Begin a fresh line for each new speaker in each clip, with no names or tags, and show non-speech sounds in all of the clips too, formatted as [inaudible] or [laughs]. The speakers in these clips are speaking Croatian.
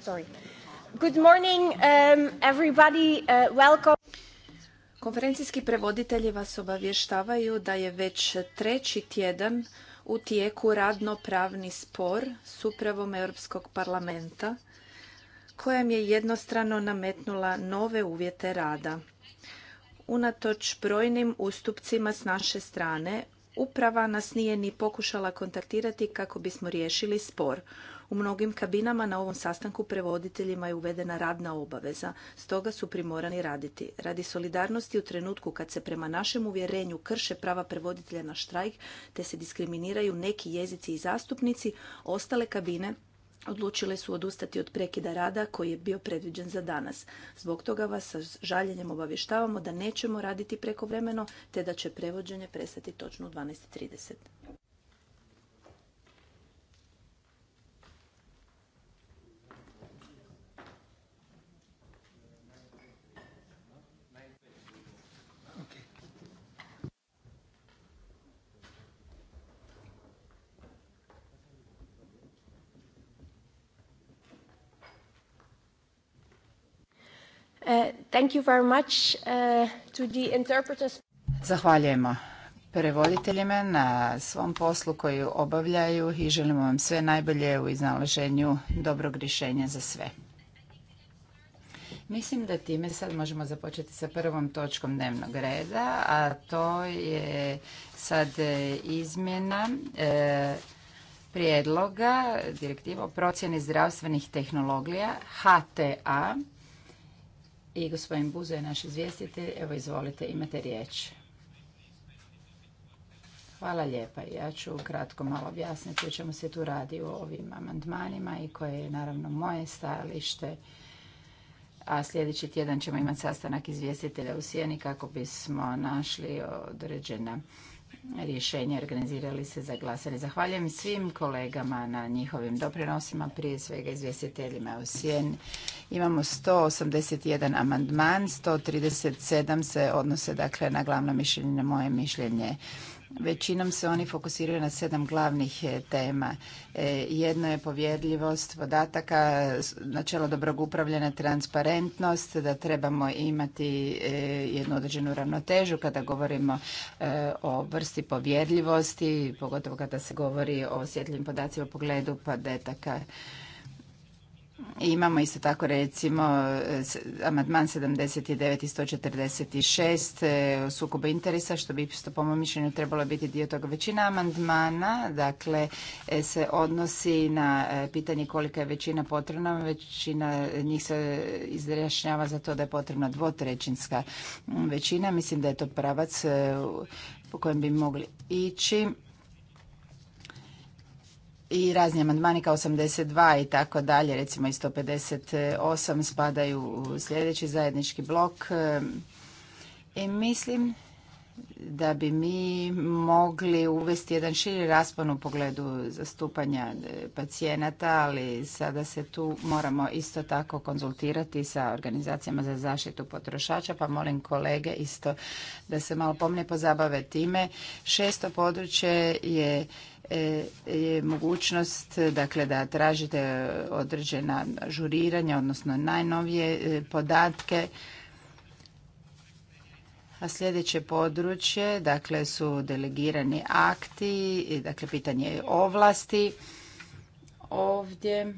Sorry, um, uh, Konferencijski prevoditelji vas obavještavaju da je već treći tjedan u tijeku radno-pravni spor s upravom Europskog parlamenta kojem je jednostrano nametnula nove uvjete rada. Unatoč brojnim ustupcima s naše strane, uprava nas nije ni pokušala kontaktirati kako bismo riješili spor. U mnogim kabinama na ovom sastanku prevoditeljima je uvedena radna obaveza, stoga su primorani raditi. Radi solidarnosti u trenutku kad se prema našem uvjerenju krše prava prevoditelja na štrajk te se diskriminiraju neki jezici i zastupnici, ostale kabine odlučile su odustati od prekida rada koji je bio predviđen za danas. Zbog toga vas sa žaljenjem obavještavamo da nećemo raditi prekovremeno te da će prevođenje prestati točno u 12.30. Uh, thank uh,
Zahvaljujemo prevoditeljima na svom poslu koji obavljaju i želimo vam sve najbolje u iznalaženju dobrog rješenja za sve. Mislim da time sad možemo započeti sa prvom točkom dnevnog reda, a to je sad e, izmjena e, prijedloga direktiva o procjeni zdravstvenih tehnologija HTA i gospodin Buzo je naš izvjestitelj. Evo izvolite, imate riječ. Hvala lijepa. Ja ću kratko malo objasniti o čemu se tu radi u ovim amandmanima i koje je naravno moje stajalište. A sljedeći tjedan ćemo imati sastanak izvjestitelja u Sijeni kako bismo našli određena rješenje organizirali se za glasanje. Zahvaljujem svim kolegama na njihovim doprinosima, prije svega izvjestiteljima u Sjen. Imamo 181 amandman, 137 se odnose dakle na glavno mišljenje, na moje mišljenje Većinom se oni fokusiraju na sedam glavnih e, tema. E, jedno je povjedljivost podataka, načelo dobrog upravljanja, transparentnost, da trebamo imati e, jednu određenu ravnotežu kada govorimo o vrsti povjedljivosti, pogotovo kada se govori o osjetljivim podacima u pogledu podataka Imamo isto tako recimo amadman 79 i 146 šest e, interesa, što bi isto po mom mišljenju trebalo biti dio toga. Većina amandmana dakle, e, se odnosi na e, pitanje kolika je većina potrebna. Većina njih se izrašnjava za to da je potrebna dvotrećinska većina. Mislim da je to pravac po kojem bi mogli ići i razni amandmani kao 82 i tako dalje, recimo i 158 spadaju u sljedeći zajednički blok. I e, mislim da bi mi mogli uvesti jedan širi raspon u pogledu zastupanja e, pacijenata, ali sada se tu moramo isto tako konzultirati sa organizacijama za zaštitu potrošača, pa molim kolege isto da se malo pomne pozabave time. Šesto područje je E, je mogućnost dakle da tražite određena žuriranja odnosno najnovije e, podatke a sljedeće područje dakle su delegirani akti dakle pitanje ovlasti ovdje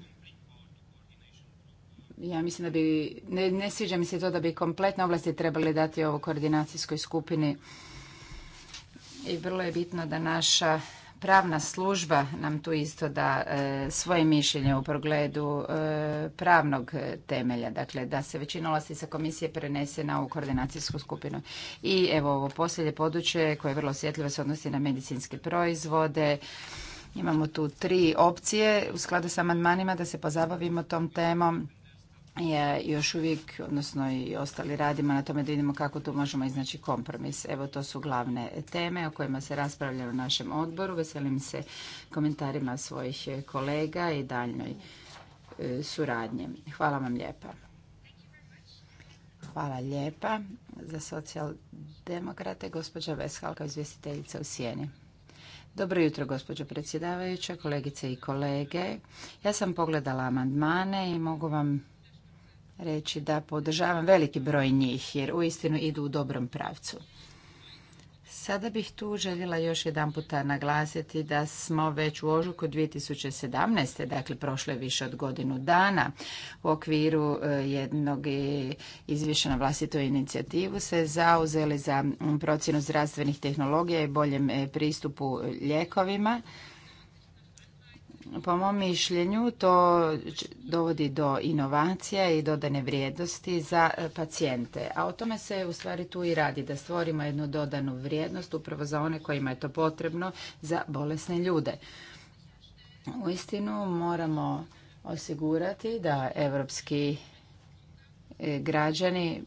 ja mislim da bi ne, ne sviđa mi se to da bi kompletne ovlasti trebali dati ovo koordinacijskoj skupini i vrlo je bitno da naša Pravna služba nam tu isto da e, svoje mišljenje u pogledu e, pravnog temelja, dakle da se većina ovlasti sa komisije prenese na ovu koordinacijsku skupinu. I evo ovo posljednje područje koje je vrlo osjetljivo se odnosi na medicinske proizvode. Imamo tu tri opcije u skladu sa amandmanima da se pozabavimo tom temom je još uvijek, odnosno i ostali radimo na tome da vidimo kako tu možemo iznaći kompromis. Evo to su glavne teme o kojima se raspravlja u našem odboru. Veselim se komentarima svojih kolega i daljnoj e, suradnji. Hvala vam lijepa. Hvala lijepa za socijaldemokrate, gospođa Veshalka, izvjestiteljica u Sjeni. Dobro jutro, gospođo predsjedavajuća, kolegice i kolege. Ja sam pogledala amandmane i mogu vam reći da podržavam veliki broj njih jer uistinu idu u dobrom pravcu. Sada bih tu željela još jedan puta naglasiti da smo već u ožuku 2017. dakle prošle više od godinu dana u okviru e, jednog izvješća na vlastitu inicijativu se zauzeli za procjenu zdravstvenih tehnologija i boljem e, pristupu e, ljekovima po mom mišljenju to dovodi do inovacija i dodane vrijednosti za e, pacijente. A o tome se u stvari tu i radi, da stvorimo jednu dodanu vrijednost upravo za one kojima je to potrebno za bolesne ljude. U istinu moramo osigurati da evropski e, građani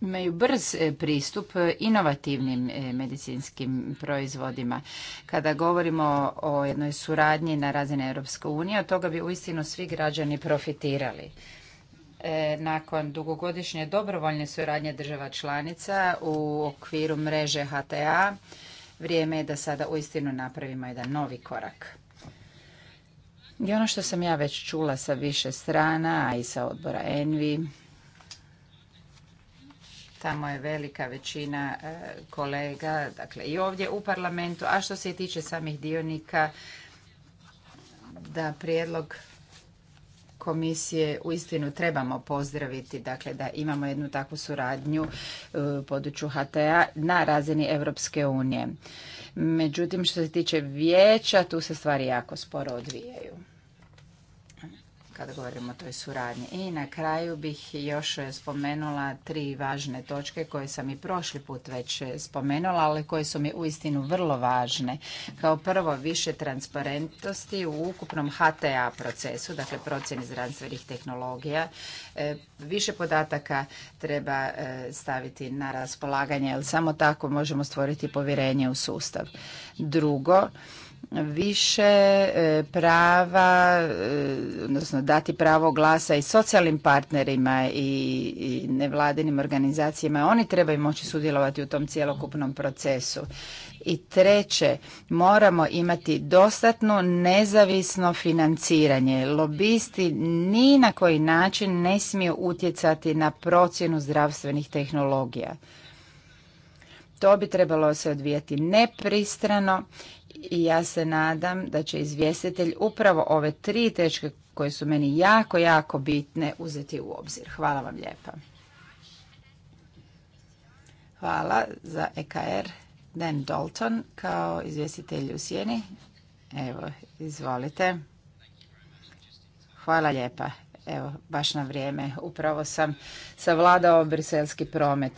imaju brz e, pristup e, inovativnim e, medicinskim proizvodima. Kada govorimo o jednoj suradnji na razine Europske unije, od toga bi uistinu svi građani profitirali. Nakon dugogodišnje dobrovoljne suradnje država članica u okviru mreže HTA, vrijeme je da sada uistinu napravimo jedan novi korak. I ono što sam ja već čula sa više strana, a i sa odbora Envi, Tamo je velika većina e, kolega, dakle i ovdje u parlamentu. A što se tiče samih dionika, da prijedlog komisije uistinu trebamo pozdraviti, dakle da imamo jednu takvu suradnju e, u području HTA na razini Europske unije. Međutim, što se tiče vijeća, tu se stvari jako sporo odvijaju kada govorimo o toj suradnji. I na kraju bih još spomenula tri važne točke koje sam i prošli put već spomenula, ali koje su mi uistinu vrlo važne. Kao prvo, više transparentnosti u ukupnom HTA procesu, dakle procjeni zdravstvenih tehnologija. E, više podataka treba e, staviti na raspolaganje, jer samo tako možemo stvoriti povjerenje u sustav. Drugo, više e, prava, e, odnosno dati pravo glasa i socijalnim partnerima i nevladinim organizacijama. Oni trebaju moći sudjelovati u tom cjelokupnom procesu. I treće, moramo imati dostatno nezavisno financiranje. Lobisti ni na koji način ne smiju utjecati na procjenu zdravstvenih tehnologija. To bi trebalo se odvijati nepristrano i ja se nadam da će izvjestitelj upravo ove tri tečke koje su meni jako, jako bitne uzeti u obzir. Hvala vam lijepa. Hvala za EKR. Dan Dalton kao izvjestitelj u Sjeni. Evo, izvolite. Hvala lijepa. Evo, baš na vrijeme. Upravo sam savladao briselski promet.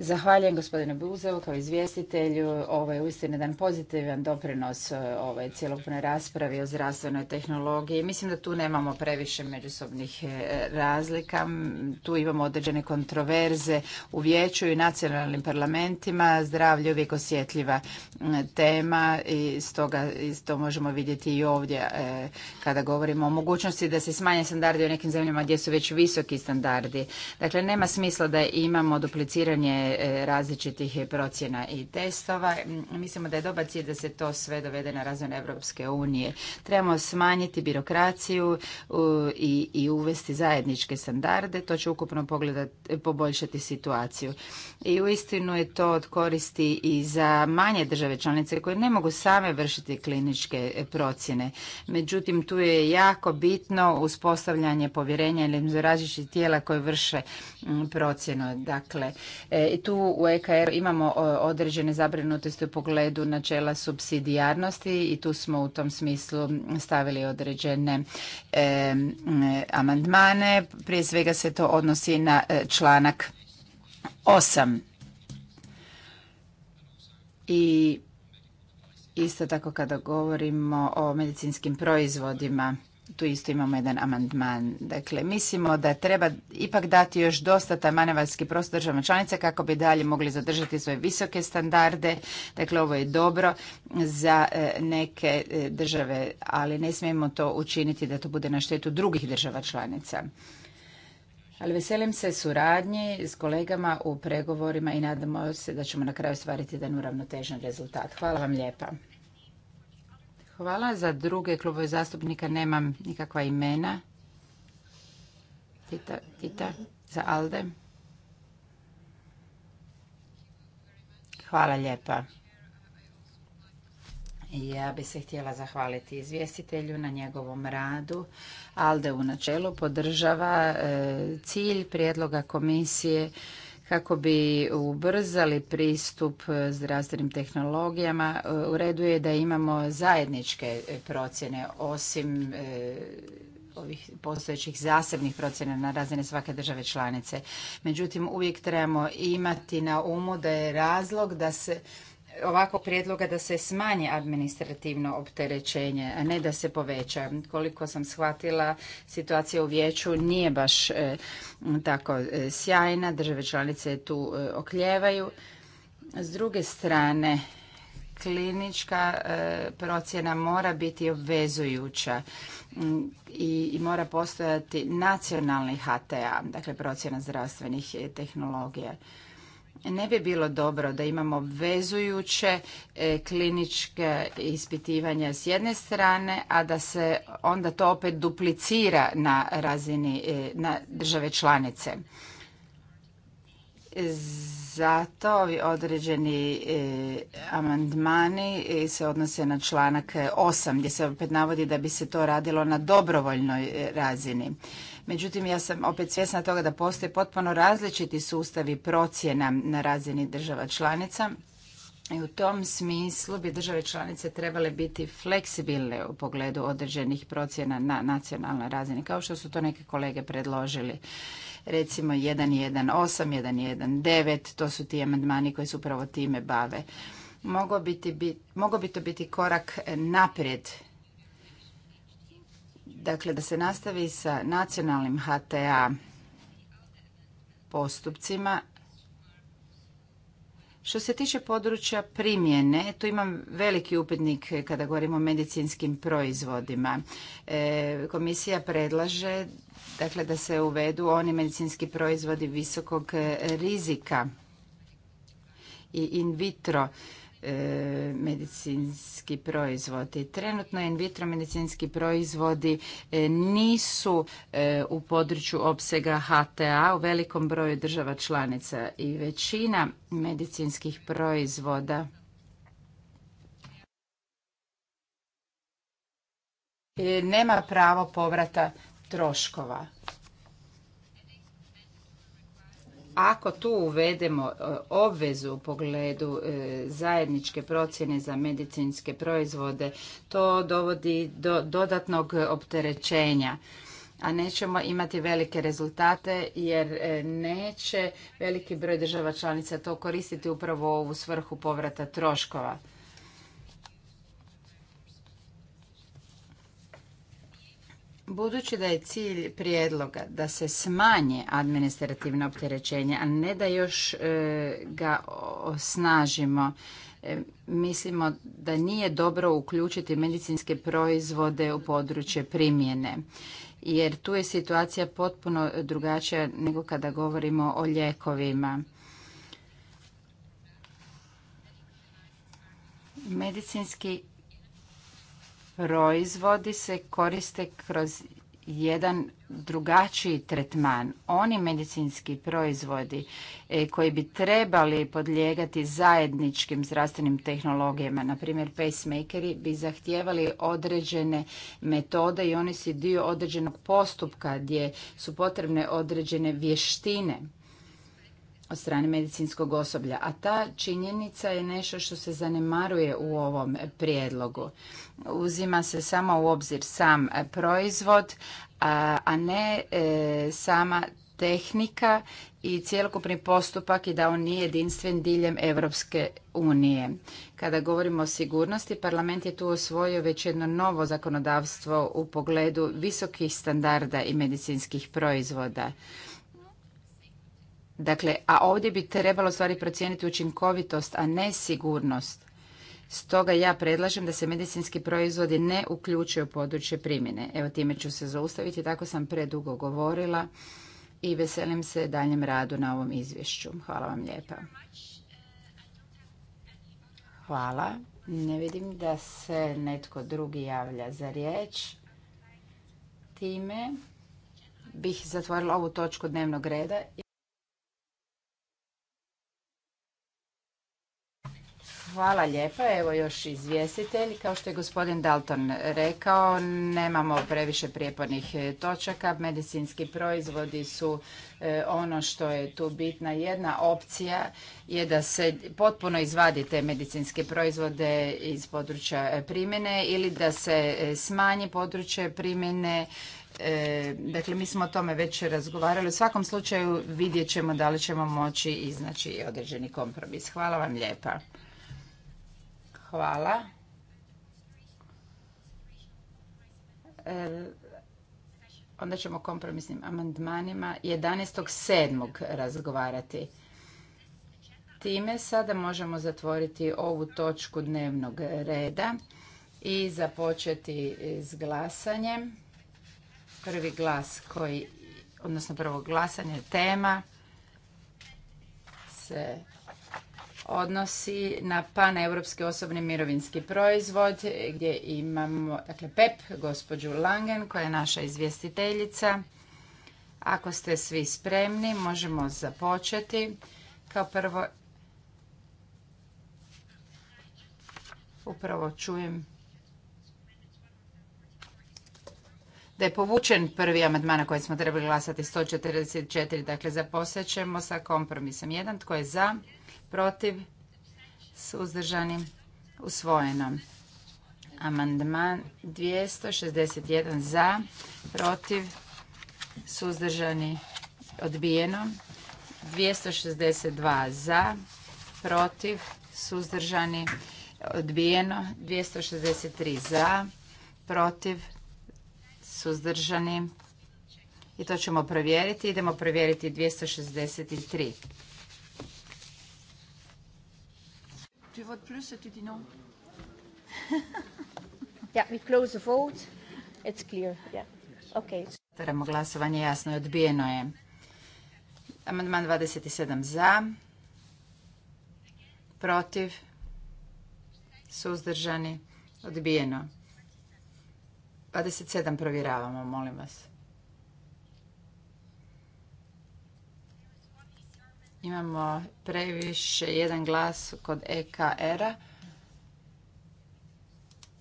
Zahvaljujem gospodinu Buzeu kao izvjestitelju. Ovo je uistinu jedan pozitivan doprinos e, ovoj cjelokupnoj raspravi o zdravstvenoj tehnologiji. Mislim da tu nemamo previše međusobnih e, razlika. Tu imamo određene kontroverze u vijeću i nacionalnim parlamentima. Zdravlje je uvijek osjetljiva tema i stoga to možemo vidjeti i ovdje e, kada govorimo o mogućnosti da se smanje standardi u nekim zemljama gdje su već visoki standardi. Dakle, nema smisla da imamo dupliciranje E, različitih procjena i testova. Mislimo da je dobar cilj da se to sve dovede na razinu Europske unije. Trebamo smanjiti birokraciju i, uvesti zajedničke standarde. To će ukupno poboljšati situaciju. I uistinu je to od koristi i za manje države članice koje ne mogu same vršiti kliničke e, procjene. Međutim, tu je jako bitno uspostavljanje povjerenja ili različitih tijela koje vrše procjenu. Dakle, e, i tu u EKR imamo određene zabrinutosti u pogledu načela subsidijarnosti i tu smo u tom smislu stavili određene amandmane. Prije svega se to odnosi na e, članak 8. I isto tako kada govorimo o medicinskim proizvodima tu isto imamo jedan amandman. Dakle, mislimo da treba ipak dati još dosta manevarski prostor državama članica kako bi dalje mogli zadržati svoje visoke standarde. Dakle, ovo je dobro za e, neke e, države, ali ne smijemo to učiniti da to bude na štetu drugih država članica. Ali veselim se suradnji s kolegama u pregovorima i nadamo se da ćemo na kraju stvariti jedan uravnotežen rezultat. Hvala vam lijepa. Hvala. Za druge klubove zastupnika nemam nikakva imena. Tita, za Alde. Hvala lijepa. Ja bih se htjela zahvaliti izvjestitelju na njegovom radu. ALDE u načelu podržava e, cilj prijedloga komisije kako bi ubrzali pristup zdravstvenim tehnologijama. U redu je da imamo zajedničke procjene osim e, ovih postojećih zasebnih procjena na razine svake države članice. Međutim, uvijek trebamo imati na umu da je razlog da se ovakvog prijedloga da se smanji administrativno opterećenje, a ne da se poveća. Koliko sam shvatila, situacija u vijeću nije baš e, tako e, sjajna, države članice tu e, okljevaju. S druge strane, klinička procjena mora biti obvezujuća i, i mora postojati nacionalni HTA, dakle procjena zdravstvenih tehnologija ne bi bilo dobro da imamo obvezujuće e, kliničke ispitivanja s jedne strane, a da se onda to opet duplicira na razini e, na države članice. Zato ovi određeni e, amandmani se odnose na članak 8 gdje se opet navodi da bi se to radilo na dobrovoljnoj razini. Međutim, ja sam opet svjesna toga da postoje potpuno različiti sustavi procjena na razini država članica. I u tom smislu bi države članice trebale biti fleksibilne u pogledu određenih procjena na nacionalnoj razini, kao što su to neke kolege predložili. Recimo 1.1.8, 1.1.9, to su ti amandmani koji se upravo time bave. Mogao bi to biti korak naprijed Dakle, da se nastavi sa nacionalnim HTA postupcima. Što se tiče područja primjene, tu imam veliki upitnik kada govorimo o medicinskim proizvodima. E, komisija predlaže dakle, da se uvedu oni medicinski proizvodi visokog rizika i in vitro E, medicinski proizvodi. Trenutno in vitro medicinski proizvodi e, nisu e, u području opsega HTA u velikom broju država članica i većina medicinskih proizvoda nema pravo povrata troškova. Ako tu uvedemo e, obvezu u pogledu e, zajedničke procjene za medicinske proizvode, to dovodi do dodatnog opterećenja a nećemo imati velike rezultate jer e, neće veliki broj država članica to koristiti upravo u svrhu povrata troškova. Budući da je cilj prijedloga da se smanje administrativno opterećenje, a ne da još e, ga osnažimo, e, mislimo da nije dobro uključiti medicinske proizvode u područje primjene jer tu je situacija potpuno drugačija nego kada govorimo o ljekovima. Medicinski proizvodi se koriste kroz jedan drugačiji tretman. Oni medicinski proizvodi e, koji bi trebali podlijegati zajedničkim zdravstvenim tehnologijama, na primjer pacemakeri, bi zahtijevali određene metode i oni su dio određenog postupka gdje su potrebne određene vještine od strane medicinskog osoblja, a ta činjenica je nešto što se zanemaruje u ovom prijedlogu. Uzima se samo u obzir sam proizvod, a ne e, sama tehnika i cjelokupni postupak i da on nije jedinstven diljem Evropske unije. Kada govorimo o sigurnosti, parlament je tu osvojio već jedno novo zakonodavstvo u pogledu visokih standarda i medicinskih proizvoda. Dakle, a ovdje bi trebalo stvari procijeniti učinkovitost, a ne sigurnost. Stoga ja predlažem da se medicinski proizvodi ne uključuju u područje primjene. Evo time ću se zaustaviti, tako sam predugo govorila i veselim se daljem radu na ovom izvješću. Hvala vam lijepa. Hvala. Ne vidim da se netko drugi javlja za riječ. Time bih zatvorila ovu točku dnevnog reda. Hvala lijepa. Evo još izvjestitelj. Kao što je gospodin Dalton rekao, nemamo previše prijepornih točaka. Medicinski proizvodi su e, ono što je tu bitna. Jedna opcija je da se potpuno izvadi te medicinske proizvode iz područja e, primjene ili da se e, smanji područje primjene dakle, mi smo o tome već razgovarali. U svakom slučaju vidjet ćemo da li ćemo moći iznaći određeni kompromis. Hvala vam lijepa. Hvala. E, onda ćemo kompromisnim amandmanima 11.7. razgovarati. Time sada možemo zatvoriti ovu točku dnevnog reda i započeti s glasanjem. Prvi glas koji, odnosno prvo glasanje tema se odnosi na Europski osobni mirovinski proizvod gdje imamo dakle, PEP, gospođu Langen koja je naša izvjestiteljica. Ako ste svi spremni, možemo započeti. Kao prvo, upravo čujem da je povučen prvi amandman na koji smo trebali glasati 144, dakle ćemo sa kompromisom Jedan Tko je za? protiv, suzdržani, usvojeno. Amandman 261 za, protiv, suzdržani, odbijeno. 262 za, protiv, suzdržani, odbijeno. 263 za, protiv, suzdržani. I to ćemo provjeriti. Idemo provjeriti 263. Tu votes plus et tu dis non. [laughs] yeah, we close the vote.
It's clear. Yeah. Okay.
glasovanje, jasno je, odbijeno je. Amandman 27 za, protiv, suzdržani, odbijeno. 27 provjeravamo, molim vas. Imamo previše jedan glas kod EKR-a.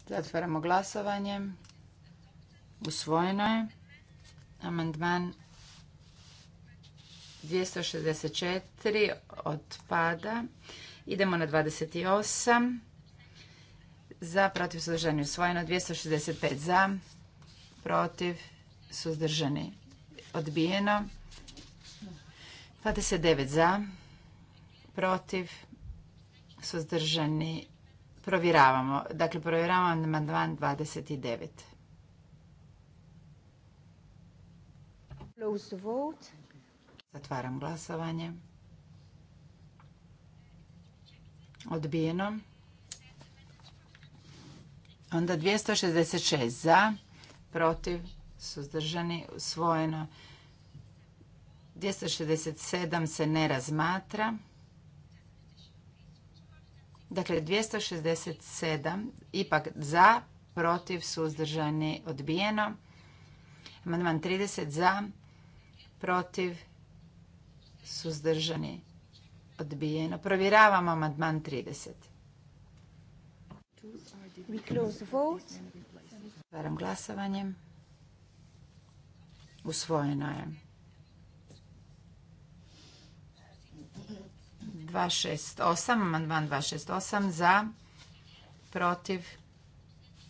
Zatvaramo glasovanje. Usvojeno je. Amandman 264 odpada. Idemo na 28. Za, protiv, suzdržani, usvojeno. 265 za, protiv, suzdržani, odbijeno. 29 za, protiv, suzdržani, provjeravamo. Dakle, provjeravamo amandman 29. Zatvaram glasovanje. Odbijeno. Onda 266 za, protiv, suzdržani, usvojeno. 267 se ne razmatra. Dakle, 267 ipak za, protiv, suzdržani, odbijeno. Amandman 30 za, protiv, suzdržani, odbijeno. Provjeravamo amandman 30. Varam glasovanjem. Usvojeno je. 268, amandman 268 za, protiv,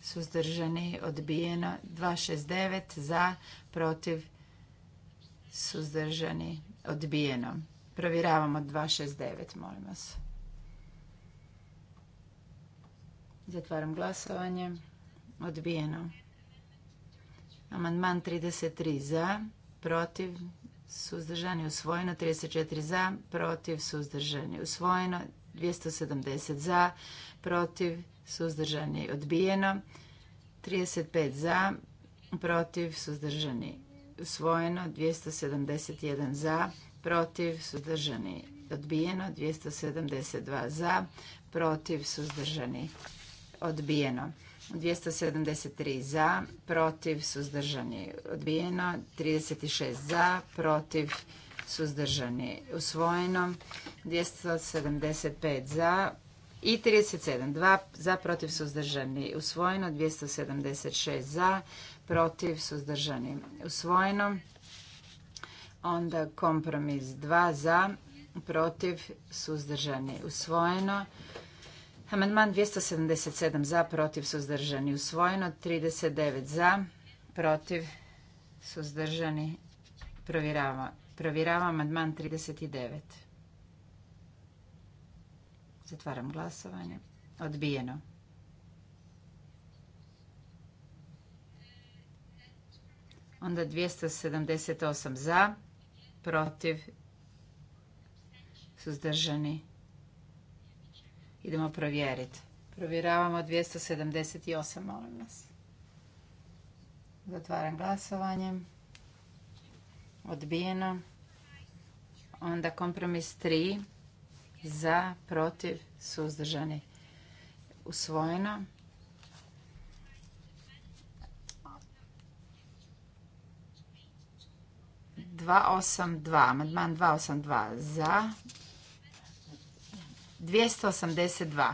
suzdržani, odbijeno. 269 za, protiv, suzdržani, odbijeno. Provjeravamo 269, molim vas. Zatvaram glasovanje. Odbijeno. Amandman 33 za, protiv, suzdržani usvojeno, 34 za, protiv, suzdržani usvojeno, 270 za, protiv, suzdržani odbijeno, 35 za, protiv, suzdržani usvojeno, 271 za, protiv, suzdržani odbijeno, 272 za, protiv, suzdržani odbijeno. 273 za, protiv, suzdržani, odbijeno. 36 za, protiv, suzdržani, usvojeno. 275 za i 37 2 za, protiv, suzdržani, usvojeno. 276 za, protiv, suzdržani, usvojeno. Onda kompromis 2 za, protiv, suzdržani, usvojeno. Amandman 277 za, protiv, suzdržani, usvojeno. 39 za, protiv, suzdržani, provjerava. Provjerava amandman 39. Zatvaram glasovanje. Odbijeno. Onda 278 za, protiv, suzdržani, Idemo provjeriti. Provjeravamo 278, molim vas. Zatvaram glasovanje. Odbijeno. Onda kompromis 3. Za, protiv, suzdržani. Usvojeno. Dva osam dva, amandman dva osam dva za, 282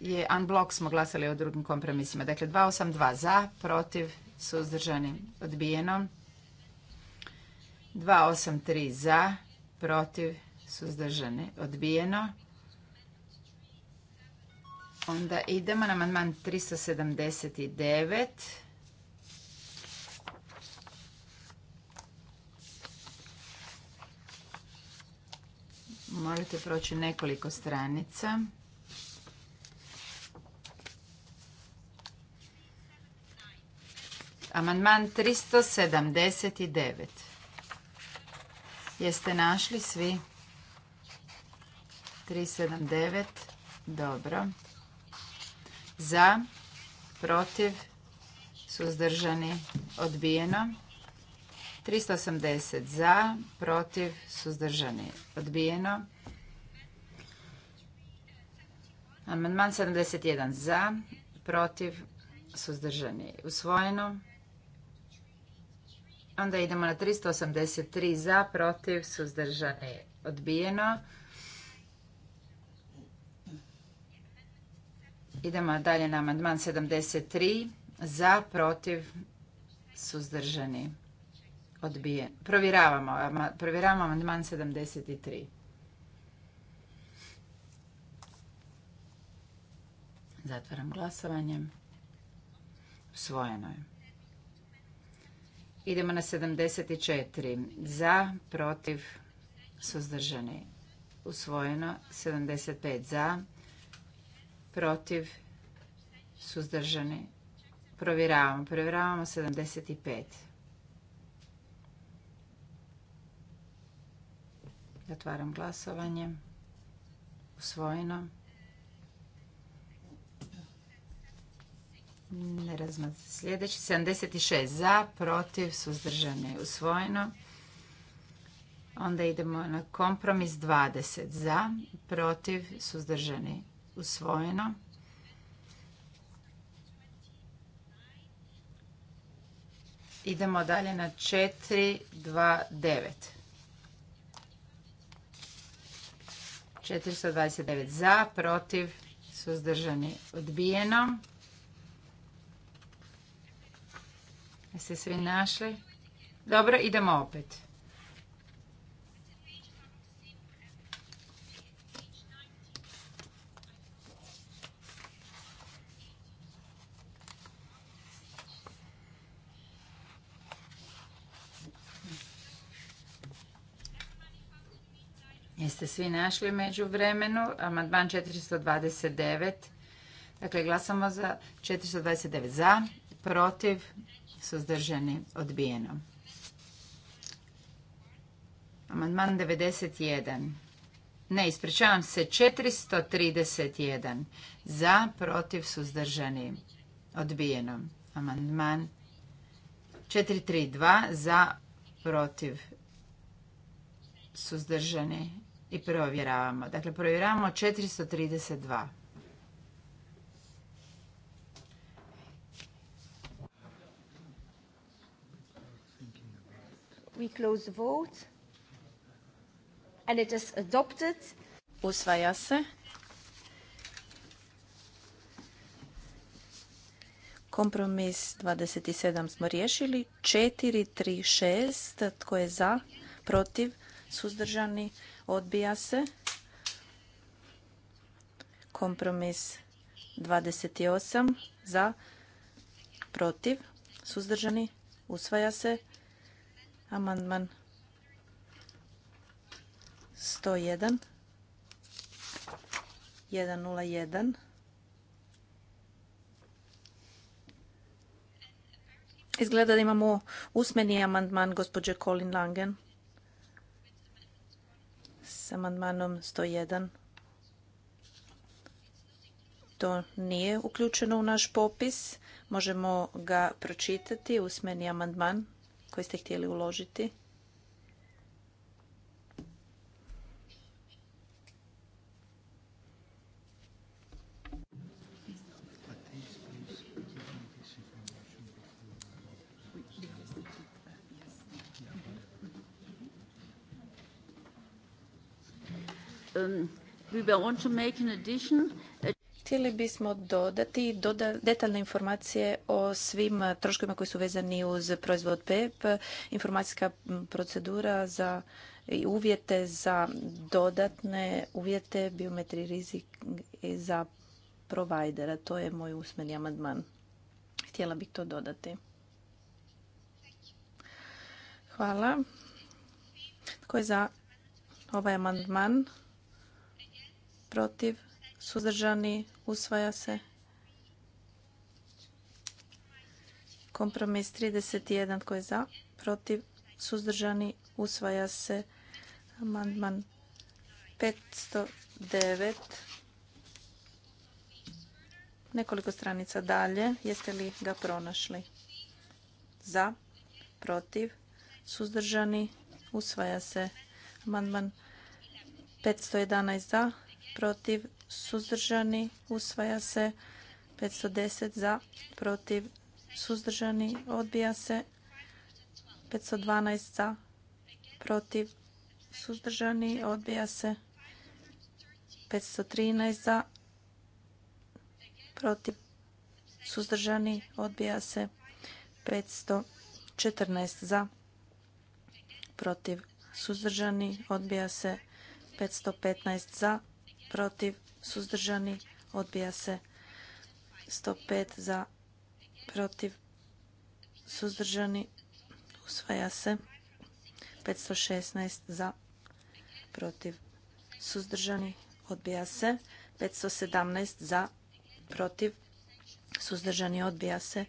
je unblock smo glasali o drugim kompromisima. Dakle, 282 za, protiv, suzdržani, odbijeno. 283 za, protiv, suzdržani, odbijeno. Onda idemo na amandman 379 Morate proći nekoliko stranica. Amandman 379. Jeste našli svi? 379. Dobro. Za, protiv, suzdržani, odbijeno. 380 za, protiv, suzdržani, odbijeno. Amandman 71 za, protiv, suzdržani, usvojeno. Onda idemo na 383 za, protiv, suzdržani, odbijeno. Idemo dalje na amandman 73 za, protiv, suzdržani, odbije Provjeravamo. Provjeravamo amandman 73. Zatvaram glasovanje. Usvojeno je. Idemo na 74. Za, protiv, suzdržani. Usvojeno. 75 za, protiv, suzdržani. Provjeravamo. Provjeravamo 75. Zatvaram glasovanje. Usvojeno. Ne razmatram sljedeći. 76 za, protiv, suzdržani, usvojeno. Onda idemo na kompromis 20 za, protiv, suzdržani, usvojeno. Idemo dalje na 4, 2, 9. 429 za, protiv, suzdržani, odbijeno. Jeste svi našli? Dobro, idemo opet. Jeste svi našli među vremenu. Amandman 429. Dakle, glasamo za 429 za, protiv, suzdržani, odbijeno. Amandman 91. Ne, ispričavam se, 431. Za, protiv, suzdržani, odbijeno. Amandman 432. Za, protiv, suzdržani, i provjeravamo. Dakle, provjeravamo 432. We
close the vote. And it is adopted. Usvaja se. Kompromis 27 smo riješili. 4, 3, 6. Tko je za? Protiv? Suzdržani? odbija se. Kompromis 28 za, protiv, suzdržani, usvaja se. Amandman 101, 101. Izgleda da imamo usmeni amandman gospođe Colin Langen amandmanom 101. To nije uključeno u naš popis. Možemo ga pročitati, usmeni amandman koji ste htjeli uložiti. Um, Htjeli bismo dodati detaljne informacije o svim troškovima koji su vezani uz proizvod PEP, informacijska procedura za i uvjete za dodatne uvjete, biometri rizik za providera. To je moj usmeni amandman. Htjela bih to dodati. Hvala. Tko je za ovaj amandman? protiv, suzdržani, usvaja se. Kompromis 31 tko je za, protiv, suzdržani, usvaja se. Amandman 509. Nekoliko stranica dalje. Jeste li ga pronašli? Za, protiv, suzdržani, usvaja se. Amandman 511 za, protiv, suzdržani, usvaja se. 510 za, protiv, suzdržani, odbija se. 512 za, protiv, suzdržani, odbija se. 513 za, protiv, suzdržani, odbija se. 514 za, protiv, suzdržani, odbija se. 515 za, protiv, suzdržani, odbija se. 105 za, protiv, suzdržani, usvaja se. 516 za, protiv, suzdržani, odbija se. 517 za, protiv, suzdržani, odbija se.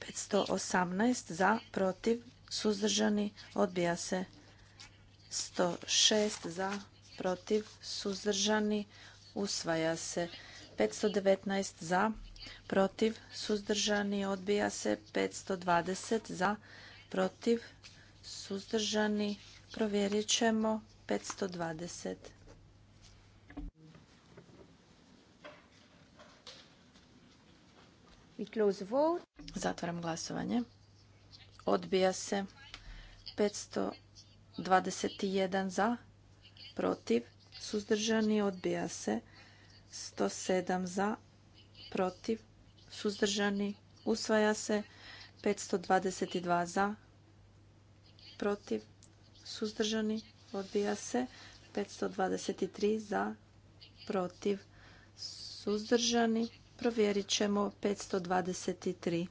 518 za, protiv, suzdržani, odbija se. 106 za, protiv, suzdržani, usvaja se. 519 za, protiv, suzdržani, odbija se. 520 za, protiv, suzdržani, provjerit ćemo. 520. Zatvaram glasovanje. Odbija se. 521 za, protiv, suzdržani, odbija se. 107 za, protiv, suzdržani, usvaja se. 522 za, protiv, suzdržani, odbija se. 523 za, protiv, suzdržani. Provjerit ćemo 523.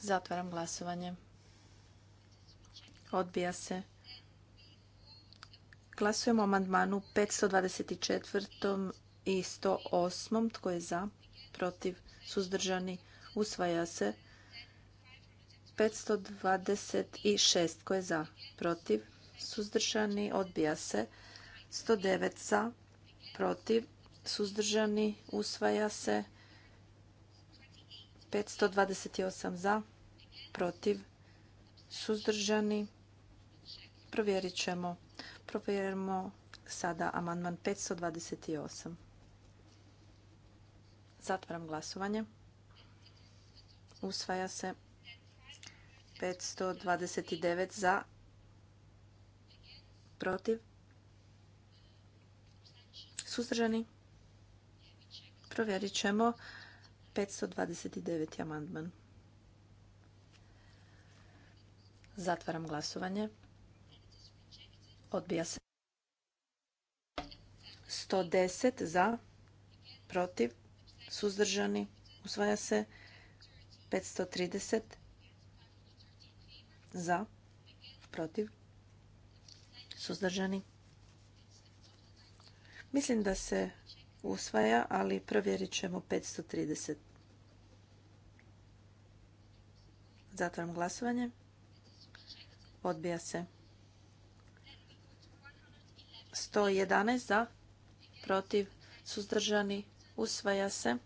Zatvaram glasovanje. Odbija se. Glasujemo o amandmanu 524. i 108. Tko je za? Protiv? Suzdržani? Usvaja se. 526. Tko je za? Protiv? Suzdržani? Odbija se. 109. Za? Protiv? Suzdržani? Usvaja se. 528. Za? Protiv? Suzdržani? Provjerit ćemo. Provjerimo sada amandman 528. Zatvaram glasovanje. Usvaja se 529 za, protiv, suzdržani. Provjerit ćemo 529. amandman. Zatvaram glasovanje. Odbija se. 110 za, protiv, suzdržani, usvaja se. 530 za, protiv, suzdržani. Mislim da se usvaja, ali provjerit ćemo 530. Zatvaram glasovanje. Odbija se. 111 za, protiv, suzdržani, usvaja se.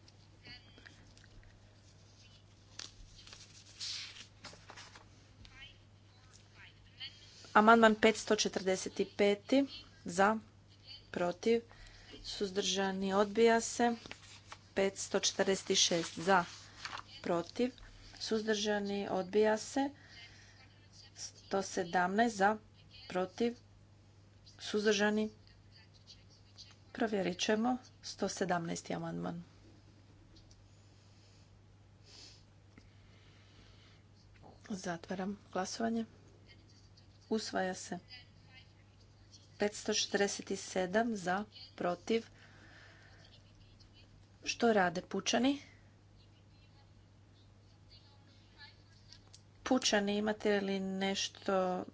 Amandman 545 za, protiv, suzdržani, odbija se. 546 za, protiv, suzdržani, odbija se. 117 za, protiv, Suzdržani? Provjerit ćemo. 117. amandman. Zatvaram glasovanje. Usvaja se. 547 za, protiv. Što rade pučani? Pučani, imate li nešto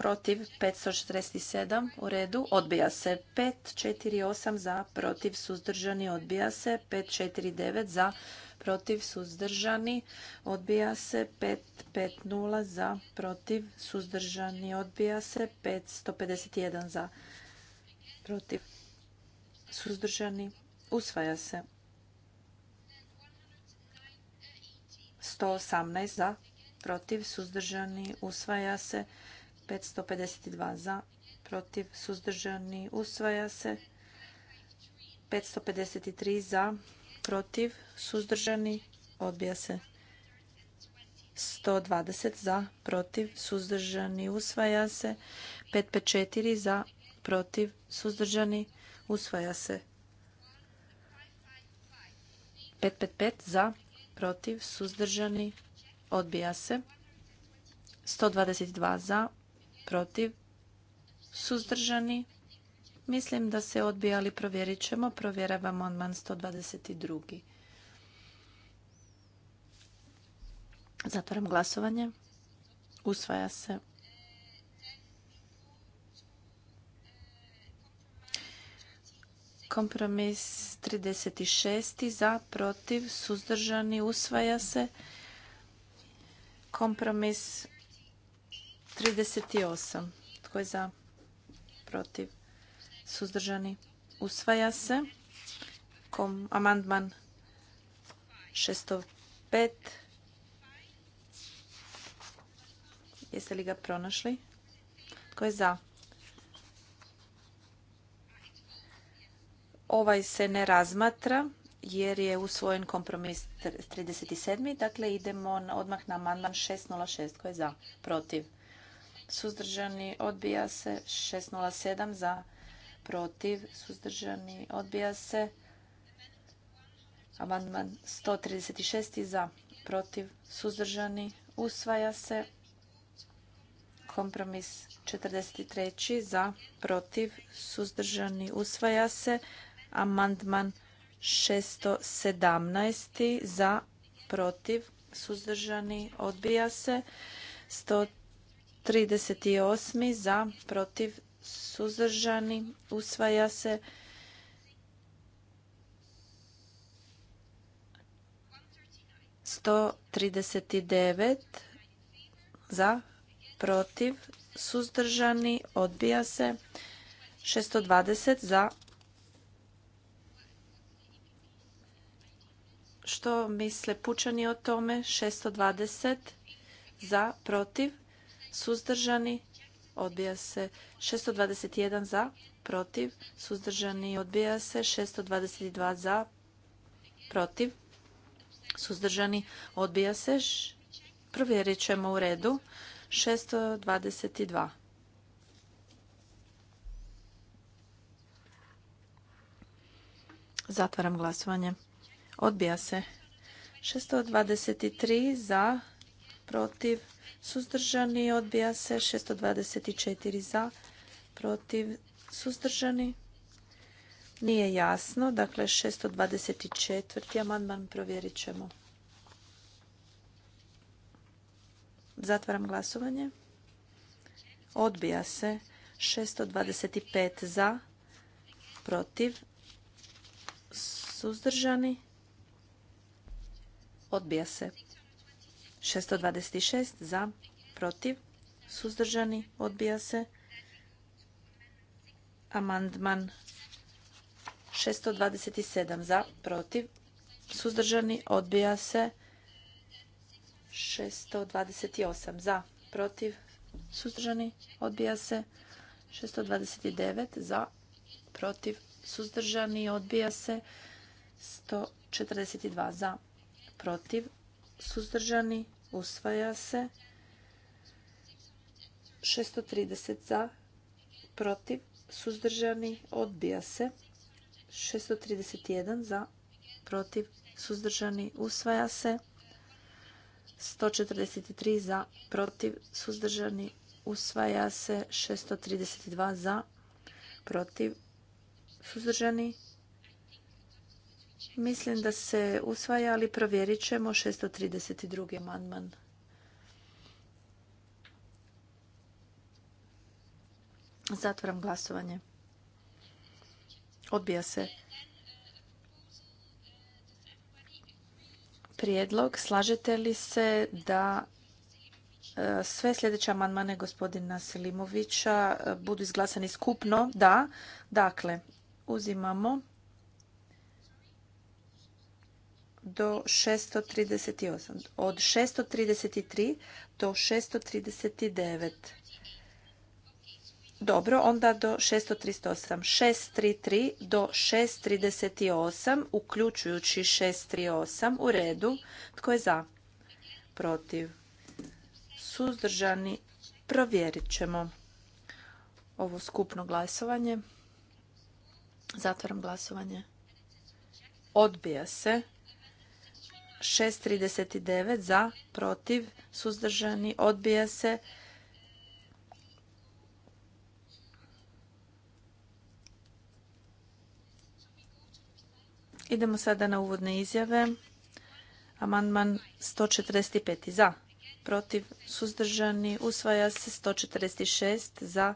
protiv 547 u redu odbija se 548 za protiv suzdržani odbija se 549 za protiv suzdržani odbija se 550 za protiv suzdržani odbija se 551 za protiv suzdržani usvaja se 118 za protiv suzdržani usvaja se 552 za, protiv, suzdržani, usvaja se. 553 za, protiv, suzdržani, odbija se. 120 za, protiv, suzdržani, usvaja se. 554 za, protiv, suzdržani, usvaja se. 555 za, protiv, suzdržani, odbija se. 122 za, protiv, suzdržani. Mislim da se odbija, ali provjerit ćemo. Provjeravamo onman 122. Zatvaram glasovanje. Usvaja se. Kompromis 36. Za, protiv, suzdržani, usvaja se. Kompromis 38. Tko je za? Protiv? Suzdržani? Usvaja se. Kom, amandman 605. Jeste li ga pronašli? Tko je za? Ovaj se ne razmatra jer je usvojen kompromis 37. Dakle, idemo odmah na amandman 606. Tko je za? Protiv? suzdržani, odbija se. 607 za, protiv, suzdržani, odbija se. Amandman 136 za, protiv, suzdržani, usvaja se. Kompromis 43 za, protiv, suzdržani, usvaja se. Amandman 617 za, protiv, suzdržani, odbija se. 38. za, protiv, suzdržani, usvaja se. 139 za, protiv, suzdržani, odbija se. 620 za, što misle pučani o tome, 620 za, protiv, suzdržani, odbija se 621 za, protiv, suzdržani, odbija se 622 za, protiv, suzdržani, odbija se, provjerit ćemo u redu, 622. Zatvaram glasovanje. Odbija se. 623 za, protiv, suzdržani, odbija se 624 za, protiv, suzdržani. Nije jasno, dakle 624. amandman provjerit ćemo. Zatvaram glasovanje. Odbija se 625 za, protiv, suzdržani. Odbija se 626 za, protiv, suzdržani, odbija se. Amandman 627 za, protiv, suzdržani, odbija se. 628 za, protiv, suzdržani, odbija se. 629 za, protiv, suzdržani, odbija se. 142 za, protiv, suzdržani, usvaja se. 630 za, protiv, suzdržani, odbija se. 631 za, protiv, suzdržani, usvaja se. 143 za, protiv, suzdržani, usvaja se. 632 za, protiv, suzdržani, Mislim da se usvaja, ali provjerit ćemo 632. amandman. Zatvaram glasovanje. Odbija se. Prijedlog. Slažete li se da e, sve sljedeće amandmane gospodina Selimovića e, budu izglasani skupno? Da. Dakle, uzimamo do 638. Od 633 do 639. Dobro, onda do 638. 633 do 638, uključujući 638. U redu. Tko je za? Protiv. Suzdržani. Provjerit ćemo ovo skupno glasovanje. Zatvaram glasovanje. Odbija se. 639 za, protiv, suzdržani, odbija se. Idemo sada na uvodne izjave. Amandman 145 za, protiv, suzdržani, usvaja se 146 za,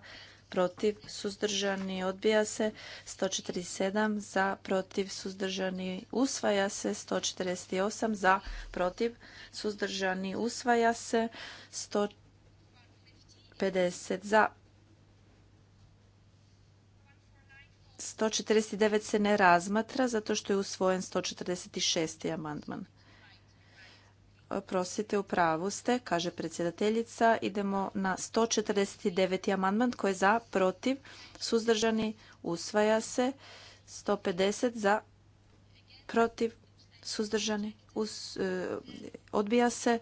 protiv, suzdržani, odbija se. 147 za, protiv, suzdržani, usvaja se. 148 za, protiv, suzdržani, usvaja se. 150 za, 149 se ne razmatra zato što je usvojen 146. amandman. E, prosite, u pravu ste, kaže predsjedateljica. Idemo na 149. amandman koji je za, protiv, suzdržani, usvaja se. 150 e, za, protiv, suzdržani, odbija se.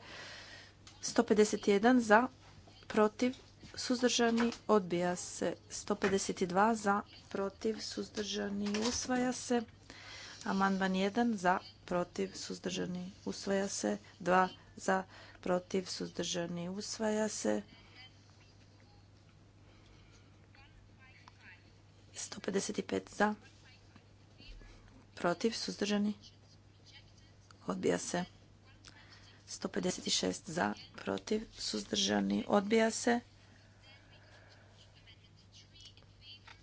151 za, protiv, suzdržani, odbija se. 152 za, protiv, suzdržani, usvaja se. Amandman 1 za, protiv, suzdržani, usvaja se. Dva za, protiv, suzdržani, usvaja se. 155 za, protiv, suzdržani, odbija se. 156 za, protiv, suzdržani, odbija se.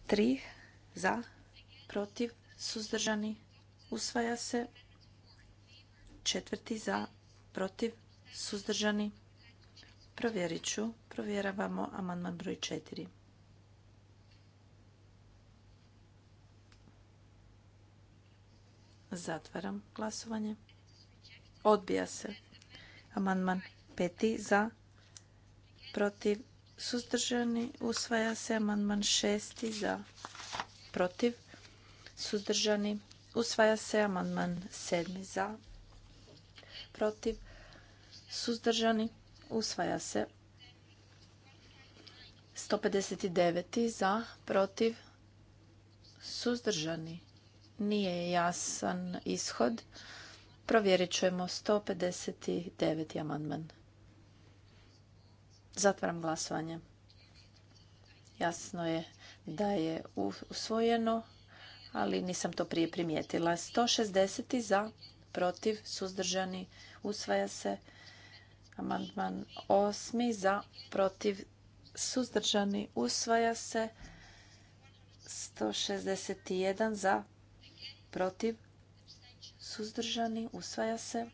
3 za, protiv, suzdržani, usvaja se. Četvrti za, protiv, suzdržani. Provjerit ću. Provjeravamo amandman broj četiri. Zatvaram glasovanje. Odbija se. Amandman peti za, protiv, suzdržani. Usvaja se amandman šesti za, protiv, suzdržani. Usvaja se amandman sedmi za, protiv, suzdržani, usvaja se. 159. za, protiv, suzdržani. Nije jasan ishod. Provjerit ćemo 159. amandman. Zatvaram glasovanje. Jasno je da je usvojeno, ali nisam to prije primijetila. 160. za, protiv, suzdržani, Usvaja se amandman osmi za protiv suzdržani. Usvaja se 161 za protiv suzdržani. Usvaja se.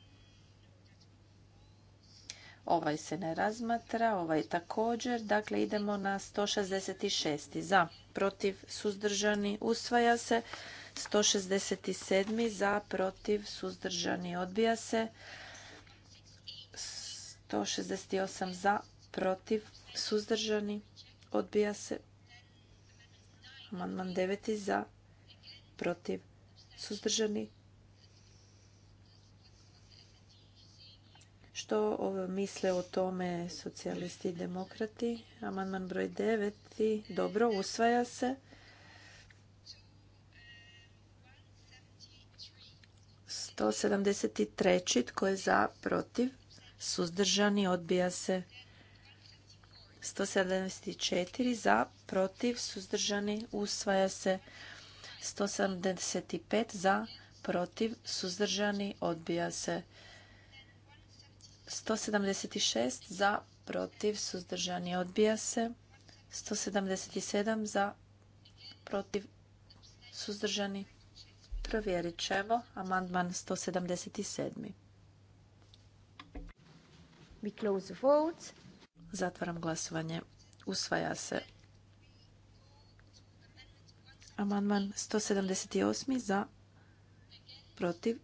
Ovaj se ne razmatra, ovaj također. Dakle, idemo na 166. Za, protiv, suzdržani, usvaja se. 167. Za, protiv, suzdržani, odbija se. 168 za, protiv, suzdržani, odbija se. Amandman 9 za, protiv, suzdržani. Što misle o tome socijalisti i demokrati? Amandman broj 9. Dobro, usvaja se. 173. Tko je za, protiv? suzdržani, odbija se. 174 za, protiv, suzdržani, usvaja se. 175 za, protiv, suzdržani, odbija se. 176 za, protiv, suzdržani, odbija se. 177 za, protiv, suzdržani. Provjerit ćemo. Amandman 177. We close the vote. Zatvaram glasovanje. Usvaja se. Amandman 178. za protiv.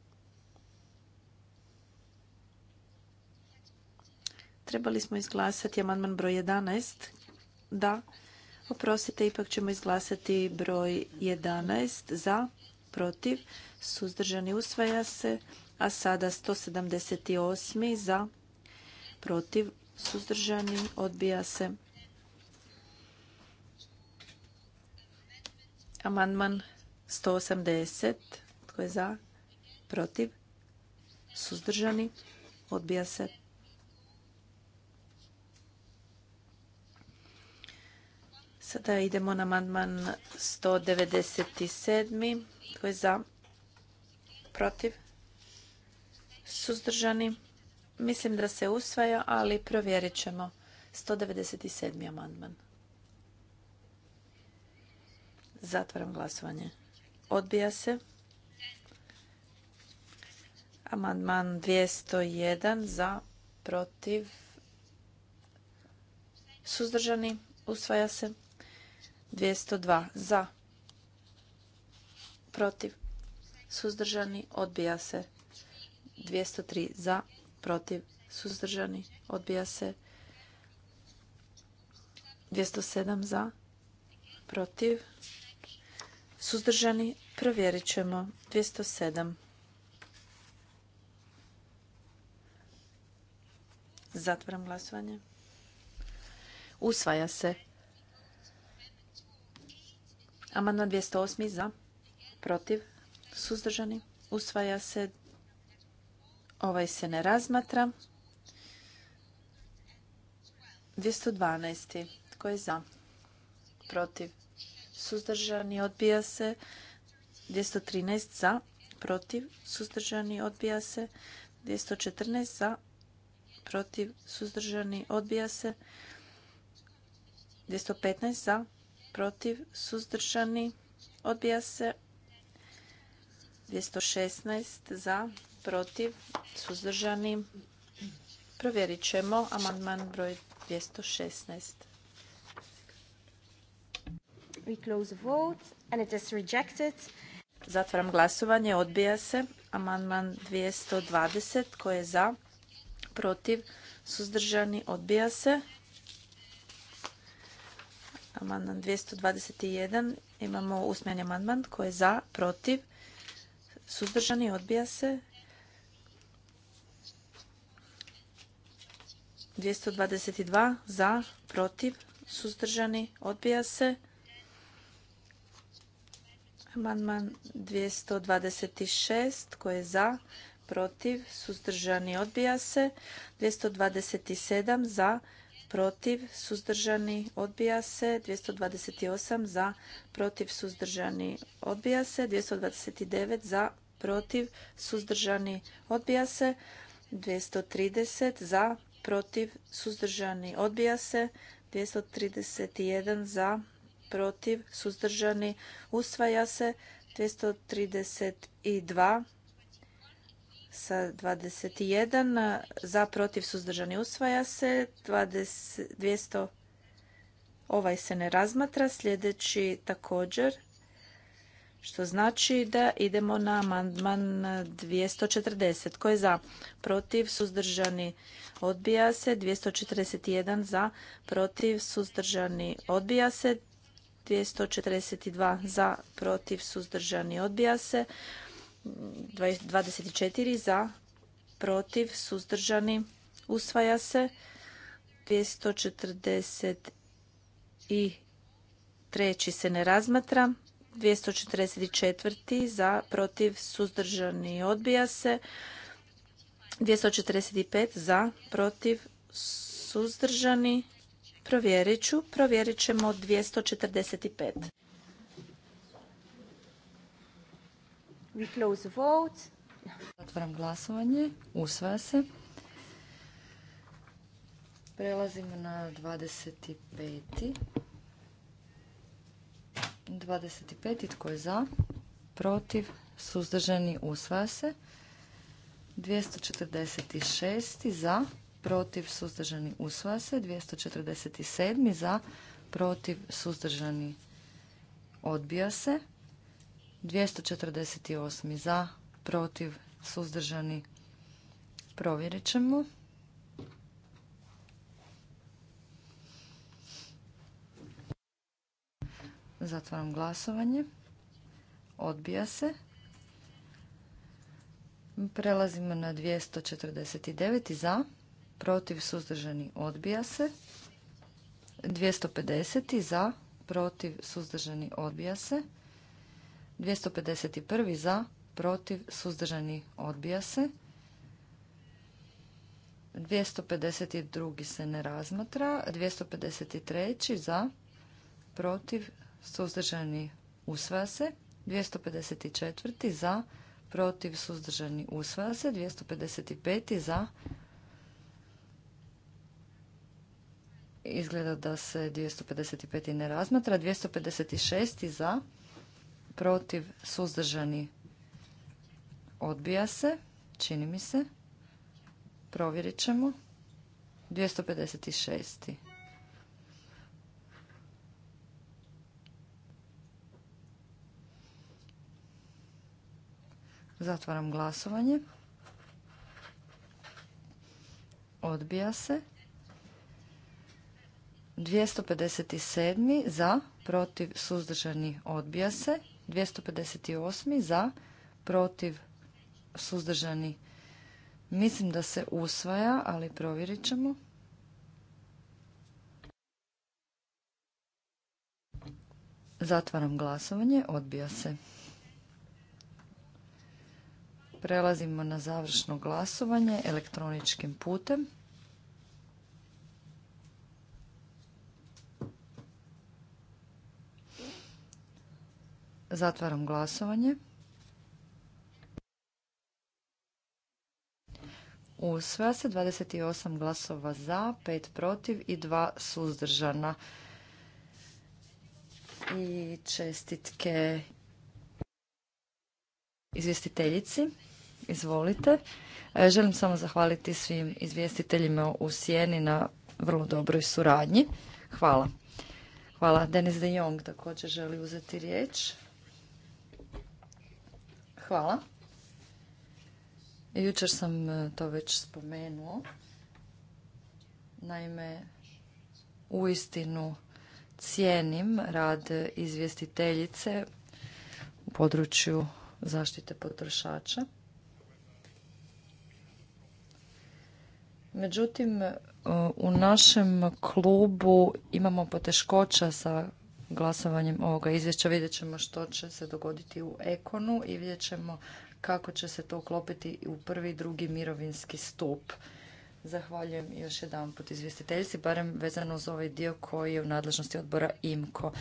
Trebali smo izglasati amandman broj 11. Da. Oprostite, ipak ćemo izglasati broj 11 za, protiv, suzdržani usvaja se, a sada 178 za, protiv, suzdržani, odbija se. Amandman 180, tko je za, protiv, suzdržani, odbija se. Sada idemo na amandman 197. Tko je za? Protiv? Suzdržani? Mislim da se usvaja, ali provjerit ćemo. 197. amandman. Zatvaram glasovanje. Odbija se. Amandman 201 za, protiv, suzdržani, usvaja se. 202 za, protiv, suzdržani, odbija se. 203 za, protiv, suzdržani, odbija se. 207 za, protiv, suzdržani, provjerit ćemo. 207. Zatvaram glasovanje. Usvaja se. Amandman 208 za, protiv, suzdržani, usvaja se. Ovaj se ne razmatra. 212. Tko je za? Protiv. Suzdržani odbija se. 213 za. Protiv. Suzdržani odbija se. 214 za. Protiv. Suzdržani odbija se. 215 za. Protiv. Suzdržani odbija se. 216 za. Protiv suzdržani. Provjerit ćemo amandman broj 216. We close vote and it is rejected. Zatvaram glasovanje, odbija se. Amandman 220, koje je za, protiv, suzdržani, odbija se. Amandman 221, imamo usmeni amandman, koje je za, protiv, suzdržani, odbija se. 222 za, protiv, suzdržani, odbija se. Amandman 226 koje je za, protiv, suzdržani, odbija se. 227 za, protiv, suzdržani, odbija se. 228 za, protiv, suzdržani, odbija se. 229 za, protiv, suzdržani, odbija se. 230 za, protiv, suzdržani, odbija se. 231 za, protiv, suzdržani, usvaja se. 232 sa 21 za, protiv, suzdržani, usvaja se. 200 Ovaj se ne razmatra. Sljedeći također što znači da idemo na amandman 240. Tko je za? Protiv, suzdržani, odbija se. 241 za, protiv, suzdržani, odbija se. 242 za, protiv, suzdržani, odbija se. 24 za, protiv, suzdržani, usvaja se. 243 se ne razmatra. 244. za, protiv, suzdržani, odbija se. 245. za, protiv, suzdržani. Provjerit ću. Provjerit ćemo 245. We close
vote. Otvaram glasovanje. Usvaja se. Prelazimo na 25. 25. Tko je za? Protiv? Suzdržani? Usvaja se. 246. Za? Protiv? Suzdržani? Usvaja se. 247. Za? Protiv? Suzdržani? Odbija se. 248. Za? Protiv? Suzdržani? Provjerit ćemo. Zatvaram glasovanje. Odbija se. Prelazimo na 249. Za. Protiv suzdržani odbija se. 250. Za. Protiv suzdržani odbija se. 251. Za. Protiv suzdržani odbija se. 252. se ne razmatra. 253. Za. Protiv suzdržani usvaja se. 254. za, protiv, suzdržani usvaja se. 255. za, izgleda da se 255. ne razmatra. 256. za, protiv, suzdržani odbija se, čini mi se. Provjerit ćemo. 256. Zatvaram glasovanje. Odbija se. 257. za, protiv, suzdržani, odbija se. 258. za, protiv, suzdržani, mislim da se usvaja, ali provjerit ćemo. Zatvaram glasovanje, odbija se. Prelazimo na završno glasovanje elektroničkim putem. Zatvaram glasovanje. sve se 28 glasova za, 5 protiv i 2 suzdržana. I čestitke izvjestiteljici. Izvolite. E, želim samo zahvaliti svim izvjestiteljima u Sijeni na vrlo dobroj suradnji. Hvala. Hvala. Denis de Jong također želi uzeti riječ. Hvala. Jučer sam e, to već spomenuo. Naime, uistinu cijenim rad izvjestiteljice u području zaštite potrošača. Međutim, e, u našem klubu imamo poteškoća sa glasovanjem ovoga izvješća. Vidjet ćemo što će se dogoditi u Ekonu i vidjet ćemo kako će se to uklopiti u prvi i drugi mirovinski stup. Zahvaljujem još jedan put izvjestiteljci, barem vezano uz ovaj dio koji je u nadležnosti odbora IMKO.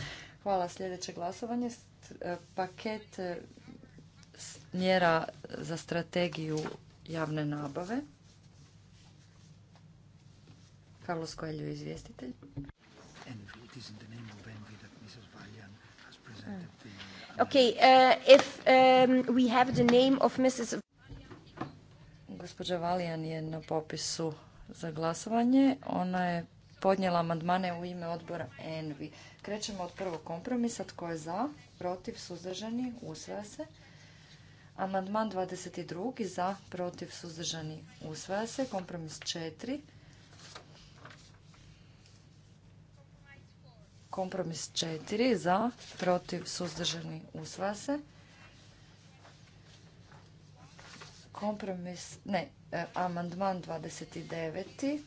Hvala. Sljedeće glasovanje. E, paket e, mjera za strategiju javne nabave. Carlos Coelho, izvjestitelj. Okay, eh, if um, we have the name of Mrs. Gospođa Valijan je na popisu za glasovanje. Ona je podnijela amandmane u ime odbora ENVI. Krećemo od prvog kompromisa. Tko je za? Protiv? Suzdržani? Usvaja se. Amandman 22. Za? Protiv? Suzdržani? Usvaja se. Kompromis 4. Kompromis četiri za, protiv, suzdržani, usvaja se. Kompromis, ne, e, amandman 29.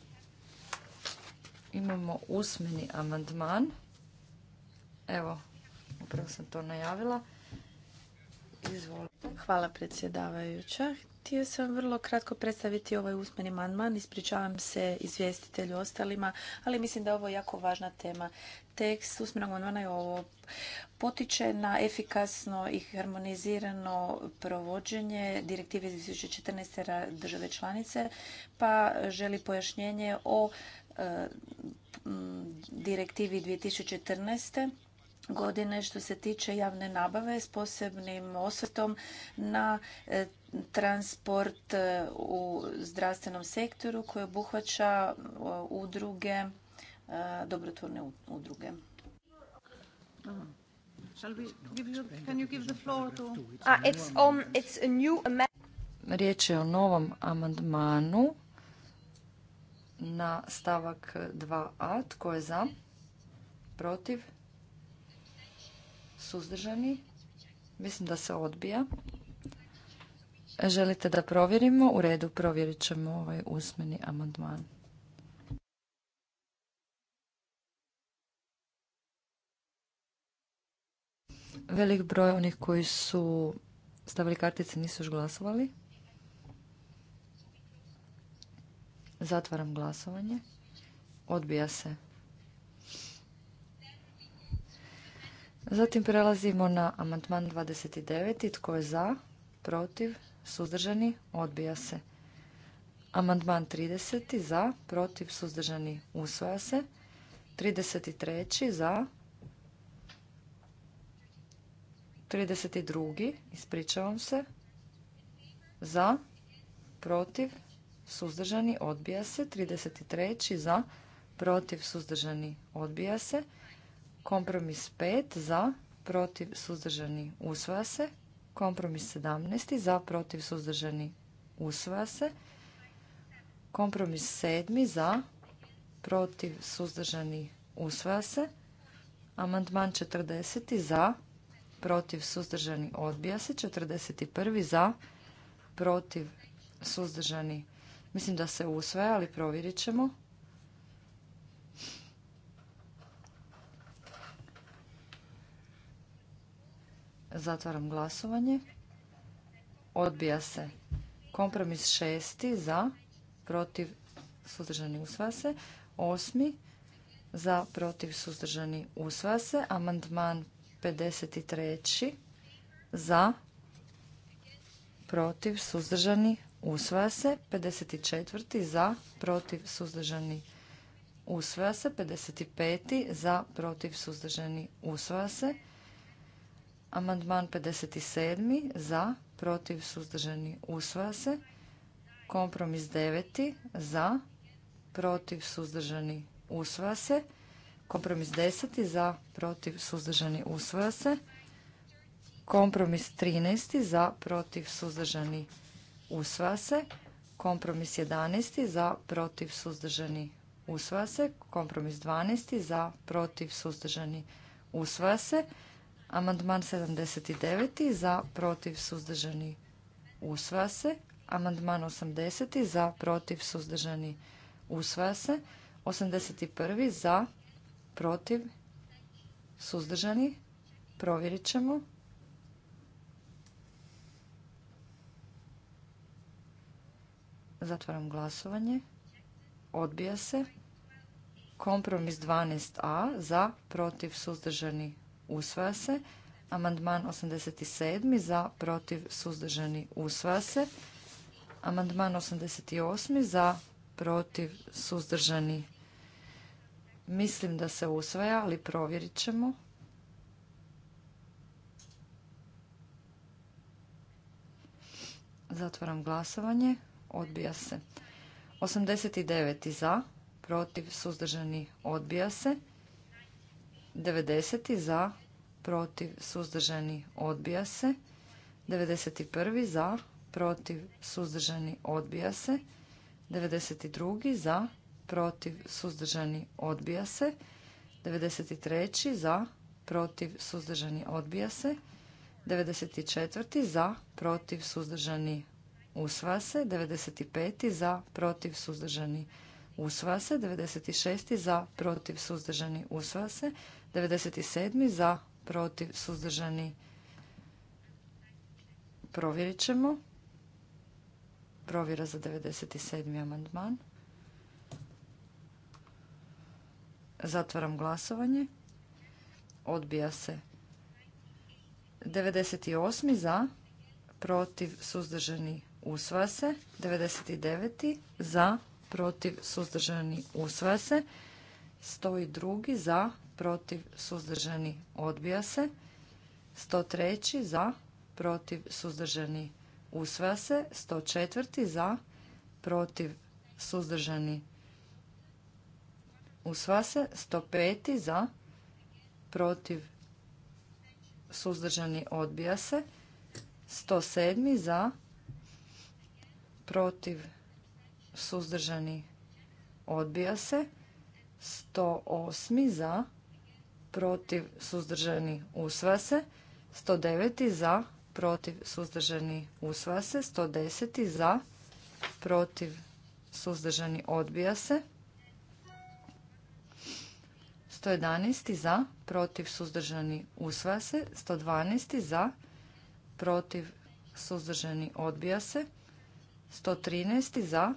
Imamo usmeni amandman. Evo, upravo sam to najavila. Izvolite. Hvala predsjedavajuća.
Htio sam vrlo kratko predstaviti ovaj usmeni amandman. Ispričavam se izvjestitelju ostalima, ali mislim da je ovo jako važna tema. Tekst usmenog amandmana je ovo potiče na efikasno i harmonizirano provođenje direktive 2014. države članice, pa želi pojašnjenje o e, direktivi 2014 godine što se tiče javne nabave s posebnim osvetom na e, transport e, u zdravstvenom sektoru koji obuhvaća udruge, e, dobrotvorne udruge.
Riječ je o novom amandmanu na stavak 2a. Tko je za? Protiv? suzdržani. Mislim da se odbija. Želite da provjerimo? U redu, provjerit ćemo ovaj usmeni amandman. Velik broj onih koji su stavili kartice nisu još glasovali. Zatvaram glasovanje. Odbija se. Zatim prelazimo na amandman 29. Tko je za? Protiv? Suzdržani? Odbija se. Amandman 30. Za? Protiv? Suzdržani? Usvaja se. 33. Za? 32. Ispričavam se. Za? Protiv? Suzdržani? Odbija se. 33. Za? Protiv? Suzdržani? Odbija se. Kompromis 5 za, protiv, suzdržani, usvaja se. Kompromis 17 za, protiv, suzdržani, usvaja se. Kompromis 7 za, protiv, suzdržani, usvaja se. Amandman 40 za, protiv, suzdržani, odbija se. 41 za, protiv, suzdržani, mislim da se usvaja, ali provjerit ćemo. Zatvaram glasovanje. Odbija se. Kompromis šesti za, protiv, suzdržani, usvaja se. Osmi za, protiv, suzdržani, usvaja se. Amandman 53. za, protiv, suzdržani, usvaja se. 54. za, protiv, suzdržani, usvaja se. 55. za, protiv, suzdržani, usvaja se. Amandman 57. za, protiv, suzdržani, usvaja se. Kompromis 9. za, protiv, suzdržani, usvaja se. Kompromis 10. za, protiv, suzdržani, usvaja se. Kompromis 13. za, protiv, suzdržani, usvaja se. Kompromis 11. za, protiv, suzdržani, usvaja se. Kompromis 12. za, protiv, suzdržani, usvaja se. Amandman 79. za, protiv, suzdržani, usvaja se. Amandman 80. za, protiv, suzdržani, usvaja se. 81. za, protiv, suzdržani, provjerit ćemo. Zatvaram glasovanje. Odbija se. Kompromis 12a za, protiv, suzdržani, usvaja se. Amandman 87. za, protiv, suzdržani, usvaja se. Amandman 88. za, protiv, suzdržani, mislim da se usvaja, ali provjerit ćemo. Zatvaram glasovanje. Odbija se. 89. za, protiv, suzdržani, odbija se. 90. za, protiv, suzdržani, odbija se. 91. za, protiv, suzdržani, odbija se. 92. za, protiv, suzdržani, odbija se. 93. za, protiv, suzdržani, odbija se. 94. za, protiv, suzdržani, usvaja se. 95. za, protiv, suzdržani, odbija se usvaja se, 96. za, protiv, suzdržani, usvaja se, 97. za, protiv, suzdržani, provjerit ćemo. Provjera za 97. amandman. Zatvaram glasovanje. Odbija se. 98. za, protiv, suzdržani, usvaja se. 99. za, protiv, suzdržani, usvaja se. drugi za, protiv, suzdržani, odbija se. 103. za, protiv, suzdržani, usvaja se. 104. za, protiv, suzdržani, usvaja se. 105. za, protiv, suzdržani, odbija se. 107. za, protiv, suzdržani, odbija se. 108. za, protiv, suzdržani, usvase. se. 109. za, protiv, suzdržani, usvase. se. 110. za, protiv, suzdržani, odbija se. 111. za, protiv, suzdržani, usvase. se. 112. za, protiv, suzdržani, odbija se. 113. za,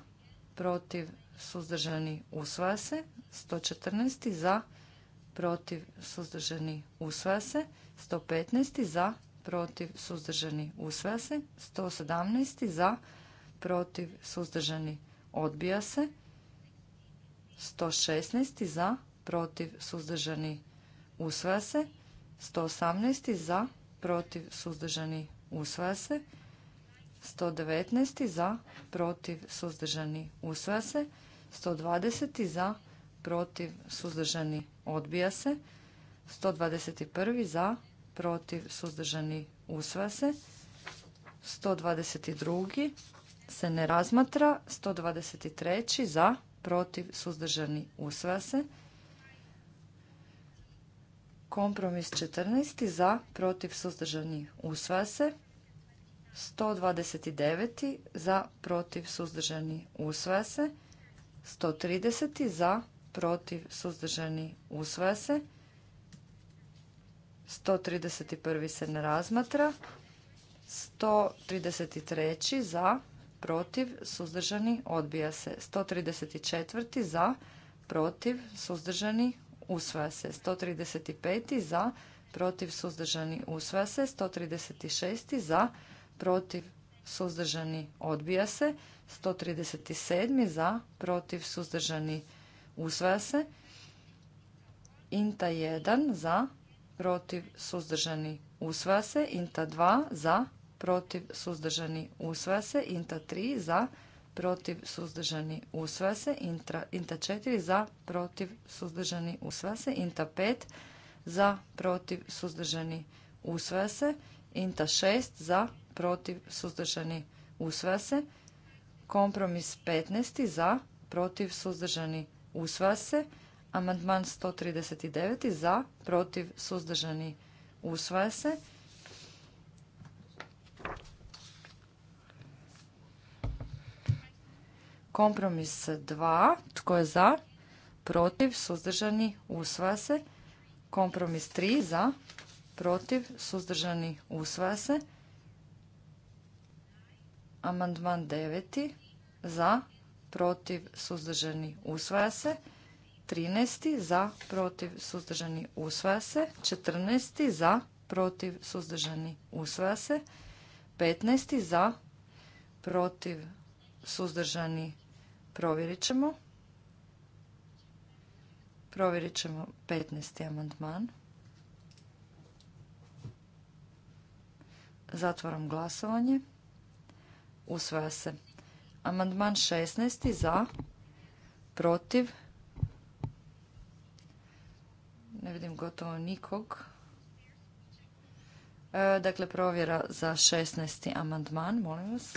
protiv, suzdržani, usvaja se. 114. za, protiv, suzdržani, usvaja se. 115. za, protiv, suzdržani, usvaja se. 117. za, protiv, suzdržani, odbija se. 116. za, protiv, suzdržani, usvaja se. 118. za, protiv, suzdržani, usvaja se. 119. za, protiv, suzdržani, usvaja 120. za, protiv, suzdržani, odbija se. 121. za, protiv, suzdržani, usvaja se. 122. se ne razmatra. 123. za, protiv, suzdržani, usvaja Kompromis 14. za, protiv, suzdržani, usvaja 129. za, protiv, suzdržani, usvaja se. 130. za, protiv, suzdržani, usvaja se. 131. se ne razmatra. 133. za, protiv, suzdržani, odbija se. 134. za, protiv, suzdržani, usvaja se. 135. za, protiv, suzdržani, usvaja se. 136. za, protiv, suzdržani, odbija se. 137. za, protiv, suzdržani, usvaja se. Inta 1 za, protiv, suzdržani, usvaja se. Inta 2 za, protiv, suzdržani, usvaja se. Inta 3 za, protiv, suzdržani, usvaja se. inta 4 za, protiv, suzdržani, usvaja se. Inta 5 za, protiv, suzdržani, usvaja se. Inta 6 za, protiv, suzdržani, usvaja se. Kompromis 15. za, protiv, suzdržani, usvaja se. Amandman 139. za, protiv, suzdržani, usvaja se. Kompromis 2. Tko je za? Protiv, suzdržani, usvaja se. Kompromis 3. Za, protiv, suzdržani, usvaja se. Amandman 9. za, protiv, suzdržani, usvaja se. 13. za, protiv, suzdržani, usvaja se. 14. za, protiv, suzdržani, usvaja se. 15. za, protiv, suzdržani, provjerit ćemo. Provjerit ćemo 15. amandman. Zatvaram glasovanje. Usvaja se. Amandman 16. za. Protiv. Ne vidim gotovo nikog. E, dakle, provjera za 16. amandman, molim vas.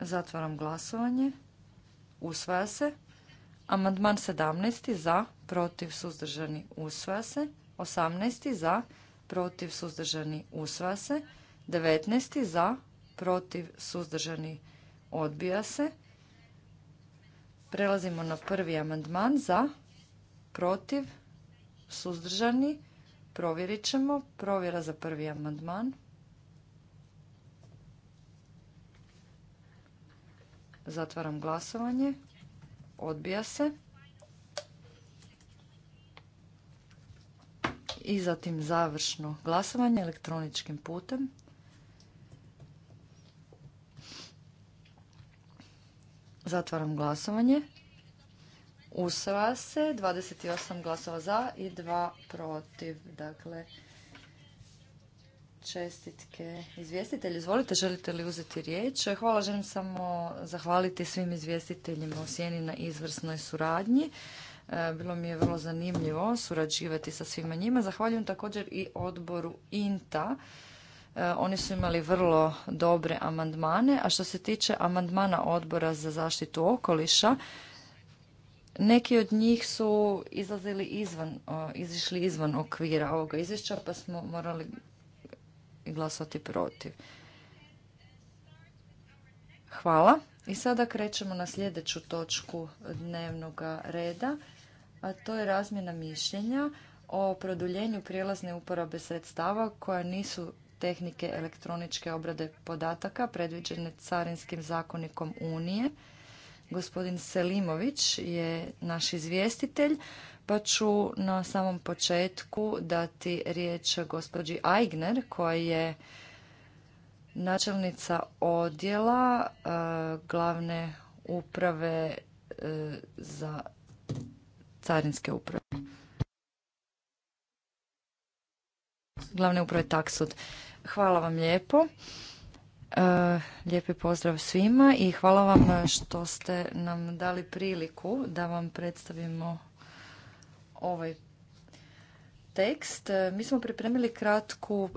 Zatvaram glasovanje. Usvaja se. Amandman 17. za, protiv, suzdržani, usvaja se. 18. za, protiv, suzdržani, usvaja se. 19. za, protiv, suzdržani, odbija se. Prelazimo na prvi amandman za, protiv, suzdržani, provjerit ćemo. Provjera za prvi amandman. Zatvaram glasovanje. Odbija se. i zatim završno glasovanje elektroničkim putem. Zatvaram glasovanje. Usvaja se 28 glasova za i 2 protiv. Dakle, čestitke izvjestitelji. Izvolite, želite li uzeti riječ? Hvala, želim samo zahvaliti svim izvjestiteljima u Sjeni na izvrsnoj suradnji. E, bilo mi je vrlo zanimljivo surađivati sa svima njima. Zahvaljujem također i odboru INTA. E, oni su imali vrlo dobre amandmane, a što se tiče amandmana odbora za zaštitu okoliša, neki od njih su izlazili izvan, izišli izvan okvira ovoga izvješća, pa smo morali glasati protiv. Hvala. I sada krećemo na sljedeću točku dnevnog reda, a to je razmjena mišljenja o produljenju prijelazne uporabe sredstava koja nisu tehnike elektroničke obrade podataka predviđene Carinskim zakonikom Unije. Gospodin Selimović je naš izvjestitelj, pa ću na samom početku dati riječ gospođi Aigner koja je načelnica odjela e, glavne uprave e, za carinske uprave. Glavne uprave Taksud. Hvala vam lijepo. E, lijepi pozdrav svima i hvala vam što ste nam dali priliku da vam predstavimo ovaj tekst. Mi smo pripremili kratku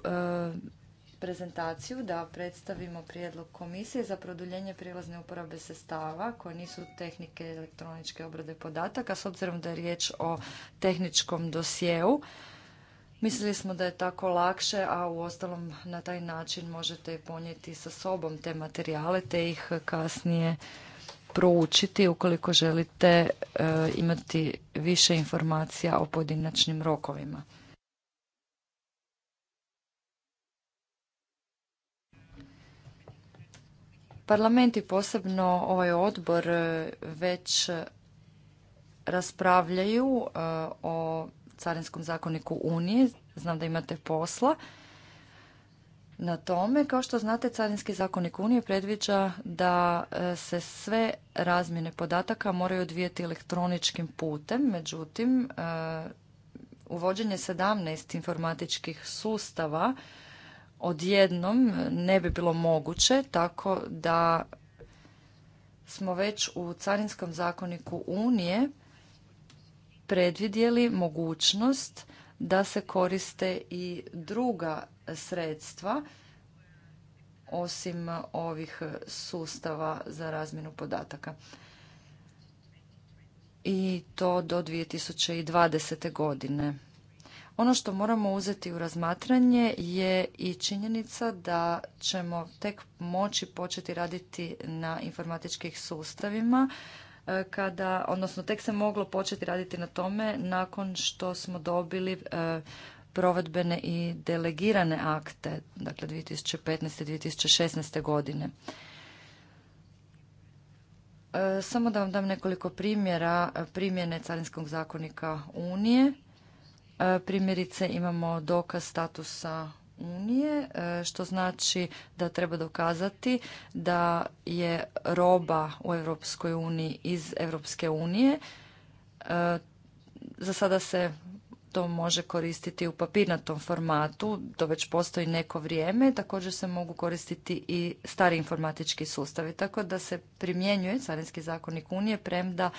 prezentaciju da predstavimo prijedlog komisije za produljenje prijelazne uporabe sestava koje nisu tehnike elektroničke obrade podataka s obzirom da je riječ o tehničkom dosjeu. Mislili smo da je tako lakše, a u ostalom na taj način možete ponijeti sa sobom te materijale te ih kasnije proučiti ukoliko želite e, imati više informacija o pojedinačnim rokovima. Parlament i posebno ovaj odbor e, već raspravljaju e, o Carinskom zakoniku Unije. Znam da imate posla na tome. Kao što znate, Carinski zakonik Unije predviđa da e, se sve razmjene podataka moraju odvijati elektroničkim putem. Međutim, uvođenje 17 informatičkih sustava odjednom ne bi bilo moguće, tako da smo već u Carinskom zakoniku Unije predvidjeli mogućnost da se koriste i druga sredstva osim ovih sustava za razmjenu podataka. I to do 2020. godine. Ono što moramo uzeti u razmatranje je i činjenica da ćemo tek moći početi raditi na informatičkih sustavima e, kada, odnosno tek se moglo početi raditi na tome nakon što smo dobili e, provedbene i delegirane akte, dakle 2015. i 2016. godine. E, samo da vam dam nekoliko primjera primjene Carinskog zakonika Unije. E, primjerice imamo dokaz statusa Unije, e, što znači da treba dokazati da je roba u Europskoj uniji iz Europske unije. E, za sada se to može koristiti u papirnatom formatu, to već postoji neko vrijeme, također se mogu koristiti i stari informatički sustavi, tako da se primjenjuje Carinski zakonik Unije premda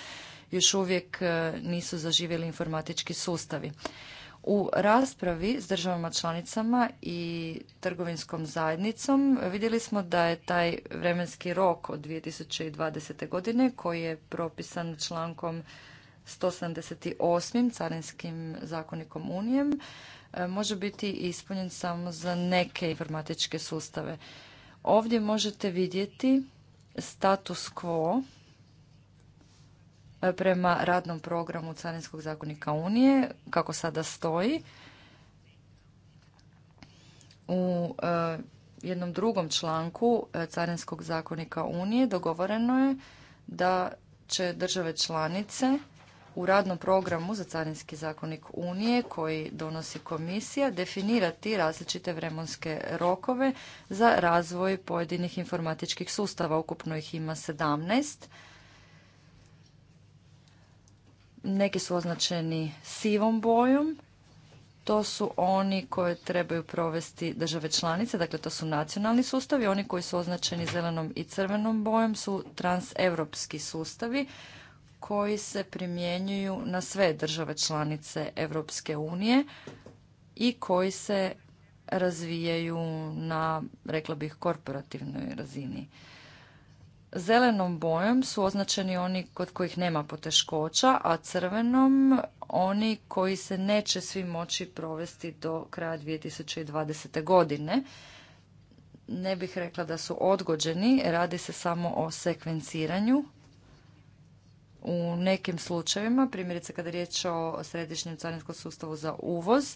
još uvijek e, nisu zaživjeli informatički sustavi. U raspravi s državama članicama i trgovinskom zajednicom vidjeli smo da je taj vremenski rok od 2020. godine koji je propisan člankom 178. Carinskim zakonikom Unijem e, može biti ispunjen samo za neke informatičke sustave. Ovdje možete vidjeti status quo prema radnom programu Carinskog zakonika Unije, kako sada stoji, u e, jednom drugom članku e, Carinskog zakonika Unije dogovoreno je da će države članice u radnom programu za Carinski zakonik Unije koji donosi komisija definirati različite vremonske rokove za razvoj pojedinih informatičkih sustava. Ukupno ih ima 17 neki su označeni sivom bojom. To su oni koje trebaju provesti države članice, dakle to su nacionalni sustavi. Oni koji su označeni zelenom i crvenom bojom su transeuropski sustavi koji se primjenjuju na sve države članice Europske unije i koji se razvijaju na, rekla bih, korporativnoj razini. Zelenom bojom su označeni oni kod kojih nema poteškoća, a crvenom oni koji se neće svi moći provesti do kraja 2020. godine. Ne bih rekla da su odgođeni, radi se samo o sekvenciranju. U nekim slučajevima, primjerice kada je riječ o središnjem carinskom sustavu za uvoz,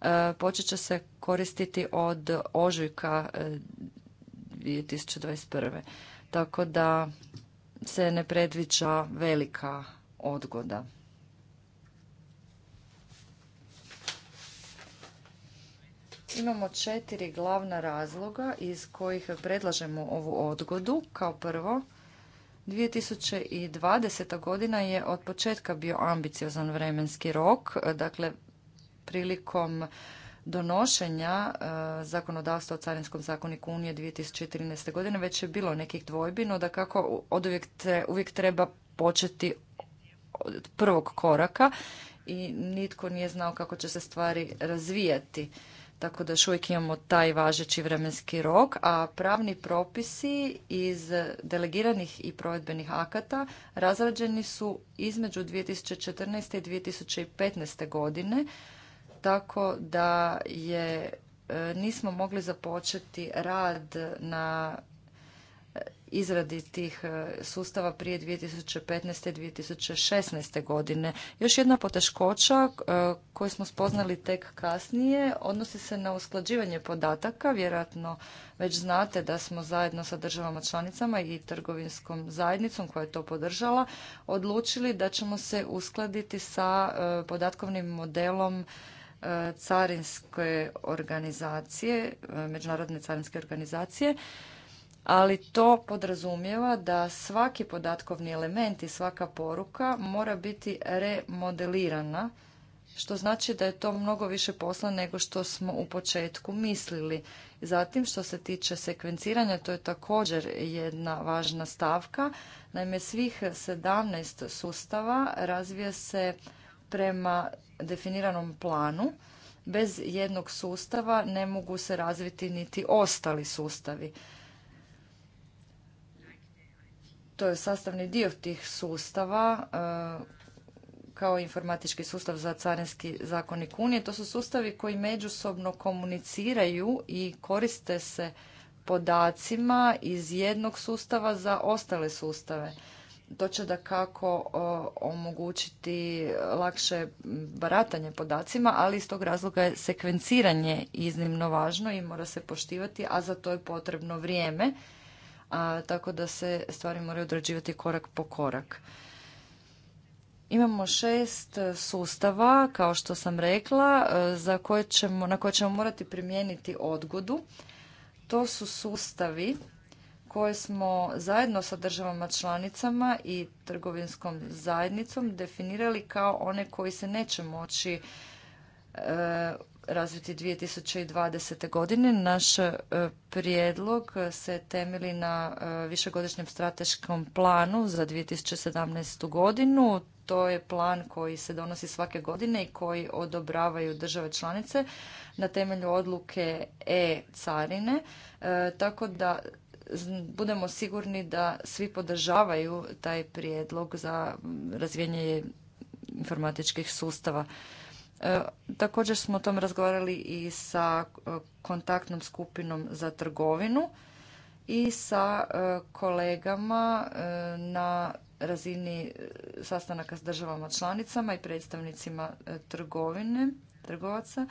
e, počet će se koristiti od ožujka 2021. E, tako da se ne predviđa velika odgoda. Imamo četiri glavna razloga iz kojih predlažemo ovu odgodu. Kao prvo, 2020. godina je od početka bio ambiciozan vremenski rok, dakle prilikom donošenja e, zakonodavstva o Carinskom zakoniku Unije 2013. godine već je bilo nekih dvojbi, no da kako uvijek, uvijek treba početi od prvog koraka i nitko nije znao kako će se stvari razvijati. Tako da još uvijek imamo taj važeći vremenski rok, a pravni propisi iz delegiranih i provedbenih akata razrađeni su između 2014. i 2015. godine, tako da je e, nismo mogli započeti rad na e, izradi tih e, sustava prije 2015. i 2016. godine. Još jedna poteškoća koju smo spoznali tek kasnije odnosi se na usklađivanje podataka. Vjerojatno već znate da smo zajedno sa državama članicama i trgovinskom zajednicom koja je to podržala odlučili da ćemo se uskladiti sa podatkovnim modelom carinske organizacije, međunarodne carinske organizacije, ali to podrazumijeva da svaki podatkovni element i svaka poruka mora biti remodelirana, što znači da je to mnogo više posla nego što smo u početku mislili. Zatim, što se tiče sekvenciranja, to je također jedna važna stavka. Naime, svih 17 sustava razvija se prema definiranom planu. Bez jednog sustava ne mogu se razviti niti ostali sustavi. To je sastavni dio tih sustava e, kao informatički sustav za carinski zakonik Unije. To su sustavi koji međusobno komuniciraju i koriste se podacima iz jednog sustava za ostale sustave to će da kako omogućiti lakše baratanje podacima, ali iz tog razloga je sekvenciranje iznimno važno i mora se poštivati, a za to je potrebno vrijeme, tako da se stvari moraju odrađivati korak po korak. Imamo šest sustava, kao što sam rekla, e, za koje ćemo, na koje ćemo morati primijeniti odgodu. To su sustavi koje smo zajedno sa državama članicama i trgovinskom zajednicom definirali kao one koji se neće moći e, razviti 2020. godine. Naš e, prijedlog se temeli na e, višegodišnjem strateškom planu za 2017. godinu. To je plan koji se donosi svake godine i koji odobravaju države članice na temelju odluke e-carine. Tako da budemo sigurni da svi podržavaju taj prijedlog za razvijanje informatičkih sustava. E, također smo o tom razgovarali i sa e, kontaktnom skupinom za trgovinu i sa e, kolegama na razini sastanaka s državama članicama i predstavnicima trgovine, trgovaca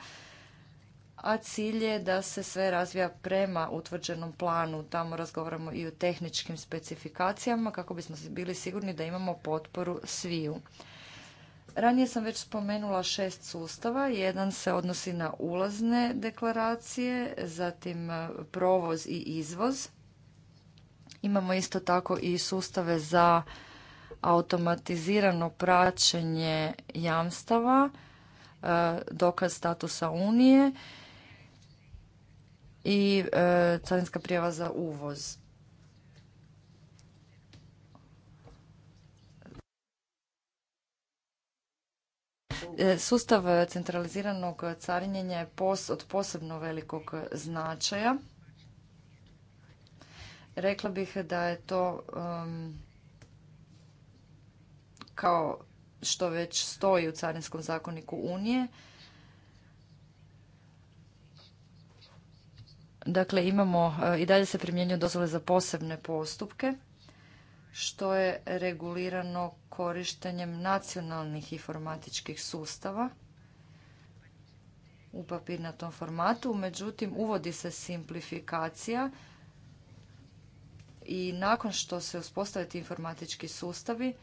a cilj je da se sve razvija prema utvrđenom planu. Tamo razgovaramo i o tehničkim specifikacijama kako bismo bili sigurni da imamo potporu sviju. Ranije sam već spomenula šest sustava. Jedan se odnosi na ulazne deklaracije, zatim e, provoz i izvoz. Imamo isto tako i sustave za automatizirano praćenje jamstava, e, dokaz statusa Unije i e, carinska prijava za uvoz. E, sustav centraliziranog carinjenja je pos od posebno velikog značaja. Rekla bih da je to kao što već stoji u Carinskom zakoniku Unije, Dakle, imamo e, i dalje se primjenjuju dozvole za posebne postupke, što je regulirano korištenjem nacionalnih informatičkih sustava u papirnatom formatu. Međutim, uvodi se simplifikacija i nakon što se uspostave ti informatički sustavi,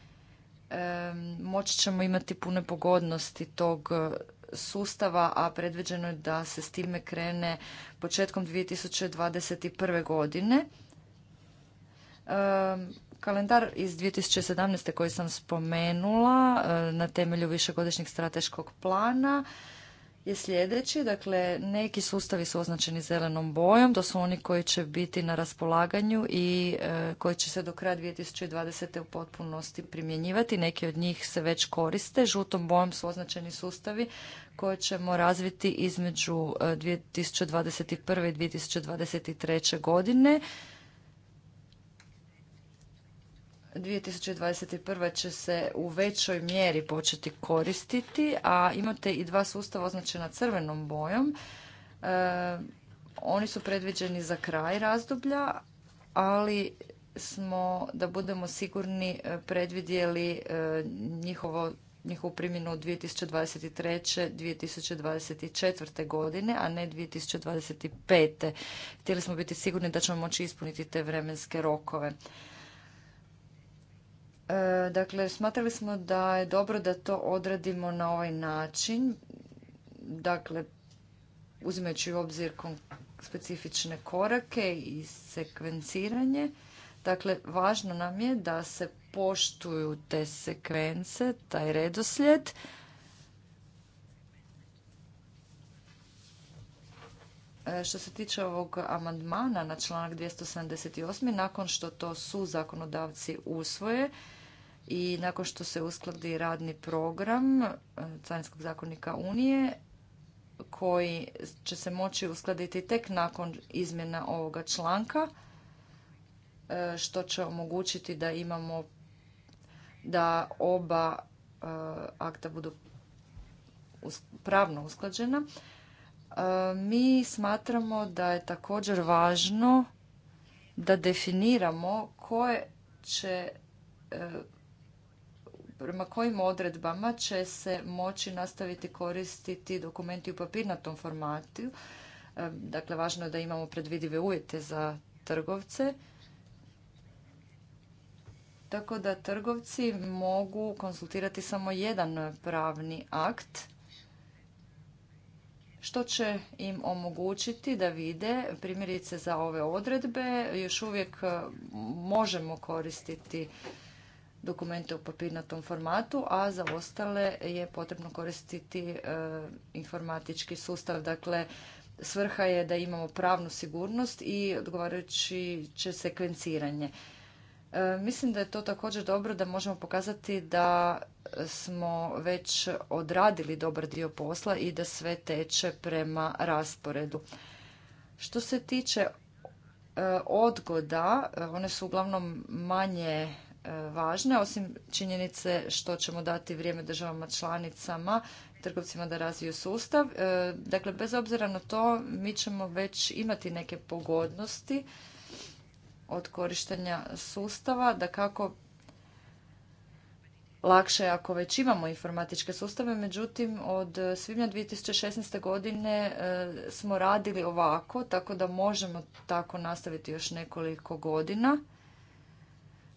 moći ćemo imati pune pogodnosti tog sustava, a predviđeno je da se s time krene početkom 2021. godine. Kalendar iz 2017. koji sam spomenula e, na temelju višegodišnjeg strateškog plana je sljedeći. Dakle, neki sustavi su označeni zelenom bojom. To su oni koji će biti na raspolaganju i e, koji će se do kraja 2020. u potpunosti primjenjivati. Neki od njih se već koriste. Žutom bojom su označeni sustavi koje ćemo razviti između 2021. E, i 2023. godine 2021. će se u većoj mjeri početi koristiti, a imate i dva sustava označena crvenom bojom. E, oni su predviđeni za kraj razdoblja, ali smo, da budemo sigurni, e, predvidjeli e, njihovo njihovu primjenu 2023. 2024. godine, a ne 2025. Htjeli smo biti sigurni da ćemo moći ispuniti te vremenske rokove. E, dakle, smatrali smo da je dobro da to odradimo na ovaj način, dakle, uzimajući u obzir specifične korake i sekvenciranje. Dakle, važno nam je da se poštuju te sekvence, taj redoslijed. E, što se tiče ovog amandmana na članak 278. nakon što to su zakonodavci usvoje, i nakon što se uskladi radni program e, Carinskog zakonika Unije, koji će se moći uskladiti tek nakon izmjena ovoga članka, e, što će omogućiti da imamo da oba e, akta budu pravno usklađena. Mi smatramo da je također važno da definiramo koje će prema kojim odredbama će se moći nastaviti koristiti dokumenti u papirnatom formatu. Dakle, važno je da imamo predvidive uvjete za trgovce. Tako da trgovci mogu konsultirati samo jedan pravni akt što će im omogućiti da vide, primjerice za ove odredbe, još uvijek možemo koristiti dokumente u papirnatom formatu, a za ostale je potrebno koristiti e, informatički sustav. Dakle, svrha je da imamo pravnu sigurnost i odgovarajući će sekvenciranje. E, mislim da je to također dobro da možemo pokazati da smo već odradili dobar dio posla i da sve teče prema rasporedu. Što se tiče e, odgoda, one su uglavnom manje E, važne, osim činjenice što ćemo dati vrijeme državama članicama, trgovcima da razviju sustav. E, dakle, bez obzira na to, mi ćemo već imati neke pogodnosti od korištenja sustava, da kako lakše ako već imamo informatičke sustave, međutim od svibnja 2016. godine e, smo radili ovako, tako da možemo tako nastaviti još nekoliko godina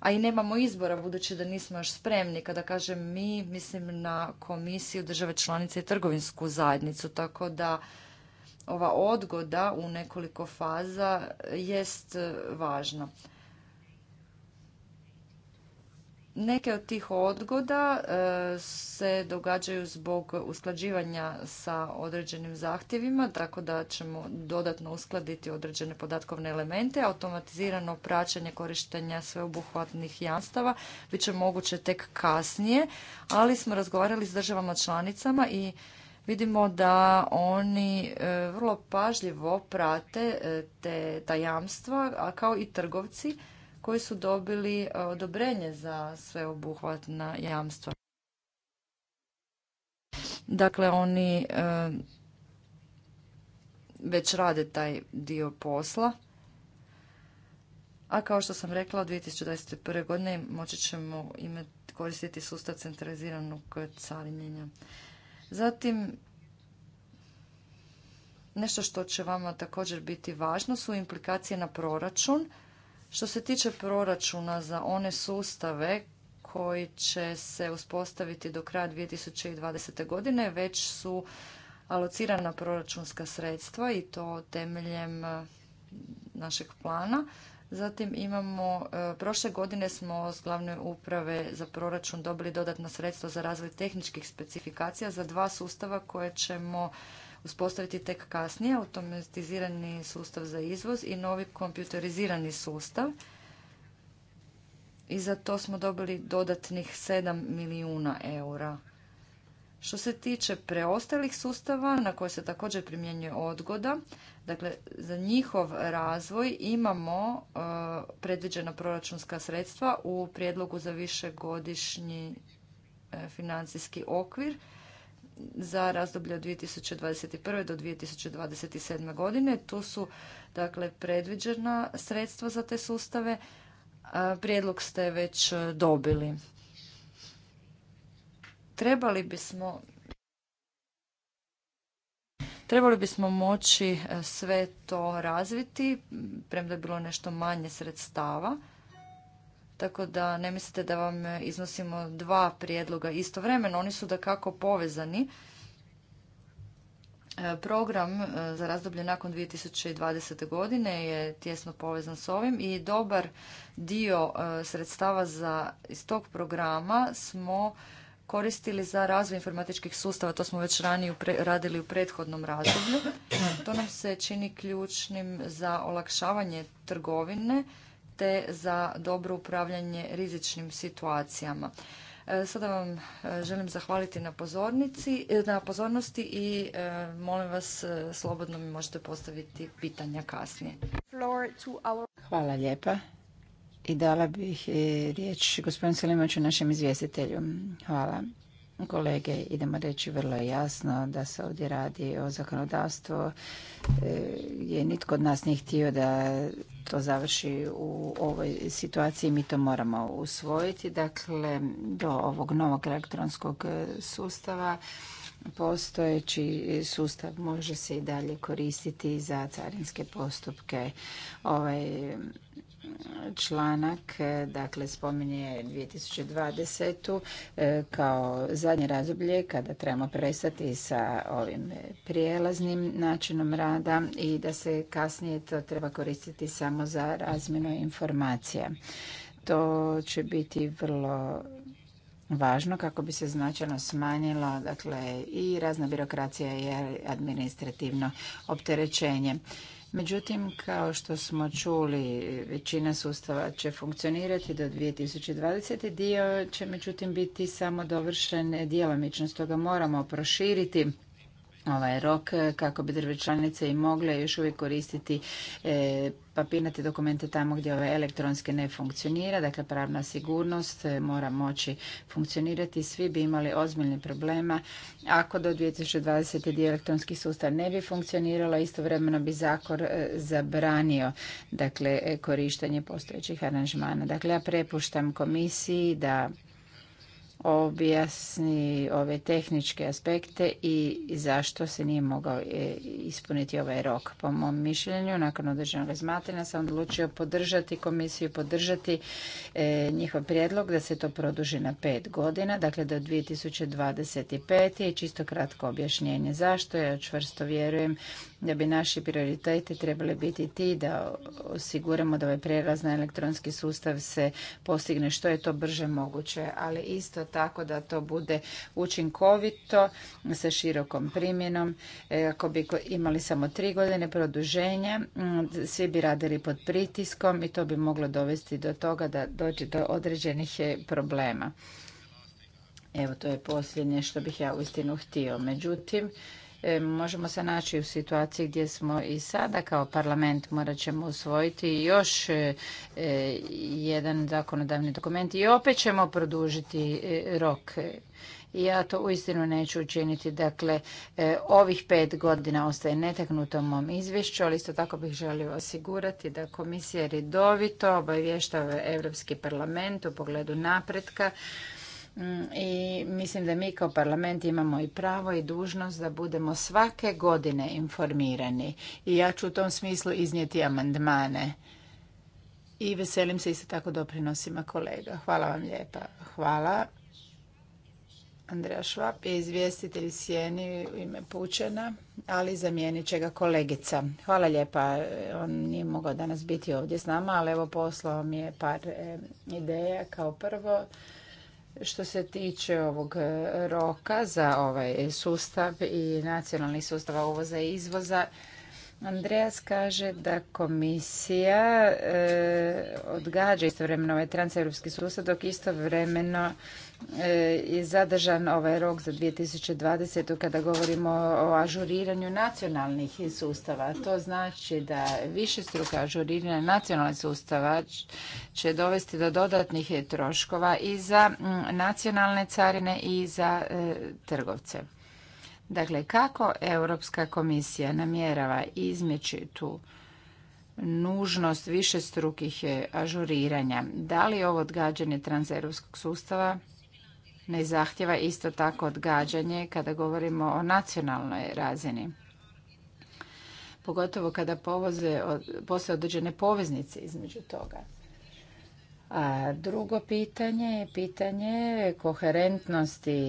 a i nemamo izbora budući da nismo još spremni. Kada kažem mi, mislim na komisiju države članice i trgovinsku zajednicu, tako da ova odgoda u nekoliko faza jest e, važna. Neke od tih odgoda e, se događaju zbog usklađivanja sa određenim zahtjevima, tako da ćemo dodatno uskladiti određene podatkovne elemente. Automatizirano praćenje korištenja sveobuhvatnih jamstava bit će moguće tek kasnije, ali smo razgovarali s državama članicama i vidimo da oni e, vrlo pažljivo prate e, te, ta jamstva, a kao i trgovci koji su dobili e, odobrenje za sveobuhvatna jamstva. Dakle, oni e, već rade taj dio posla. A kao što sam rekla, od 2021. godine moći ćemo koristiti sustav centraliziranog carinjenja. Zatim, nešto što će vama također biti važno su implikacije na proračun što se tiče proračuna za one sustave koji će se uspostaviti do kraja 2020. godine, već su alocirana proračunska sredstva i to temeljem e, našeg plana. Zatim imamo, e, prošle godine smo s glavne uprave za proračun dobili dodatna sredstva za razvoj tehničkih specifikacija za dva sustava koje ćemo uspostaviti tek kasnije, automatizirani sustav za izvoz i novi kompjuterizirani sustav. I za to smo dobili dodatnih 7 milijuna eura. Što se tiče preostalih sustava na koje se također primjenjuje odgoda, dakle za njihov razvoj imamo e, predviđena proračunska sredstva u prijedlogu za višegodišnji e, financijski okvir za razdoblje od 2021. do 2027. godine. Tu su dakle predviđena sredstva za te sustave. Prijedlog ste već e, dobili. Trebali bismo Trebali bismo moći e, sve to razviti, premda je bilo nešto manje sredstava tako da ne mislite da vam iznosimo dva prijedloga istovremeno. Oni su da kako povezani. E, program e, za razdoblje nakon 2020. godine je tjesno povezan s ovim i dobar dio e, sredstava za, iz tog programa smo koristili za razvoj informatičkih sustava. To smo već ranije radili u prethodnom razdoblju. To nam se čini ključnim za olakšavanje trgovine te za dobro upravljanje rizičnim situacijama. E, sada vam e, želim zahvaliti na, pozornici, e, na pozornosti i molim vas slobodno mi možete postaviti pitanja kasnije. Hvala lijepa. I
dala bih riječ gospodinu Selimoću, našem izvjestitelju. Hvala kolege, idemo reći vrlo jasno da se ovdje radi o zakonodavstvu e, Je nitko od nas nije htio da to završi u ovoj situaciji. Mi to moramo usvojiti. Dakle, do ovog novog elektronskog sustava postojeći sustav može se i dalje koristiti za carinske postupke. Ovaj članak e, dakle spominje 2020. E, kao zadnje razoblje kada trebamo prestati sa ovim prijelaznim načinom rada i da se kasnije to treba koristiti samo za razmjenu informacija. To će biti vrlo važno kako bi se značajno smanjilo dakle, i razna birokracija i administrativno opterećenje. Međutim, kao što smo čuli, većina sustava će funkcionirati do 2020. Dio će međutim biti samo dovršen djelomično, stoga moramo proširiti ovaj rok e, kako bi države članice i mogle još uvijek koristiti e, papirnate dokumente tamo gdje ove elektronske ne funkcionira, dakle pravna sigurnost e, mora moći funkcionirati. Svi bi imali ozbiljni problema ako do 2020. elektronski sustav ne bi funkcioniralo, istovremeno bi zakor zabranio dakle, korištenje postojećih aranžmana. Dakle, ja prepuštam komisiji da objasni ove tehničke aspekte i zašto se nije mogao e, ispuniti ovaj rok. Po mom mišljenju, nakon određenog razmatranja sam odlučio podržati komisiju, podržati e, njihov prijedlog da se to produži na pet godina, dakle do 2025. i čisto kratko objašnjenje zašto. Ja čvrsto vjerujem da bi naši prioriteti trebali biti ti da osiguramo da ovaj prijelaz na elektronski sustav se postigne što je to brže moguće, ali isto tako da to bude učinkovito sa širokom primjenom. E, ako bi imali samo tri godine produženja, svi bi radili pod pritiskom i to bi moglo dovesti do toga da dođe do određenih e, problema. Evo, to je posljednje što bih ja istinu htio. Međutim, E, možemo se naći u situaciji gdje smo i sada kao parlament morat ćemo usvojiti još e, jedan zakonodavni dokument i opet ćemo produžiti e, rok. I ja to uistinu neću učiniti. Dakle, ovih pet godina ostaje netaknuto u mom izvješću, ali isto tako bih želio osigurati da komisija redovito obavještava Europski parlament u pogledu napretka Mm, i mislim da mi kao parlament imamo i pravo i dužnost da budemo svake godine informirani i ja ću u tom smislu iznijeti amandmane i veselim se isto tako doprinosima kolega. Hvala vam lijepa. Hvala. Andreja Švap je izvjestitelj Sjeni u ime Pučena, ali zamijenit će ga kolegica. Hvala lijepa, on nije mogao danas biti ovdje s nama, ali evo poslao mi je par ideja kao prvo što se tiče ovog e, roka za ovaj sustav i nacionalni sustava uvoza i izvoza, Andreas kaže da komisija e, odgađa istovremeno ovaj transeuropski sustav dok istovremeno je zadržan ovaj rok za 2020. kada govorimo o ažuriranju nacionalnih sustava. To znači da više struka ažuriranja nacionalnih sustava će dovesti do dodatnih troškova i za nacionalne carine i za e, trgovce. Dakle, kako Europska komisija namjerava izmjeći tu nužnost višestrukih e, ažuriranja? Da li ovo odgađanje transeuropskog sustava ne zahtjeva isto tako odgađanje kada govorimo o nacionalnoj razini. Pogotovo kada povoze, postoje određene poveznice između toga. A drugo pitanje je pitanje koherentnosti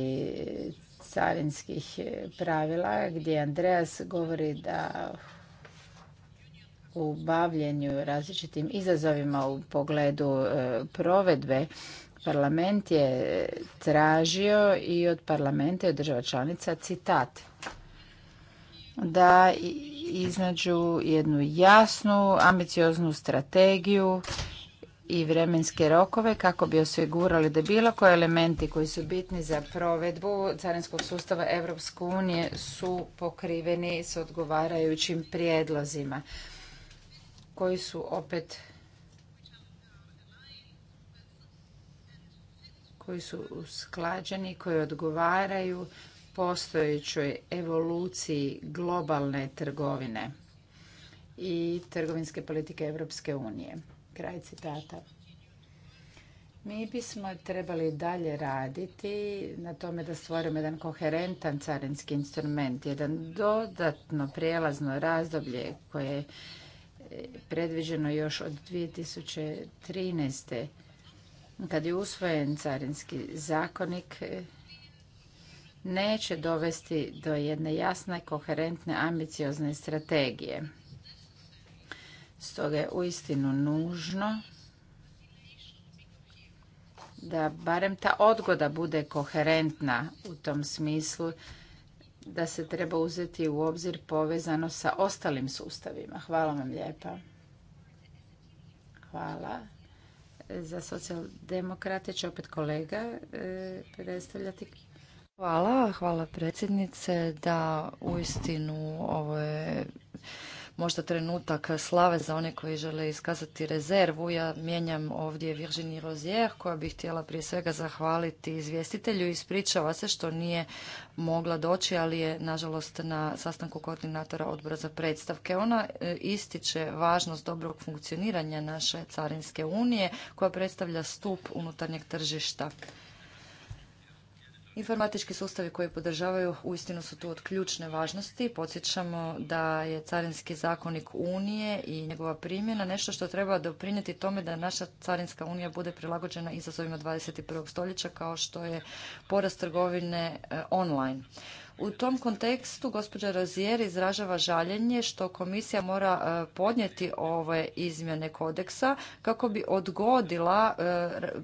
carinskih pravila gdje Andreas govori da u bavljenju različitim izazovima u pogledu e, provedbe Parlament je tražio i od parlamenta i od država članica citat da iznađu jednu jasnu, ambicioznu strategiju i vremenske rokove kako bi osigurali da bilo koje elementi koji su bitni za provedbu carinskog sustava Evropske unije su pokriveni s odgovarajućim prijedlozima koji su opet koji su usklađeni, koji odgovaraju postojećoj evoluciji globalne trgovine i trgovinske politike Europske unije. Kraj citata. Mi bismo trebali dalje raditi na tome da stvorimo jedan koherentan carinski instrument, jedan dodatno prijelazno razdoblje koje je predviđeno još od 2013 kad je usvojen carinski zakonik neće dovesti do jedne jasne, koherentne, ambiciozne strategije. Stoga je uistinu nužno da barem ta odgoda bude koherentna u tom smislu da se treba uzeti u obzir povezano sa ostalim sustavima. Hvala vam lijepa. Hvala za socijaldemokrate će opet kolega e, predstavljati.
Hvala, hvala predsjednice da uistinu ovo je možda trenutak slave za one koji žele iskazati rezervu. Ja mijenjam ovdje Virginie Rozier koja bi htjela prije svega zahvaliti izvjestitelju i ispričava se što nije mogla doći, ali je nažalost na sastanku koordinatora odbora za predstavke. Ona e, ističe važnost dobrog funkcioniranja naše carinske unije koja predstavlja stup unutarnjeg tržišta. Informatički sustavi koji podržavaju uistinu su tu od ključne važnosti. Podsjećamo da je Carinski zakonik Unije i njegova primjena nešto što treba doprinijeti tome da naša Carinska unija bude prilagođena izazovima 21. stoljeća kao što je porast trgovine e, online. U tom kontekstu gospođa Rozijer izražava žaljenje što komisija mora e, podnijeti ove izmjene kodeksa kako bi odgodila e, e,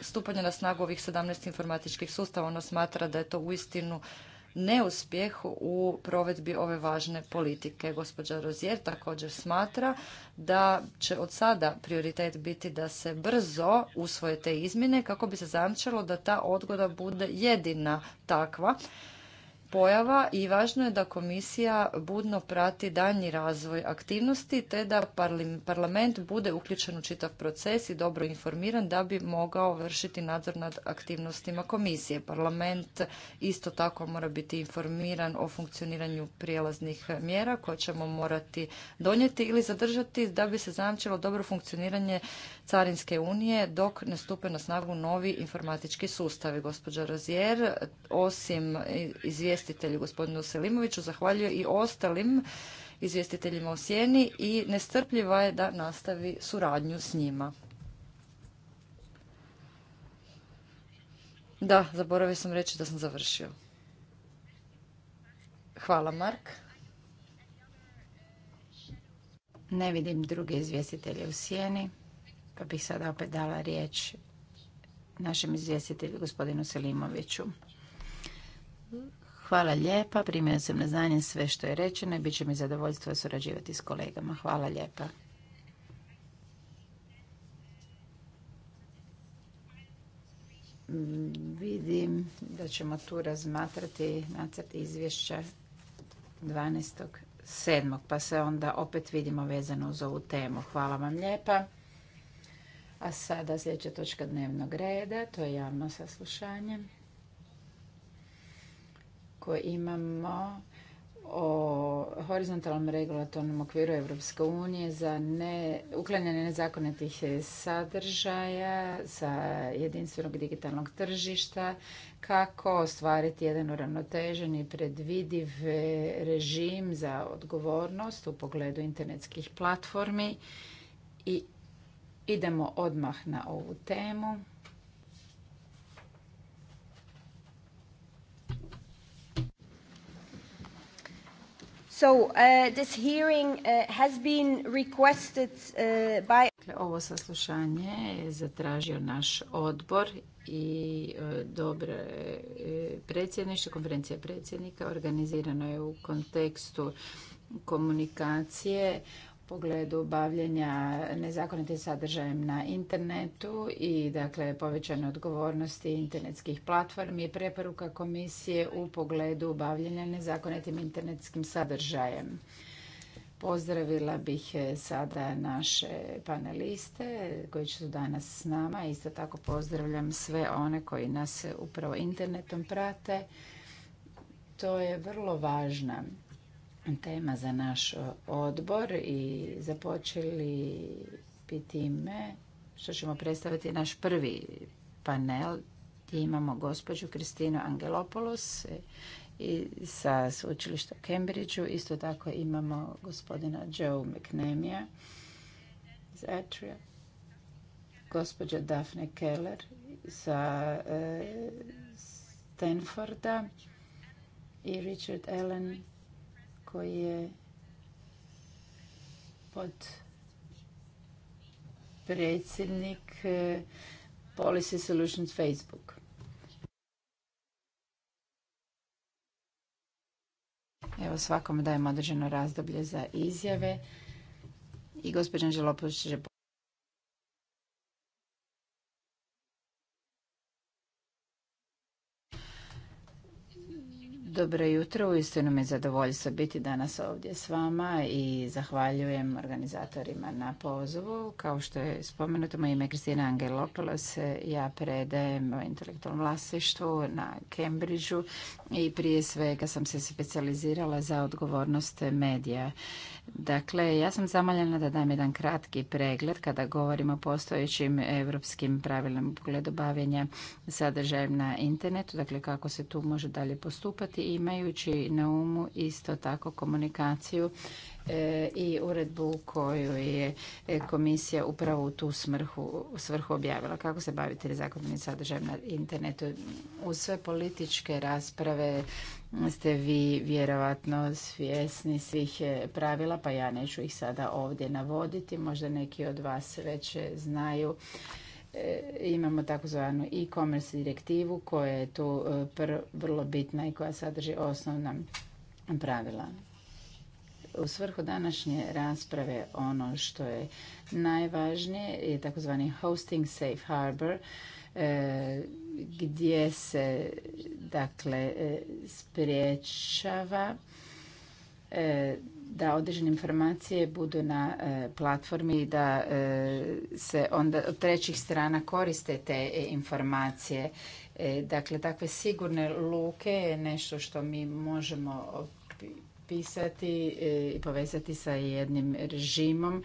stupanje na snagu ovih 17 informatičkih sustava. Ona smatra da je to uistinu neuspjeh u provedbi ove važne politike. Gospođa Rozijer također smatra da će od sada prioritet biti da se brzo usvoje te izmjene kako bi se zamčalo da ta odgoda bude jedina takva pojava i važno je da komisija budno prati daljnji razvoj aktivnosti te da parlament bude uključen u čitav proces i dobro informiran da bi mogao vršiti nadzor nad aktivnostima komisije. Parlament isto tako mora biti informiran o funkcioniranju prijelaznih mjera koje ćemo morati donijeti ili zadržati da bi se zajamčilo dobro funkcioniranje carinske unije dok ne stupe na snagu novi informatički sustavi. Gospođa Rozier, osim izvjestitelju gospodinu Selimoviću, zahvaljuje i ostalim izvjestiteljima u sjeni i nestrpljiva je da nastavi suradnju s njima. Da, zaboravio sam reći da sam završio. Hvala, Mark. Ne vidim
druge izvjestitelje u sjeni. Pa bih sada opet dala riječ našem izvjestitelju gospodinu Selimoviću. Hvala lijepa, primio sam na znanje sve što je rečeno i bit će mi zadovoljstvo surađivati s kolegama. Hvala lijepa. Vidim da ćemo tu razmatrati nacrt izvješća 12.7. pa se onda opet vidimo vezano uz ovu temu. Hvala vam lijepa. A sada sljedeća točka dnevnog reda, to je javno saslušanje koje imamo o horizontalnom regulatornom okviru Evropske unije za ne, uklanjanje nezakonitih sadržaja sa jedinstvenog digitalnog tržišta, kako ostvariti jedan uravnotežen i predvidiv režim za odgovornost u pogledu internetskih platformi i Idemo odmah na ovu temu. So, uh, this hearing uh, has been requested uh, by... Dakle, ovo saslušanje je zatražio naš odbor i uh, dobro e, predsjedništvo, konferencija predsjednika organizirano je u kontekstu komunikacije pogledu bavljenja nezakonitim sadržajem na internetu i dakle povećane odgovornosti internetskih platformi i preporuka komisije u pogledu bavljenja nezakonitim internetskim sadržajem. Pozdravila bih e, sada naše paneliste koji su danas s nama. Isto tako pozdravljam sve one koji nas upravo internetom prate. To je vrlo važna tema za naš e, odbor i započeli bi time što ćemo predstaviti naš prvi panel imamo gospođu Kristinu Angelopoulos e, i sa sveučilišta u Cambridgeu. Isto tako imamo gospodina Joe McNamia, iz Atria, gospođa Daphne Keller sa e, Stanforda i Richard Allen koji je pod predsjednik e, Policy Solutions Facebook. Evo svakome dajem određeno razdoblje za izjave i gospođa će Dobro jutro, uistinu mi je zadovoljstvo biti danas ovdje s vama i zahvaljujem organizatorima na pozivu. Kao što je spomenuto, moje ime je Kristina Angelopoulos, ja predajem o intelektualnom vlasništvu na Cambridgeu i prije svega sam se specijalizirala za odgovornost medija. Dakle, ja sam zamoljena da dam jedan kratki pregled kada govorimo o postojećim europskim pravilima u pogledu bavljenja sadržajem na internetu, dakle kako se tu može dalje postupati imajući na umu isto tako komunikaciju e, i uredbu koju je e, komisija upravo u tu smrhu, svrhu objavila. Kako se bavite za sadržajem na internetu? Uz sve političke rasprave ste vi vjerojatno svjesni svih e, pravila, pa ja neću ih sada ovdje navoditi. Možda neki od vas već znaju E, imamo takozvanu e-commerce direktivu koja je tu e, vrlo bitna i koja sadrži osnovna pravila. U svrhu današnje rasprave ono što je najvažnije je takozvani hosting safe harbor e, gdje se dakle spriječava da određene informacije budu na e, platformi i da e, se onda od trećih strana koriste te informacije. E, dakle, takve sigurne luke je nešto što mi možemo pisati i povezati sa jednim režimom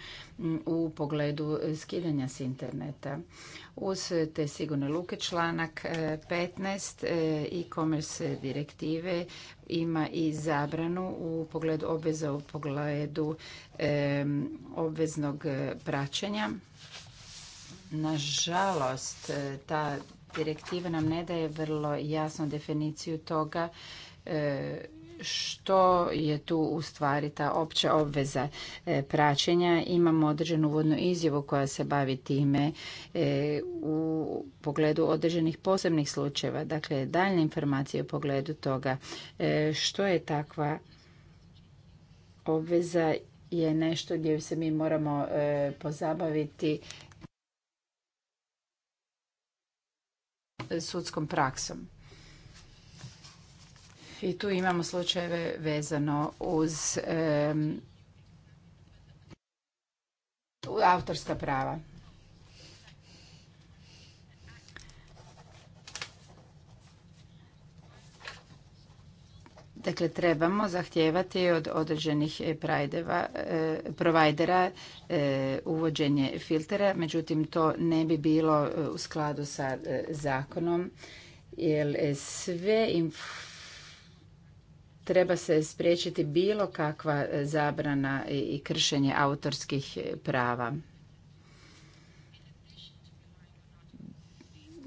u pogledu skidanja s interneta uz e, te sigurne luke članak 15 i e, e commerce direktive ima i zabranu u pogledu obveza u pogledu e, obveznog praćenja. Nažalost, ta direktiva nam ne daje vrlo jasnu definiciju toga što je tu u stvari ta opća obveza e, praćenja. Imamo određenu uvodnu izjavu koja se bavi time e, u pogledu određenih posebnih slučajeva. Dakle, daljne informacije u pogledu toga e, što je takva obveza je nešto gdje se mi moramo pozabaviti sudskom praksom. I tu imamo slučajeve vezano uz autorska prava. Dakle, trebamo zahtijevati od određenih e, prajdeva, e, provajdera e, uvođenje filtera, međutim to ne bi bilo u skladu sa zakonom, jer sve informacije treba se spriječiti bilo kakva zabrana i kršenje autorskih prava.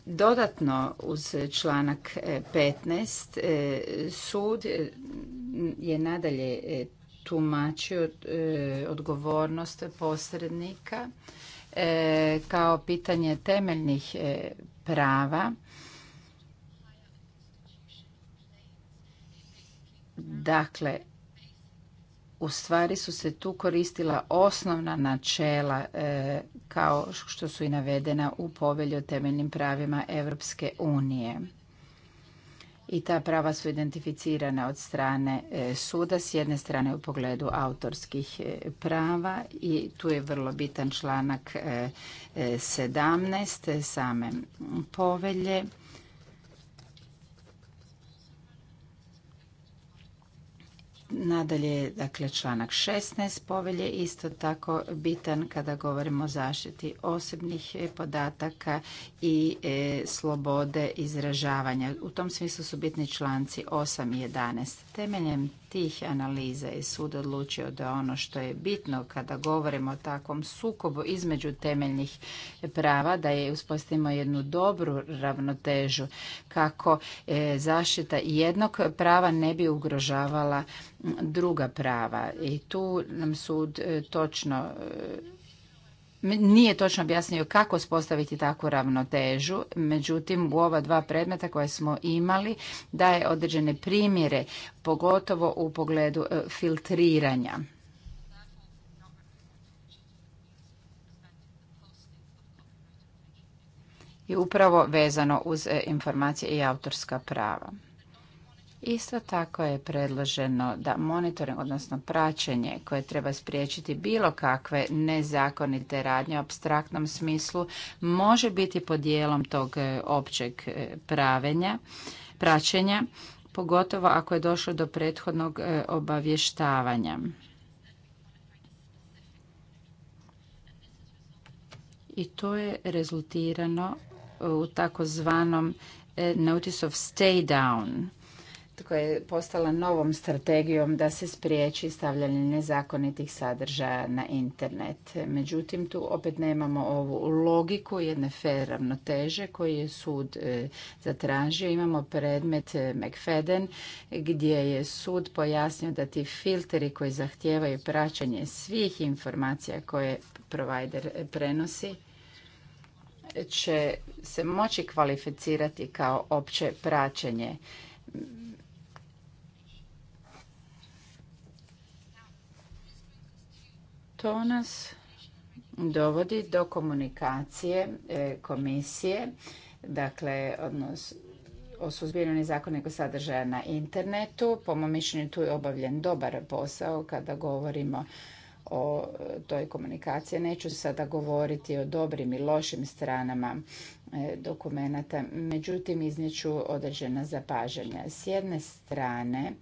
Dodatno uz članak 15 e, sud je nadalje tumačio e, odgovornost posrednika e, kao pitanje temeljnih prava Dakle, u stvari su se tu koristila osnovna načela e, kao što su i navedena u povelju o temeljnim pravima Europske unije. I ta prava su identificirana od strane e, suda, s jedne strane u pogledu autorskih e, prava i tu je vrlo bitan članak 17 same povelje Nadalje, dakle, članak 16 povelje isto tako bitan kada govorimo o zaštiti osobnih e, podataka i e, slobode izražavanja. U tom smislu su bitni članci 8 i 11. Temeljem tih analiza je sud odlučio da ono što je bitno kada govorimo o takvom sukobu između temeljnih prava, da je uspostavimo jednu dobru ravnotežu kako e, zaštita jednog prava ne bi ugrožavala druga prava. I tu nam sud e, točno e, nije točno objasnio kako spostaviti takvu ravnotežu, međutim u ova dva predmeta koje smo imali daje određene primjere, pogotovo u pogledu e, filtriranja. I upravo vezano uz e, informacije i autorska prava. Isto tako je predloženo da monitoring, odnosno praćenje koje treba spriječiti bilo kakve nezakonite radnje u abstraktnom smislu može biti dijelom tog e, općeg e, pravenja, praćenja, pogotovo ako je došlo do prethodnog e, obavještavanja. I to je rezultirano u takozvanom notice of stay down – koja je postala novom strategijom da se spriječi stavljanje nezakonitih sadržaja na internet. Međutim, tu opet nemamo ovu logiku jedne fer ravnoteže koji je sud e, zatražio. Imamo predmet e, McFadden gdje je sud pojasnio da ti filteri koji zahtijevaju praćenje svih informacija koje provider prenosi će se moći kvalificirati kao opće praćenje To nas dovodi do komunikacije e, komisije, dakle, odnos o suzbiranju nezakonnog sadržaja na internetu. Po mom mišljenju tu je obavljen dobar posao kada govorimo o e, toj komunikaciji. Neću sada govoriti o dobrim i lošim stranama e, dokumenata, međutim iznijeću određena zapažanja. S jedne strane,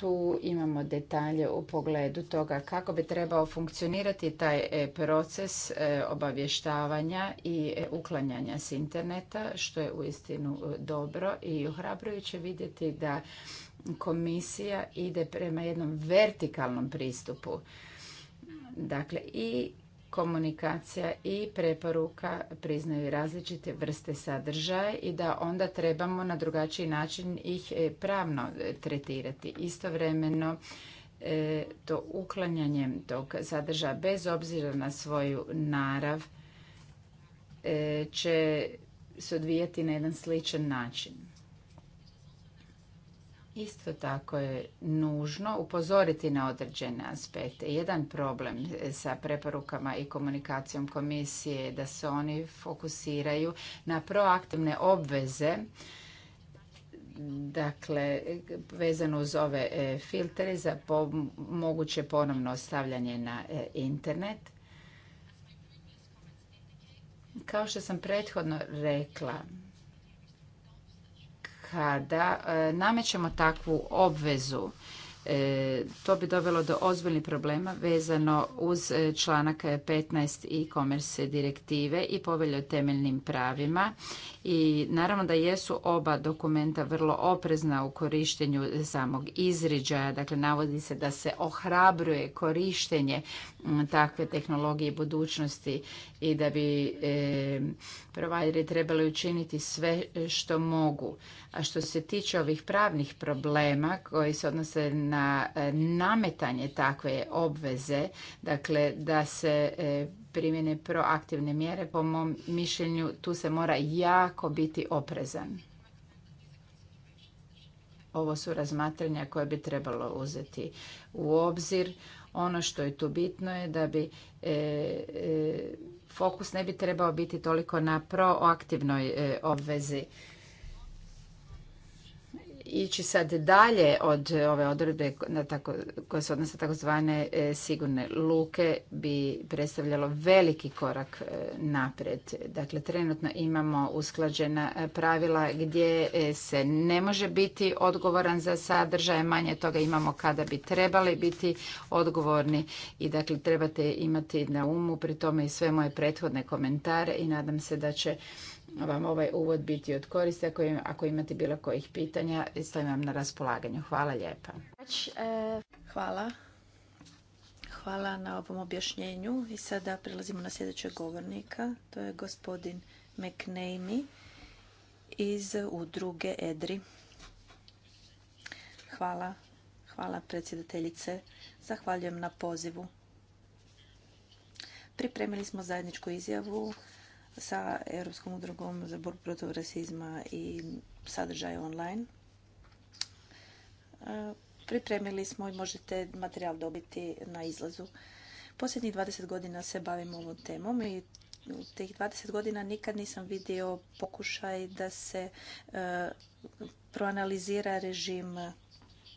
tu imamo detalje u pogledu toga kako bi trebao funkcionirati taj proces e, obavještavanja i e, uklanjanja s interneta, što je uistinu e, dobro i ohrabrujuće vidjeti da komisija ide prema jednom vertikalnom pristupu. Dakle, i komunikacija i preporuka priznaju različite vrste sadržaja i da onda trebamo na drugačiji način ih e, pravno tretirati. Istovremeno e, to uklanjanje tog sadržaja bez obzira na svoju narav e, će se odvijati na jedan sličan način. Isto tako je nužno upozoriti na određene aspekte. Jedan problem sa preporukama i komunikacijom komisije je da se oni fokusiraju na proaktivne obveze dakle vezano uz ove e, filtere za moguće ponovno ostavljanje na e, internet. Kao što sam prethodno rekla, kada e, namećemo takvu obvezu E, to bi dovelo do ozbiljnih problema vezano uz e, članak 15 i e commerce direktive i povelje o temeljnim pravima. I naravno da jesu oba dokumenta vrlo oprezna u korištenju samog izriđaja. Dakle, navodi se da se ohrabruje korištenje takve tehnologije budućnosti i da bi e, provajderi trebali učiniti sve što mogu. A što se tiče ovih pravnih problema koji se odnose na na e, nametanje takve obveze, dakle da se e, primjene proaktivne mjere, po mom mišljenju tu se mora jako biti oprezan. Ovo su razmatranja koje bi trebalo uzeti u obzir. Ono što je tu bitno je da bi e, fokus ne bi trebao biti toliko na proaktivnoj obvezi ići sad dalje od ove odredbe na koje se odnose takozvane e, sigurne luke bi predstavljalo veliki korak e, napred. Dakle, trenutno imamo usklađena e, pravila gdje se ne može biti odgovoran za sadržaj, manje toga imamo kada bi trebali biti odgovorni i dakle trebate imati na umu pri tome i sve moje prethodne komentare i nadam se da će vam ovaj uvod biti od koriste. Ako imate bilo kojih pitanja, stojim vam na raspolaganju. Hvala lijepa.
Hvala. Hvala na ovom objašnjenju. I sada prelazimo na sljedećeg govornika. To je gospodin McNamee iz udruge EDRI. Hvala. Hvala predsjedateljice. Zahvaljujem na pozivu. Pripremili smo zajedničku izjavu sa Europskom udrugom za borbu protiv rasizma i sadržaja online. E, pripremili smo i možete materijal dobiti na izlazu. Posljednjih 20 godina se bavim ovom temom i u tih 20 godina nikad nisam vidio pokušaj da se e, proanalizira režim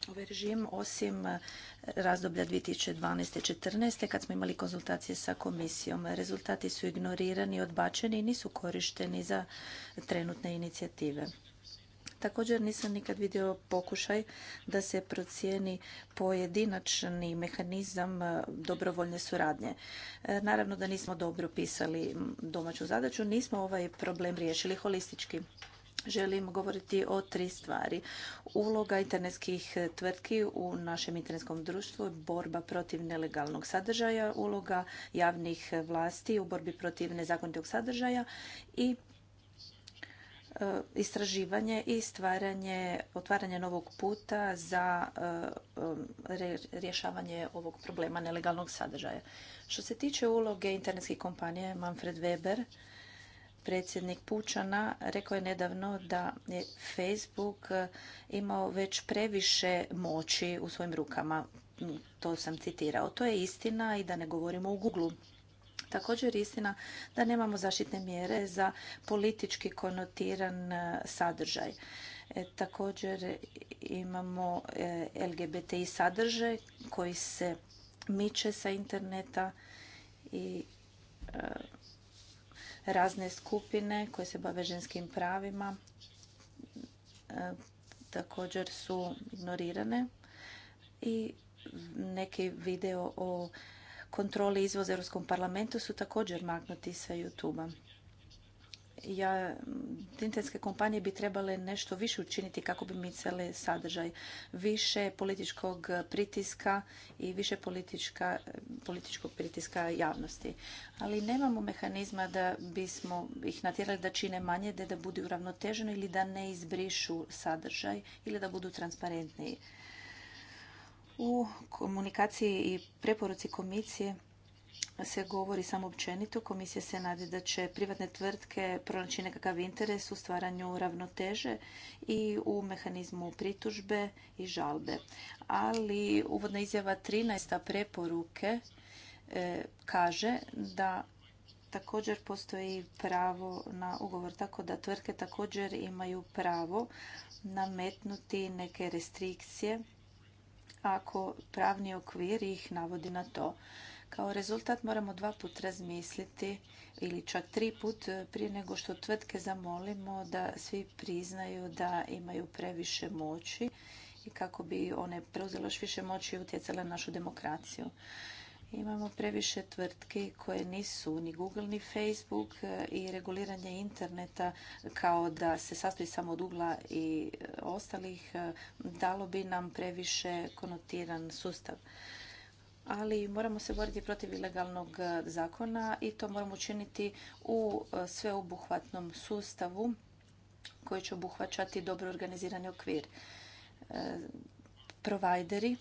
ovaj režim osim e, razdoblja 2012. 2014. kad smo imali konzultacije sa komisijom. Rezultati su ignorirani, odbačeni i nisu korišteni za trenutne inicijative. Također nisam nikad vidio pokušaj da se procijeni pojedinačni mehanizam e, dobrovoljne suradnje. E, naravno da nismo dobro pisali domaću zadaću, nismo ovaj problem riješili holistički želim govoriti o tri stvari. Uloga internetskih tvrtki u našem internetskom društvu, borba protiv nelegalnog sadržaja, uloga javnih vlasti u borbi protiv nezakonitog sadržaja i e, istraživanje i stvaranje, otvaranje novog puta za e, rješavanje ovog problema nelegalnog sadržaja. Što se tiče uloge internetskih kompanije Manfred Weber predsjednik Pučana rekao je nedavno da je Facebook eh, imao već previše moći u svojim rukama. To sam citirao. To je istina i da ne govorimo o Google. Također je istina da nemamo zaštitne mjere za politički konotiran eh, sadržaj. E, također imamo eh, LGBTI sadržaj koji se miče sa interneta i razne skupine koje se bave ženskim pravima e, također su ignorirane i neki video o kontroli izvoza u Europskom parlamentu su također maknuti sa YouTube-a ja, internetske kompanije bi trebale nešto više učiniti kako bi micale sadržaj. Više političkog pritiska i više politička, političkog pritiska javnosti. Ali nemamo mehanizma da bismo ih natjerali da čine manje, da, da budu uravnoteženi ili da ne izbrišu sadržaj ili da budu transparentniji. U komunikaciji i preporuci komisije se govori samo općenito. Komisija se nade da će privatne tvrtke pronaći nekakav interes u stvaranju ravnoteže i u mehanizmu pritužbe i žalbe. Ali uvodna izjava 13. preporuke e, kaže da također postoji pravo na ugovor, tako da tvrtke također imaju pravo nametnuti neke restrikcije ako pravni okvir ih navodi na to. Kao rezultat moramo dva put razmisliti ili čak tri put e, prije nego što tvrtke zamolimo da svi priznaju da imaju previše moći i kako bi one preuzele još više moći i utjecale na našu demokraciju. Imamo previše tvrtki koje nisu ni Google ni Facebook e, i reguliranje interneta kao da se sastoji samo od Google i e, ostalih dalo bi nam previše konotiran sustav ali moramo se boriti protiv ilegalnog e, zakona i to moramo učiniti u e, sveobuhvatnom sustavu koji će obuhvaćati dobro organizirani okvir. E, provajderi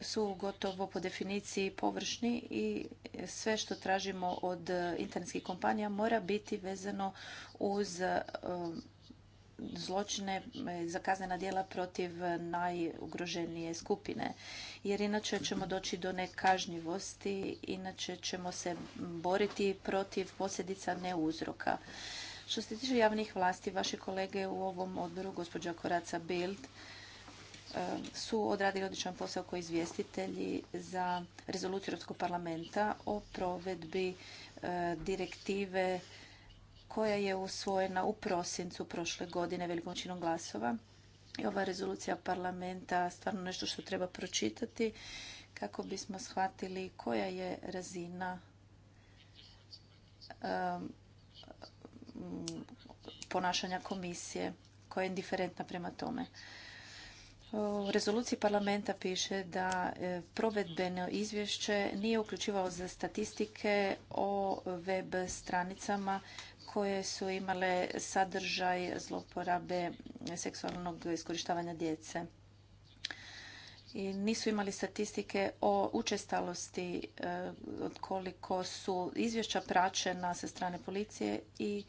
su gotovo po definiciji površni i sve što tražimo od internetskih kompanija mora biti vezano uz zločine eh, za kaznena djela protiv najugroženije skupine. Jer inače ćemo doći do nekažnjivosti, inače ćemo se boriti protiv posljedica neuzroka. Što se tiče javnih vlasti, vaši kolege u ovom odboru, gospođa Koraca Bild, eh, su odradili odličan posao kao izvjestitelji za rezoluciju Europskog parlamenta o provedbi eh, direktive koja je usvojena u prosincu prošle godine velikom činom glasova. I ova rezolucija parlamenta stvarno nešto što treba pročitati kako bismo shvatili koja je razina um, ponašanja komisije koja je indiferentna prema tome. U rezoluciji parlamenta piše da e, provedbeno izvješće nije uključivao za statistike o web stranicama koje su imale sadržaj zloporabe seksualnog iskorištavanja djece. I nisu imali statistike o učestalosti e, od koliko su izvješća praćena sa strane policije i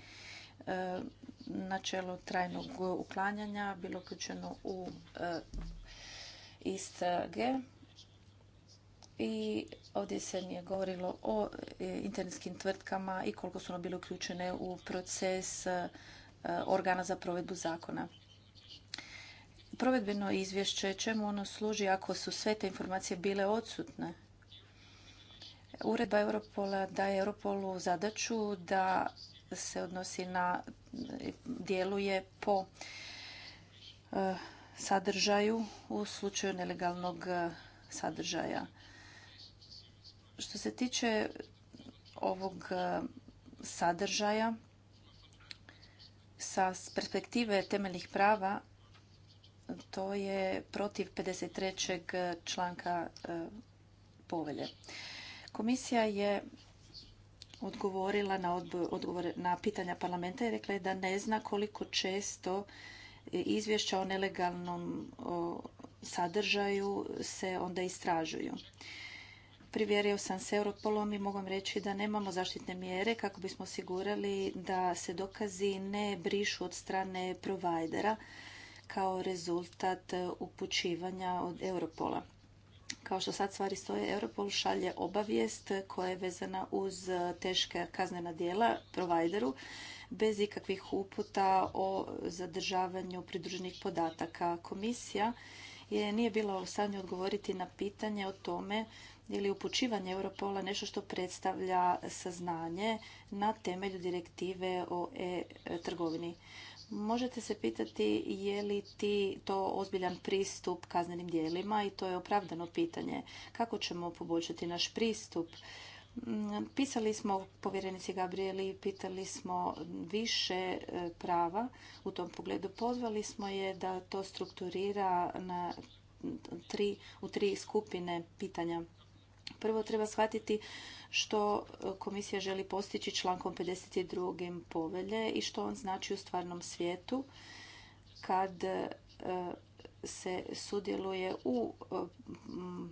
e, načelo trajnog uklanjanja bilo uključeno u e, ISTG i Ovdje se mi je govorilo o e, internetskim tvrtkama i koliko su one bile uključene u proces e, organa za provedbu zakona. Provedbeno izvješće, čemu ono služi ako su sve te informacije bile odsutne? Uredba Europola daje Europolu zadaću da se odnosi na, e, djeluje po sadržaju u slučaju nelegalnog sadržaja. Što se tiče ovog e, sadržaja, sa perspektive temeljnih prava, to je protiv 53. članka e, povelje. Komisija je odgovorila na, odgovor, na pitanja parlamenta i rekla je da ne zna koliko često izvješća o nelegalnom sadržaju se onda istražuju. Privjerio sam s Europolom i mogu vam reći da nemamo zaštitne mjere kako bismo osigurali da se dokazi ne brišu od strane provajdera kao rezultat upućivanja od Europola. Kao što sad stvari stoje, Europol šalje obavijest koja je vezana uz teška kaznena djela provajderu, bez ikakvih uputa o zadržavanju pridruženih podataka. Komisija je nije bila u stanju odgovoriti na pitanje o tome ili upućivanje Europola nešto što predstavlja saznanje na temelju direktive o e-trgovini. Možete se pitati je li ti to ozbiljan pristup kaznenim dijelima i to je opravdano pitanje. Kako ćemo poboljšati naš pristup? Mm, pisali smo povjerenici Gabrieli, pitali smo više e, prava u tom pogledu. Pozvali smo je da to strukturira na u tri skupine pitanja Prvo treba shvatiti što e, komisija želi postići člankom 52. povelje i što on znači u stvarnom svijetu kad e, se sudjeluje u e,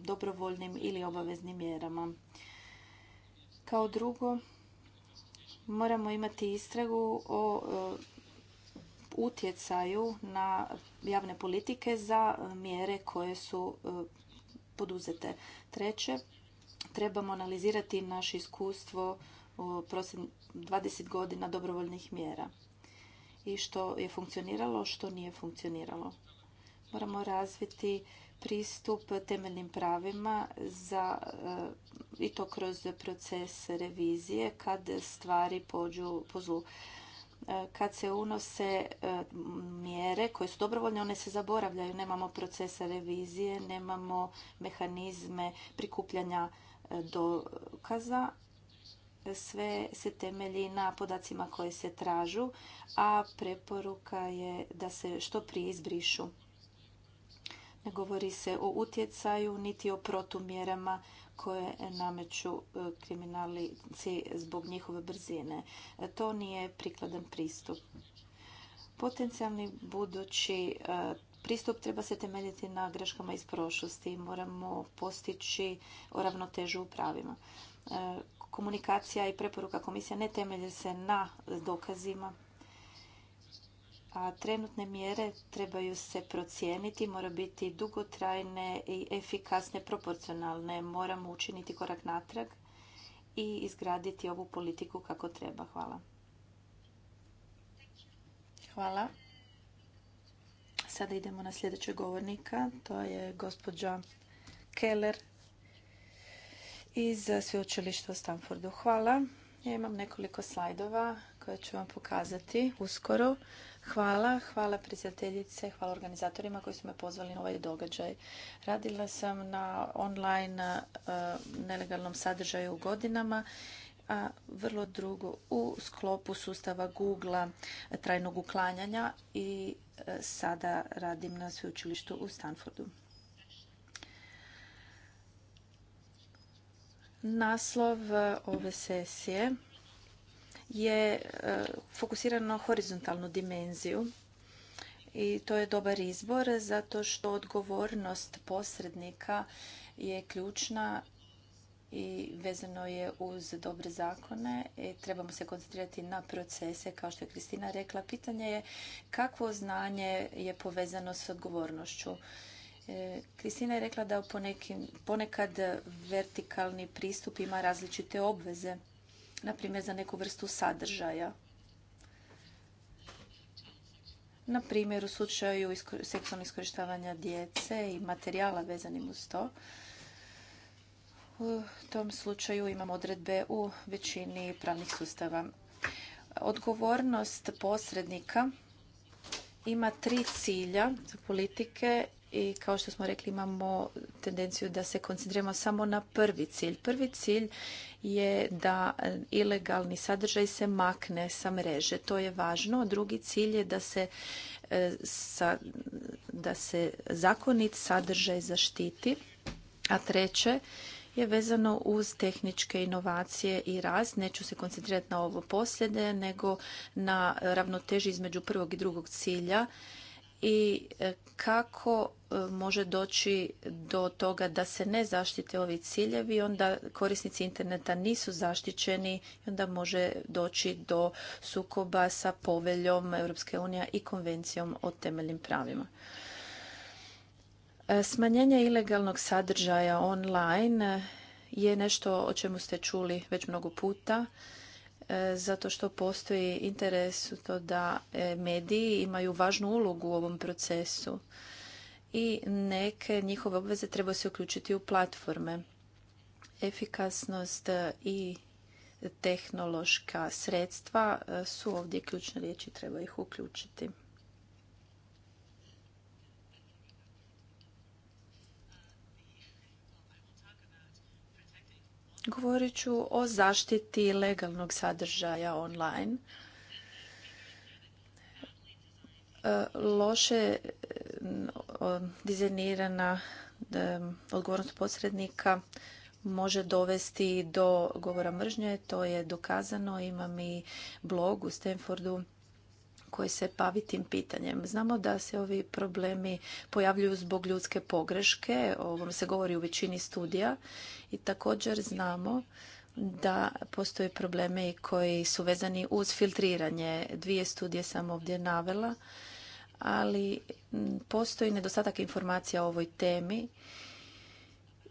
dobrovoljnim ili obaveznim mjerama. Kao drugo, moramo imati istragu o utjecaju na javne politike za mjere koje su poduzete. Treće, trebamo analizirati naše iskustvo u 20 godina dobrovoljnih mjera i što je funkcioniralo, što nije funkcioniralo. Moramo razviti pristup temeljnim pravima za, e, i to kroz proces revizije kad stvari pođu po zlu. E, kad se unose e, mjere koje su dobrovoljne, one se zaboravljaju. Nemamo procesa revizije, nemamo mehanizme prikupljanja dokaza sve se temelji na podacima koje se tražu, a preporuka je da se što prije izbrišu. Ne govori se o utjecaju niti o protumjerama koje nameću e, kriminalici zbog njihove brzine. E, to nije prikladan pristup. Potencijalni budući e, pristup treba se temeljiti na greškama iz prošlosti. Moramo postići ravnotežu u pravima. E, komunikacija i preporuka komisija ne temelje se na dokazima, a trenutne mjere trebaju se procijeniti, moraju biti dugotrajne i efikasne, proporcionalne. Moramo učiniti korak natrag i izgraditi ovu politiku kako treba. Hvala. Hvala. Sada idemo na sljedećeg govornika, to je gospođa Keller iz sveučilišta u Stanfordu. Hvala. Ja imam nekoliko slajdova koje ću vam pokazati uskoro. Hvala, hvala prijateljice, hvala organizatorima koji su me pozvali na ovaj događaj. Radila sam na online eh, nelegalnom sadržaju u godinama a vrlo drugo u sklopu sustava Google trajnog uklanjanja i e, sada radim na sveučilištu u Stanfordu. Naslov e, ove sesije je e, fokusiran na horizontalnu dimenziju i to je dobar izbor zato što odgovornost posrednika je ključna i vezano je uz dobre zakone e, trebamo se koncentrirati na procese, kao što je Kristina rekla. Pitanje je kakvo znanje je povezano s odgovornošću. E, Kristina je rekla da ponekad vertikalni pristup ima različite obveze, na primjer za neku vrstu sadržaja. Na primjer, u slučaju seksualnog iskorištavanja djece i materijala vezanim uz to, u tom slučaju imamo odredbe u većini pravnih sustava. Odgovornost posrednika ima tri cilja za politike i kao što smo rekli imamo tendenciju da se koncentriramo samo na prvi cilj. Prvi cilj je da ilegalni sadržaj se makne sa mreže. To je važno. Drugi cilj je da se, e, da se zakonit sadržaj zaštiti. A treće je vezano uz tehničke inovacije i rast. Neću se koncentrirati na ovo posljede, nego na ravnoteži između prvog i drugog cilja i e, kako e, može doći do toga da se ne zaštite ovi ciljevi, onda korisnici interneta nisu zaštićeni i onda može doći do sukoba sa poveljom Europske unije i konvencijom o temeljnim pravima. E, smanjenje ilegalnog sadržaja online je nešto o čemu ste čuli već mnogo puta e, zato što postoji interes to da e, mediji imaju važnu ulogu u ovom procesu i neke njihove obveze treba se uključiti u platforme. Efikasnost i tehnološka sredstva su ovdje ključne riječi, treba ih uključiti. Govorit ću o zaštiti legalnog sadržaja online. E, loše e, dizajnirana e, odgovornost posrednika može dovesti do govora mržnje, to je dokazano. Imam i blog u Stanfordu koje se bavi tim pitanjem. Znamo da se ovi problemi pojavljuju zbog ljudske pogreške, o ovom se govori u većini studija i također znamo da postoje problemi koji su vezani uz filtriranje. Dvije studije sam ovdje navela, ali postoji nedostatak informacija o ovoj temi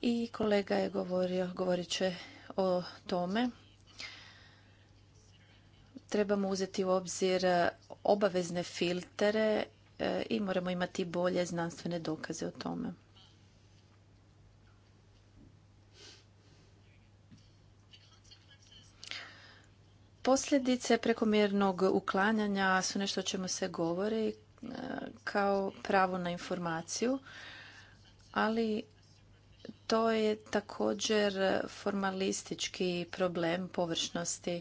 i kolega je govorio, govorit će o tome trebamo uzeti u obzir e, obavezne filtere e, i moramo imati bolje znanstvene dokaze o tome. Posljedice prekomjernog uklanjanja su nešto o čemu se govori e, kao pravo na informaciju, ali to je također formalistički problem površnosti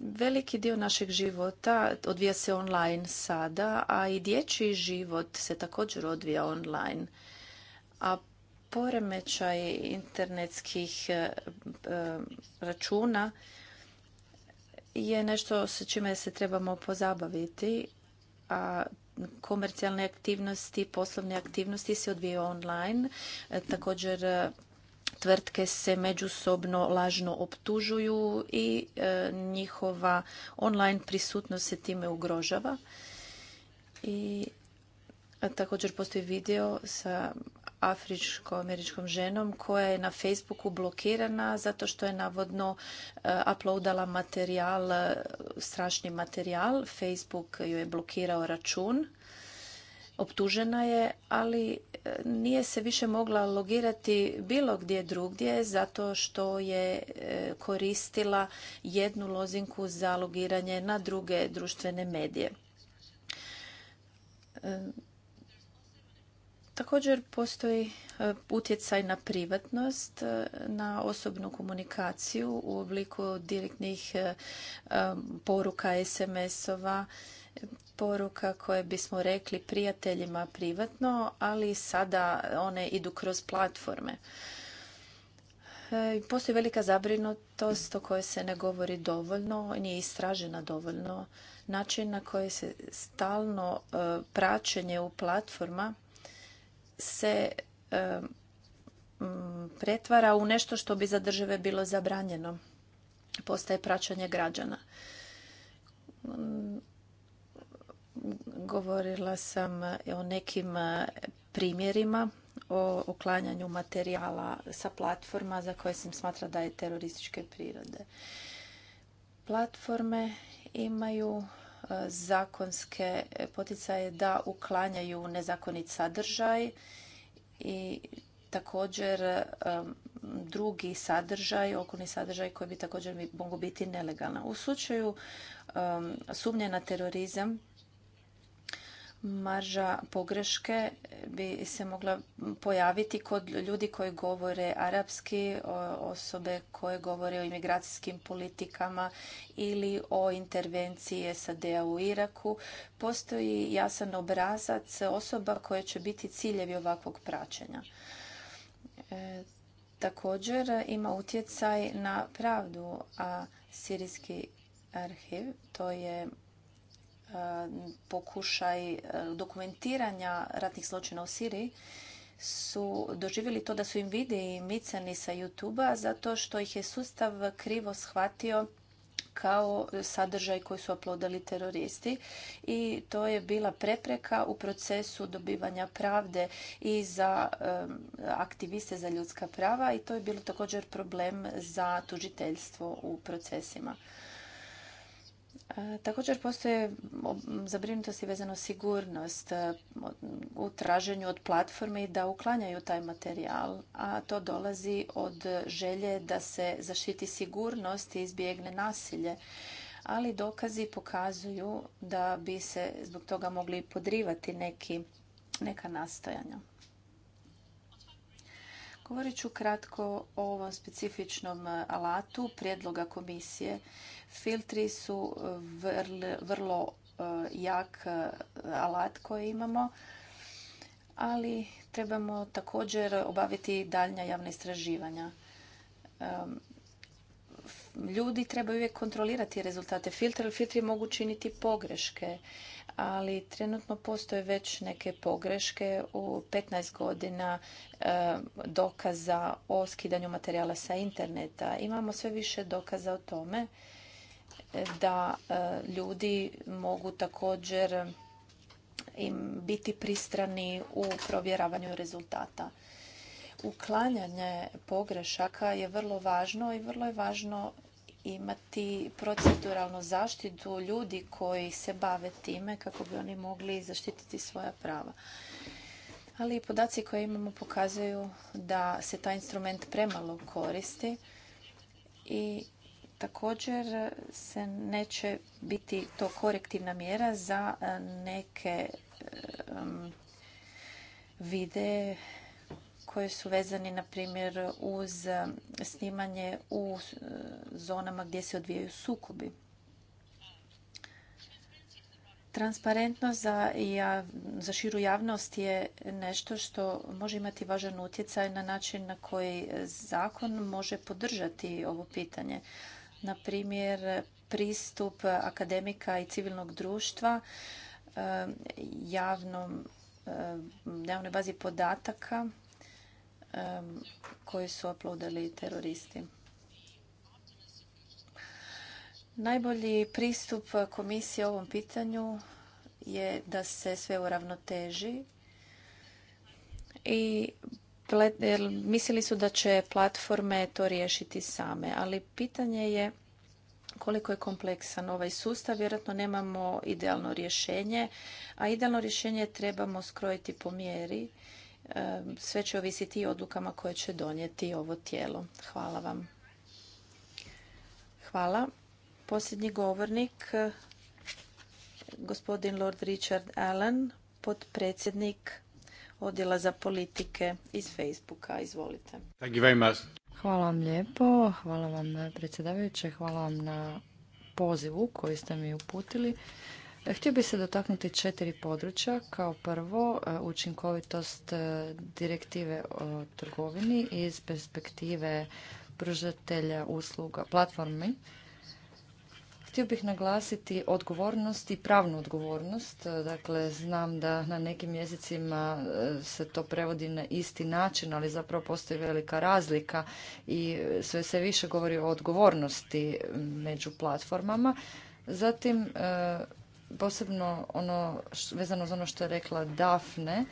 Veliki dio našeg života odvija se online sada, a i dječji život se također odvija online. A poremećaj internetskih e, e, računa je nešto s čime se trebamo pozabaviti, a komercijalne aktivnosti, poslovne aktivnosti se odvijaju online. E, također tvrtke se međusobno lažno optužuju i e, njihova online prisutnost se time ugrožava. I također postoji video sa afričko-američkom ženom koja je na Facebooku blokirana zato što je navodno e, uploadala materijal, e, strašni materijal. Facebook ju je blokirao račun optužena je, ali e, nije se više mogla logirati bilo gdje drugdje zato što je e, koristila jednu lozinku za logiranje na druge društvene medije. E, također postoji utjecaj na privatnost, na osobnu komunikaciju u obliku direktnih poruka, SMS-ova, poruka koje bismo rekli prijateljima privatno, ali sada one idu kroz platforme. E, postoji velika zabrinutost o kojoj se ne govori dovoljno, nije istražena dovoljno. Način na koji se stalno e, praćenje u platforma se e, pretvara u nešto što bi za države bilo zabranjeno. Postaje praćenje građana Govorila sam e, o nekim e, primjerima o uklanjanju materijala sa platforma za koje se smatra da je terorističke prirode. Platforme imaju e, zakonske poticaje da uklanjaju nezakonit sadržaj i također drugi sadržaj, okolni sadržaj koji bi također mogu biti nelegalna. U slučaju sumnje na terorizam marža pogreške bi se mogla pojaviti kod ljudi koji govore arapski, osobe koje govore o imigracijskim politikama ili o intervenciji SAD-a u Iraku. Postoji jasan obrazac osoba koje će biti ciljevi ovakvog praćenja. E, također ima utjecaj na pravdu, a sirijski arhiv, to je pokušaj e, dokumentiranja ratnih zločina u Siriji su doživjeli to da su im i micani sa YouTube-a zato što ih je sustav krivo shvatio kao sadržaj koji su aplodali teroristi i to je bila prepreka u procesu dobivanja pravde i za e, aktiviste za ljudska prava i to je bilo također problem za tužiteljstvo u procesima. Također postoje zabrinutosti vezano sigurnost e, u traženju od platformi da uklanjaju taj materijal, a to dolazi od želje da se zaštiti sigurnost i izbjegne nasilje. Ali dokazi pokazuju da bi se zbog toga mogli podrivati neki, neka nastojanja. Govorit ću kratko o ovom specifičnom alatu prijedloga komisije. Filtri su vrlo e, jak e, alat koji imamo, ali trebamo također obaviti daljnja javna istraživanja ljudi trebaju uvijek kontrolirati rezultate filtra, filtri mogu činiti pogreške, ali trenutno postoje već neke pogreške u 15 godina e, dokaza o skidanju materijala sa interneta. Imamo sve više dokaza o tome e, da e, ljudi mogu također biti pristrani u provjeravanju rezultata uklanjanje pogrešaka je vrlo važno i vrlo je važno imati proceduralnu zaštitu ljudi koji se bave time kako bi oni mogli zaštititi svoja prava. Ali i podaci koje imamo pokazuju da se taj instrument premalo koristi i također se neće biti to korektivna mjera za neke vide koji su vezani, na primjer, uz e, snimanje u e, zonama gdje se odvijaju sukobi. Transparentnost za, širu javnost je nešto što može imati važan utjecaj na način na koji zakon može podržati ovo pitanje. Na primjer, pristup akademika i civilnog društva e, javnom javnoj bazi podataka koji su uploadali teroristi. Najbolji pristup komisije ovom pitanju je da se sve uravnoteži i mislili su da će platforme to riješiti same, ali pitanje je koliko je kompleksan ovaj sustav. Vjerojatno nemamo idealno rješenje, a idealno rješenje trebamo skrojiti po mjeri sve će ovisiti i odlukama koje će donijeti ovo tijelo. Hvala vam. Hvala. Posljednji govornik, gospodin Lord Richard Allen, podpredsjednik Odjela za politike iz Facebooka. Izvolite.
Hvala vam lijepo, hvala vam predsjedavajuće, hvala vam na pozivu koji ste mi uputili. Htio bih se dotaknuti četiri područja. Kao prvo, e, učinkovitost e, direktive o trgovini iz perspektive pružatelja usluga platformi. Htio bih naglasiti odgovornost i pravnu odgovornost. E, dakle, znam da na nekim jezicima se to prevodi na isti način, ali zapravo postoji velika razlika i sve se više govori o odgovornosti među platformama. Zatim, posebno ono vezano za ono što je rekla Dafne,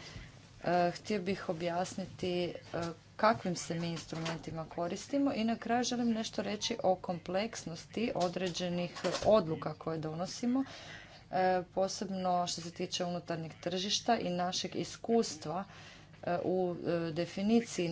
e, htio bih objasniti e, kakvim se mi instrumentima koristimo i na kraju želim nešto reći o kompleksnosti određenih odluka koje donosimo, e, posebno što se tiče unutarnjeg tržišta i našeg iskustva u definiciji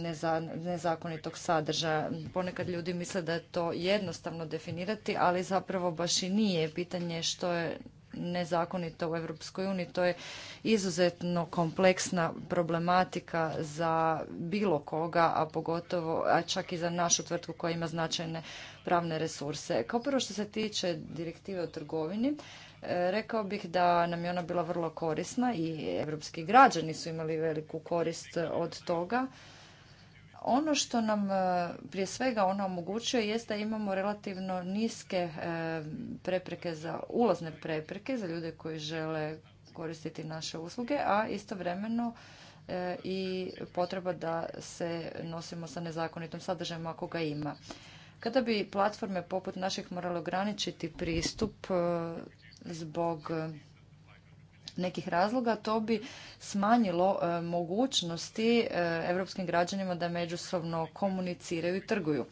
nezakonitog sadržaja. Ponekad ljudi misle da je to jednostavno definirati, ali zapravo baš i nije. Pitanje je što je nezakonito u Europskoj uniji. To je izuzetno kompleksna problematika za bilo koga, a pogotovo, a čak i za našu tvrtku koja ima značajne pravne resurse. Kao prvo što se tiče direktive o trgovini, e, rekao bih da nam je ona bila vrlo korisna i europski građani su imali veliku korist od toga ono što nam e, prije svega ona omogućuje jest da imamo relativno niske e, prepreke za ulazne prepreke za ljude koji žele koristiti naše usluge, a istovremeno e, i potreba da se nosimo sa nezakonitom sadržajem ako ga ima. Kada bi platforme poput naših morale ograničiti pristup zbog nekih razloga, to bi smanjilo e, mogućnosti europskim građanima da međusobno komuniciraju i trguju.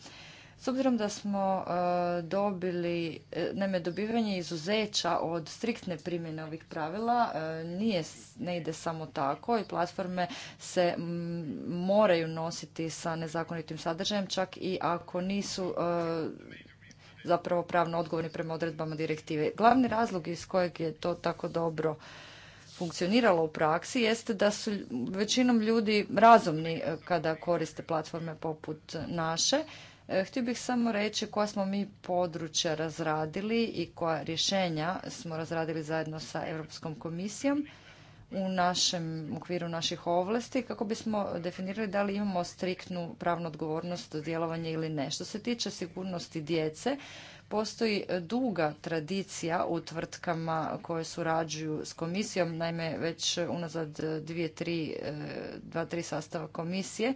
S obzirom da smo e, dobili, e, naime dobivanje izuzeća od striktne primjene ovih pravila nije, ne ide samo tako i platforme se moraju nositi sa nezakonitim sadržajem čak i ako nisu zapravo pravno odgovorni prema odredbama direktive. Glavni razlog iz kojeg je to tako dobro funkcioniralo u praksi jeste da su većinom ljudi razumni e, kada koriste platforme poput naše. E, htio bih samo reći koja smo mi područja razradili i koja rješenja smo razradili zajedno sa Europskom komisijom u našem okviru naših ovlasti kako bismo definirali da li imamo striktnu pravnu odgovornost za djelovanje ili ne. Što se tiče sigurnosti djece, Postoji duga tradicija u tvrtkama koje surađuju s komisijom, naime već unazad dvije, tri, e, dva, tri sastava komisije,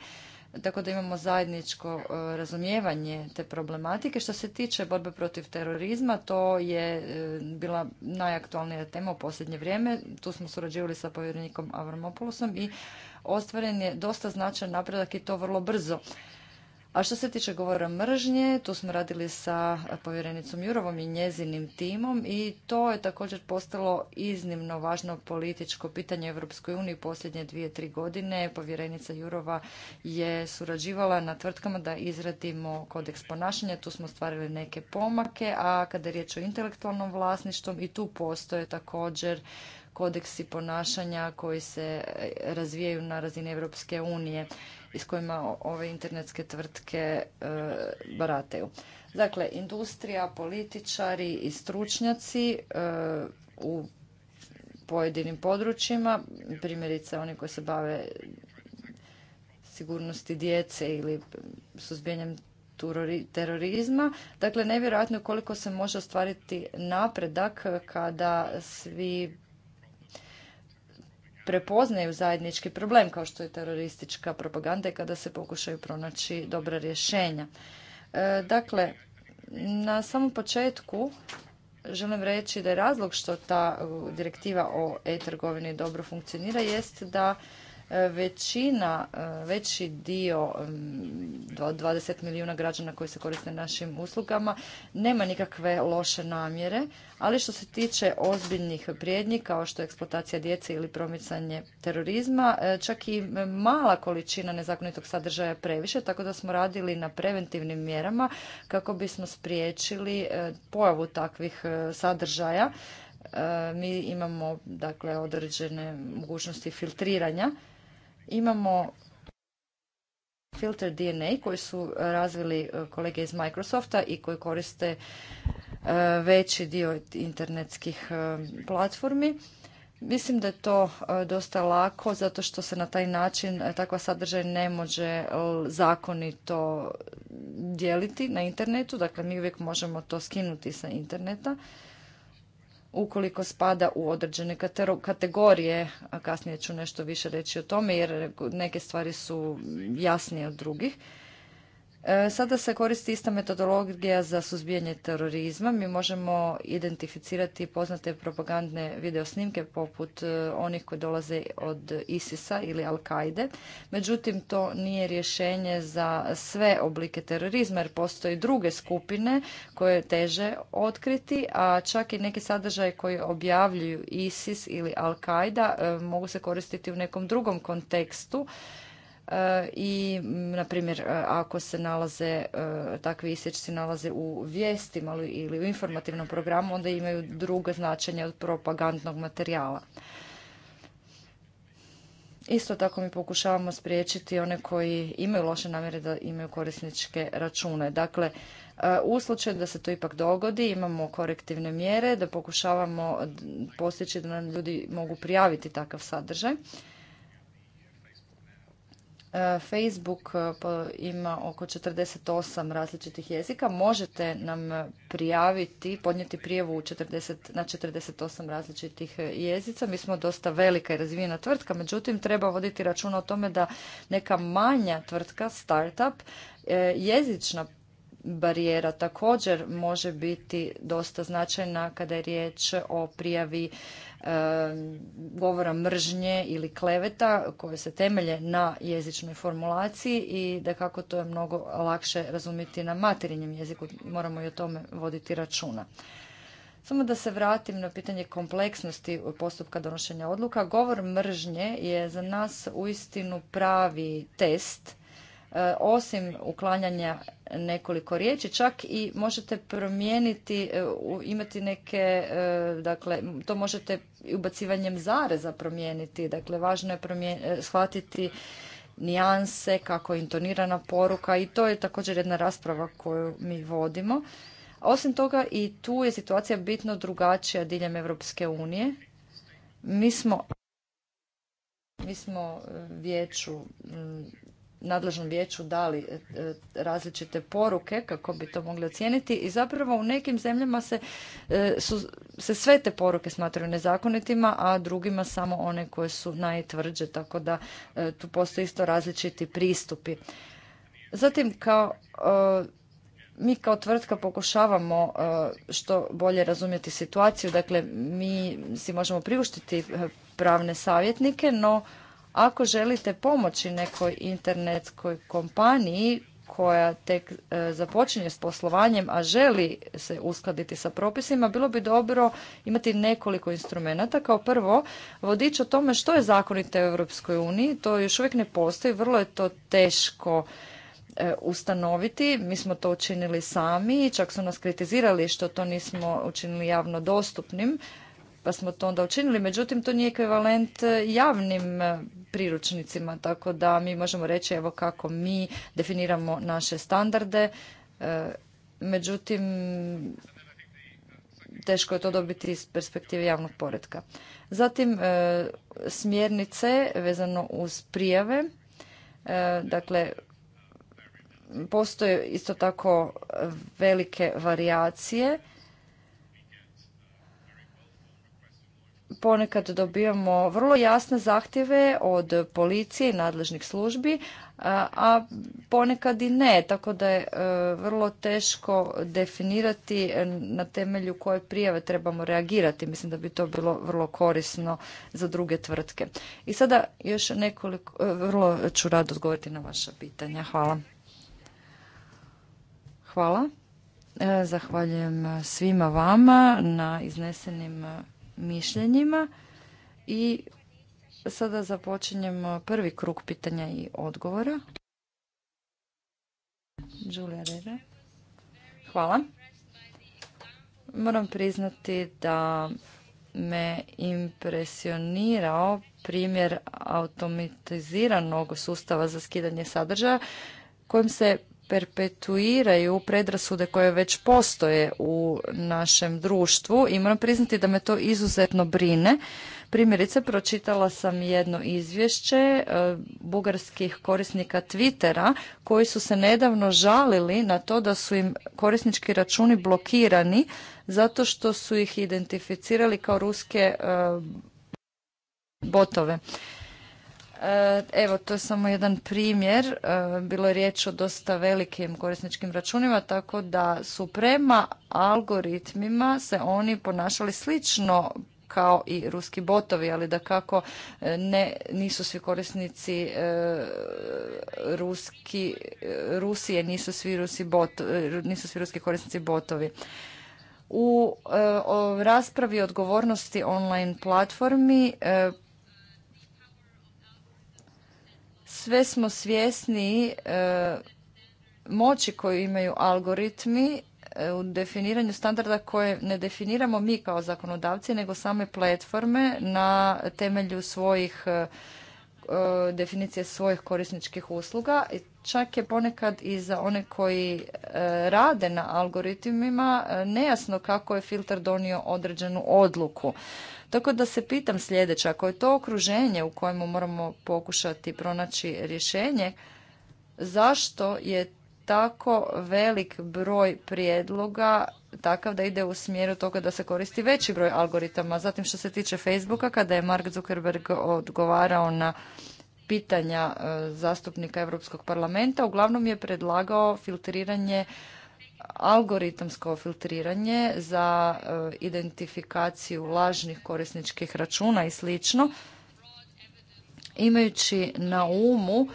tako da imamo zajedničko e, razumijevanje te problematike. Što se tiče borbe protiv terorizma, to je e, bila najaktualnija tema u posljednje vrijeme. Tu smo surađivali sa povjerenikom Avramopoulosom i ostvaren je dosta značajan napredak i to vrlo brzo. A što se tiče govora mržnje, tu smo radili sa povjerenicom Jurovom i njezinim timom i to je također postalo iznimno važno političko pitanje Europskoj uniji posljednje dvije, tri godine. Povjerenica Jurova je surađivala na tvrtkama da izradimo kodeks ponašanja, tu smo stvarili neke pomake, a kada je riječ o intelektualnom vlasništvu i tu postoje također kodeksi ponašanja koji se e, razvijaju na razini Europske unije i s kojima ove internetske tvrtke e, barataju. Dakle, industrija, političari i stručnjaci e, u pojedinim područjima, primjerice oni koji se bave sigurnosti djece ili suzbijanjem terorizma. Dakle, nevjerojatno je koliko se može ostvariti napredak kada svi prepoznaju zajednički problem kao što je teroristička propaganda i kada se pokušaju pronaći dobra rješenja. E, dakle, na samom početku želim reći da je razlog što ta direktiva o e-trgovini dobro funkcionira jest da većina, e, veći dio 20 milijuna građana koji se koriste našim uslugama nema nikakve loše namjere, ali što se tiče ozbiljnih prijednji kao što je eksploatacija djece ili promicanje terorizma, e, čak i mala količina nezakonitog sadržaja previše, tako da smo radili na preventivnim mjerama kako bismo spriječili e, pojavu takvih sadržaja mi imamo dakle određene mogućnosti filtriranja imamo filter DNA koji su e, razvili e, kolege iz Microsofta i koji koriste e, veći dio internetskih platformi. Mislim da je to dosta lako zato što se na taj način takva sadržaj ne može zakonito dijeliti na internetu. Dakle, mi uvijek možemo to skinuti sa interneta ukoliko spada u određene kategorije, a kasnije ću nešto više reći o tome jer neke stvari su jasnije od drugih. E, sada se koristi ista metodologija za suzbijanje terorizma. Mi možemo identificirati poznate propagandne videosnimke poput e, onih koji dolaze od ISIS-a ili Al-Kaide. Međutim, to nije rješenje za sve oblike terorizma jer postoje druge skupine koje teže otkriti, a čak i neki sadržaj koji objavljuju ISIS ili Al-Kaida e, mogu se koristiti u nekom drugom kontekstu E, i na primjer e, ako se nalaze e, takvi isječci nalaze u vijestima ili u informativnom programu onda imaju druga značenja od propagandnog materijala. Isto tako mi pokušavamo spriječiti one koji imaju loše namjere da imaju korisničke račune. Dakle, u slučaju da se to ipak dogodi, imamo korektivne mjere da pokušavamo postići da nam ljudi mogu prijaviti takav sadržaj. Facebook e, ima oko 48 različitih jezika. Možete nam prijaviti, podnijeti prijavu 40, na 48 različitih e, jezica. Mi smo dosta velika i razvijena tvrtka, međutim treba voditi računa o tome da neka manja tvrtka, startup, e, jezična barijera također može biti dosta značajna kada je riječ o prijavi E, govora mržnje ili kleveta koje se temelje na jezičnoj formulaciji i da kako to je mnogo lakše razumjeti na materinjem jeziku. Moramo i o tome voditi računa. Samo da se vratim na pitanje kompleksnosti postupka donošenja odluka. Govor mržnje je za nas uistinu pravi test E, osim uklanjanja nekoliko riječi, čak i možete promijeniti, e, imati neke, e, dakle, to možete ubacivanjem zareza promijeniti, dakle, važno je shvatiti nijanse, kako je intonirana poruka i to je također jedna rasprava koju mi vodimo. Osim toga i tu je situacija bitno drugačija diljem Evropske unije. Mi smo mi smo vijeću nadležnom vijeću dali e, e, različite poruke kako bi to mogli ocijeniti i zapravo u nekim zemljama se, e, su, se sve te poruke smatraju nezakonitima, a drugima samo one koje su najtvrđe, tako da tu postoje isto različiti pristupi. Zatim kao mi kao tvrtka pokušavamo što bolje razumjeti situaciju, dakle mi si možemo priuštiti pravne savjetnike, no ako želite pomoći nekoj internetskoj kompaniji koja tek e, započinje s poslovanjem, a želi se uskladiti sa propisima, bilo bi dobro imati nekoliko instrumenata. Kao prvo, vodič o tome što je zakonite u Europskoj uniji, to još uvijek ne postoji, vrlo je to teško e, ustanoviti. Mi smo to učinili sami, čak su nas kritizirali što to nismo učinili javno dostupnim, pa smo to onda učinili. Međutim, to nije ekvivalent e, javnim e, priručnicima, tako da mi možemo reći evo kako mi definiramo naše standarde. E, međutim, teško je to dobiti iz perspektive javnog poredka. Zatim, smjernice vezano uz prijave. Dakle, postoje isto tako velike varijacije ponekad dobijamo vrlo jasne zahtjeve od policije i nadležnih službi, a ponekad i ne, tako da je e, vrlo teško definirati na temelju koje prijave trebamo reagirati. Mislim da bi to bilo vrlo korisno za druge tvrtke. I sada još nekoliko, e, vrlo ću rado odgovoriti na vaša pitanja. Hvala. Hvala. E, zahvaljujem svima vama na iznesenim mišljenjima i sada započinjemo prvi krug pitanja i odgovora. Julia Hvala. Moram priznati da me impresionirao primjer automatiziranog sustava za skidanje sadržaja kojim se perpetuiraju predrasude koje već postoje u našem društvu i moram priznati da me to izuzetno brine. Primjerice, pročitala sam jedno izvješće e, bugarskih korisnika Twittera koji su se nedavno žalili na to da su im korisnički računi blokirani zato što su ih identificirali kao ruske e, botove. E, evo, to je samo jedan primjer. E, bilo je riječ o dosta velikim korisničkim računima, tako da su prema algoritmima se oni ponašali slično kao i ruski botovi, ali da kako e, ne, nisu svi korisnici ruski, Rusije, nisu svi, rusi nisu svi ruski korisnici botovi. U e, o raspravi odgovornosti online platformi sve smo svjesni e, moći koju imaju algoritmi e, u definiranju standarda koje ne definiramo mi kao zakonodavci, nego same platforme na temelju svojih e, definicije svojih korisničkih usluga. Čak je ponekad i za one koji rade na algoritmima nejasno kako je filter donio određenu odluku. Tako da se pitam sljedeće, ako je to okruženje u kojemu moramo pokušati pronaći rješenje, zašto je tako velik broj prijedloga takav da ide u smjeru toga da se koristi veći broj algoritama. Zatim što se tiče Facebooka, kada je Mark Zuckerberg odgovarao na pitanja e, zastupnika Europskog parlamenta, uglavnom je predlagao filtriranje algoritamsko filtriranje za e, identifikaciju lažnih korisničkih računa i sl. imajući na umu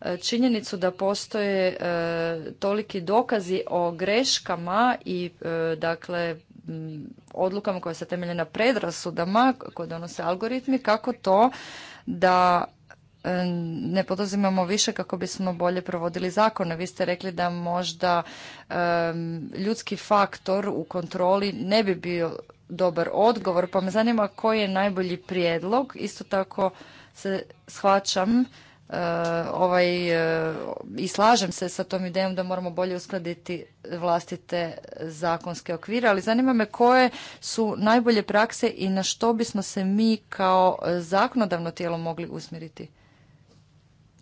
e, činjenicu da postoje e, toliki dokazi o greškama i dakle odlukama koje se temelje na predrasudama koje donose algoritmi kako to da ne poduzimamo više kako bismo bolje provodili zakone. Vi ste rekli da možda ljudski faktor u kontroli ne bi bio dobar odgovor, pa me zanima koji je najbolji prijedlog. Isto tako se shvaćam eh, ovaj, eh, i slažem se sa tom idejom da moramo bolje uskladiti vlastite zakonske okvire, ali zanima me koje su najbolje prakse i na što bismo se mi kao zakonodavno tijelo mogli usmjeriti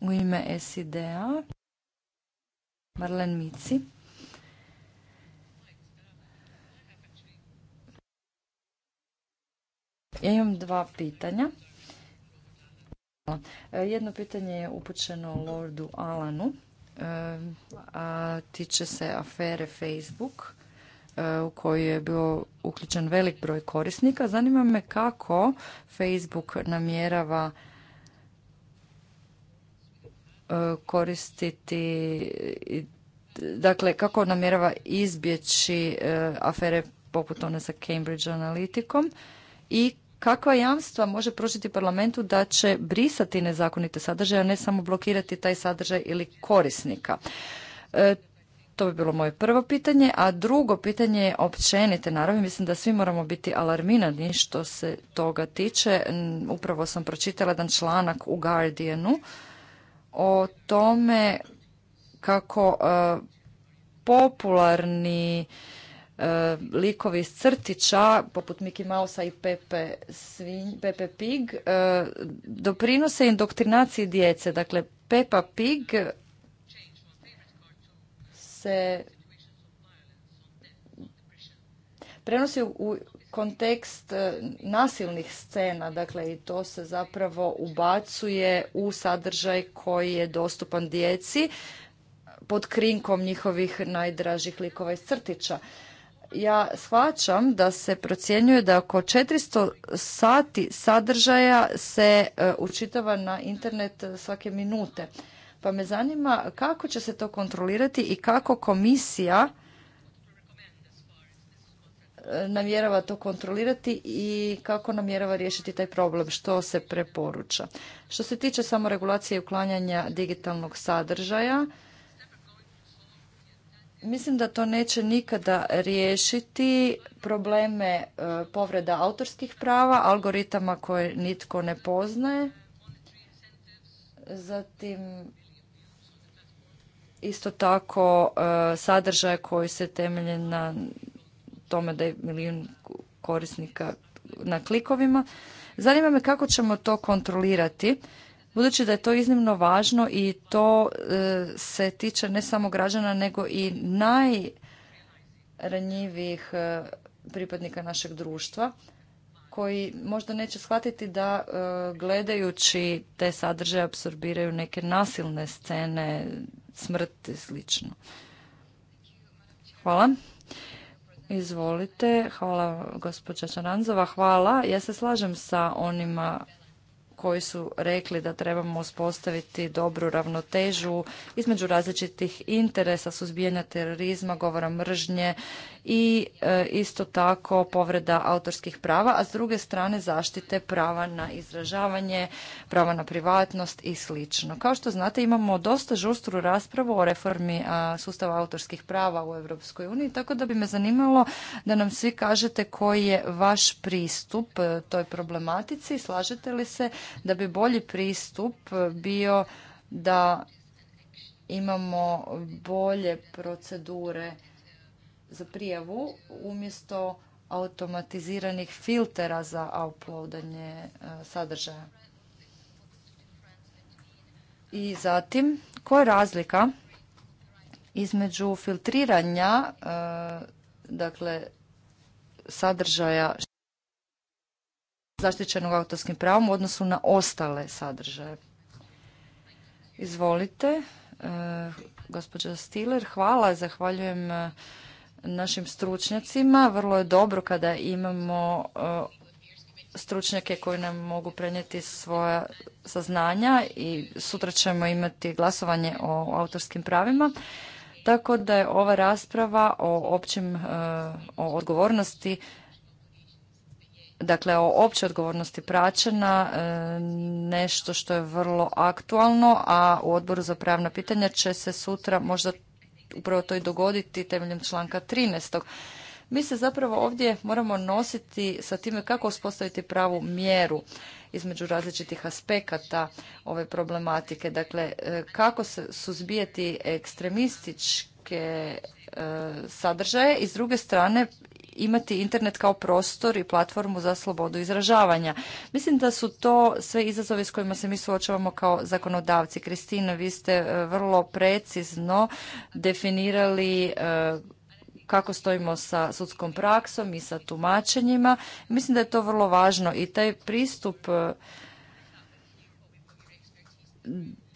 u ime SID-a. Marlen Mici. Ja imam dva pitanja. Jedno pitanje je upućeno Lordu Alanu, e, a tiče se afere Facebook e, u kojoj je bio uključen velik broj korisnika. Zanima me kako Facebook namjerava E, koristiti, dakle kako namjerava izbjeći e, afere poput one sa Cambridge analitikom i kakva jamstva može pružiti parlamentu da će brisati nezakonite sadržaje, a ne samo blokirati taj sadržaj ili korisnika. E, to bi bilo moje prvo pitanje, a drugo pitanje je općenite. Naravno, mislim da svi moramo biti alarmirani što se toga tiče. Upravo sam pročitala jedan članak u Guardianu o tome kako e, popularni e, likovi iz crtića, poput Mickey Mausa i Pepe, Svinj, Pepe Pig, e, doprinose indoktrinaciji djece. Dakle, Pepa Pig se prenosi u kontekst e, nasilnih scena, dakle i to se zapravo ubacuje u sadržaj koji je dostupan djeci pod krinkom njihovih najdražih likova iz crtića. Ja shvaćam da se procjenjuje da oko 400 sati sadržaja se e, učitava na internet svake minute. Pa me zanima kako će se to kontrolirati i kako komisija namjerava to kontrolirati i kako namjerava riješiti taj problem, što se preporuča. Što se tiče samoregulacije i uklanjanja digitalnog sadržaja, mislim da to neće nikada riješiti probleme e, povreda autorskih prava, algoritama koje nitko ne poznaje, zatim isto tako e, sadržaje koji se temelje na tome da je milijun korisnika na klikovima. Zanima me kako ćemo to kontrolirati, budući da je to iznimno važno i to e, se tiče ne samo građana, nego i najranjivijih e, pripadnika našeg društva koji možda neće shvatiti da e, gledajući te sadržaje apsorbiraju neke nasilne scene, smrt i slično. Hvala. Izvolite, hvala gospođa Čaranzova, hvala. Ja se slažem sa onima koji su rekli da trebamo uspostaviti dobru ravnotežu između različitih interesa suzbijanja terorizma, govora mržnje i e, isto tako povreda autorskih prava, a s druge strane zaštite prava na izražavanje, prava na privatnost i sl. Kao što znate imamo dosta žustru raspravu o reformi e, sustava autorskih prava u Europskoj uniji, tako da bi me zanimalo da nam svi kažete koji je vaš pristup e, toj problematici, slažete li se da bi bolji pristup bio da imamo bolje procedure za prijavu umjesto automatiziranih filtera za uploadanje e, sadržaja. I zatim, koja je razlika između filtriranja e, dakle sadržaja zaštićenog autorskim pravom u odnosu na ostale sadržaje. Izvolite, e, gospođo Stiller, hvala, zahvaljujem našim stručnjacima. Vrlo je dobro kada imamo e, stručnjake koji nam mogu prenijeti svoja saznanja i sutra ćemo imati glasovanje o autorskim pravima. Tako da je ova rasprava o općim, e, o odgovornosti, dakle o općoj odgovornosti praćena e, nešto što je vrlo aktualno, a u odboru za pravna pitanja će se sutra možda upravo to i dogoditi temeljem članka 13. Mi se zapravo ovdje moramo nositi sa time kako uspostaviti pravu mjeru između različitih aspekata ove problematike. Dakle, e, kako se suzbijati ekstremističke e, sadržaje i s druge strane imati internet kao prostor i platformu za slobodu izražavanja. Mislim da su to sve izazovi s kojima se mi suočavamo kao zakonodavci. Kristina, vi ste e, vrlo precizno definirali e, kako stojimo sa sudskom praksom i sa tumačenjima. Mislim da je to vrlo važno i taj pristup e,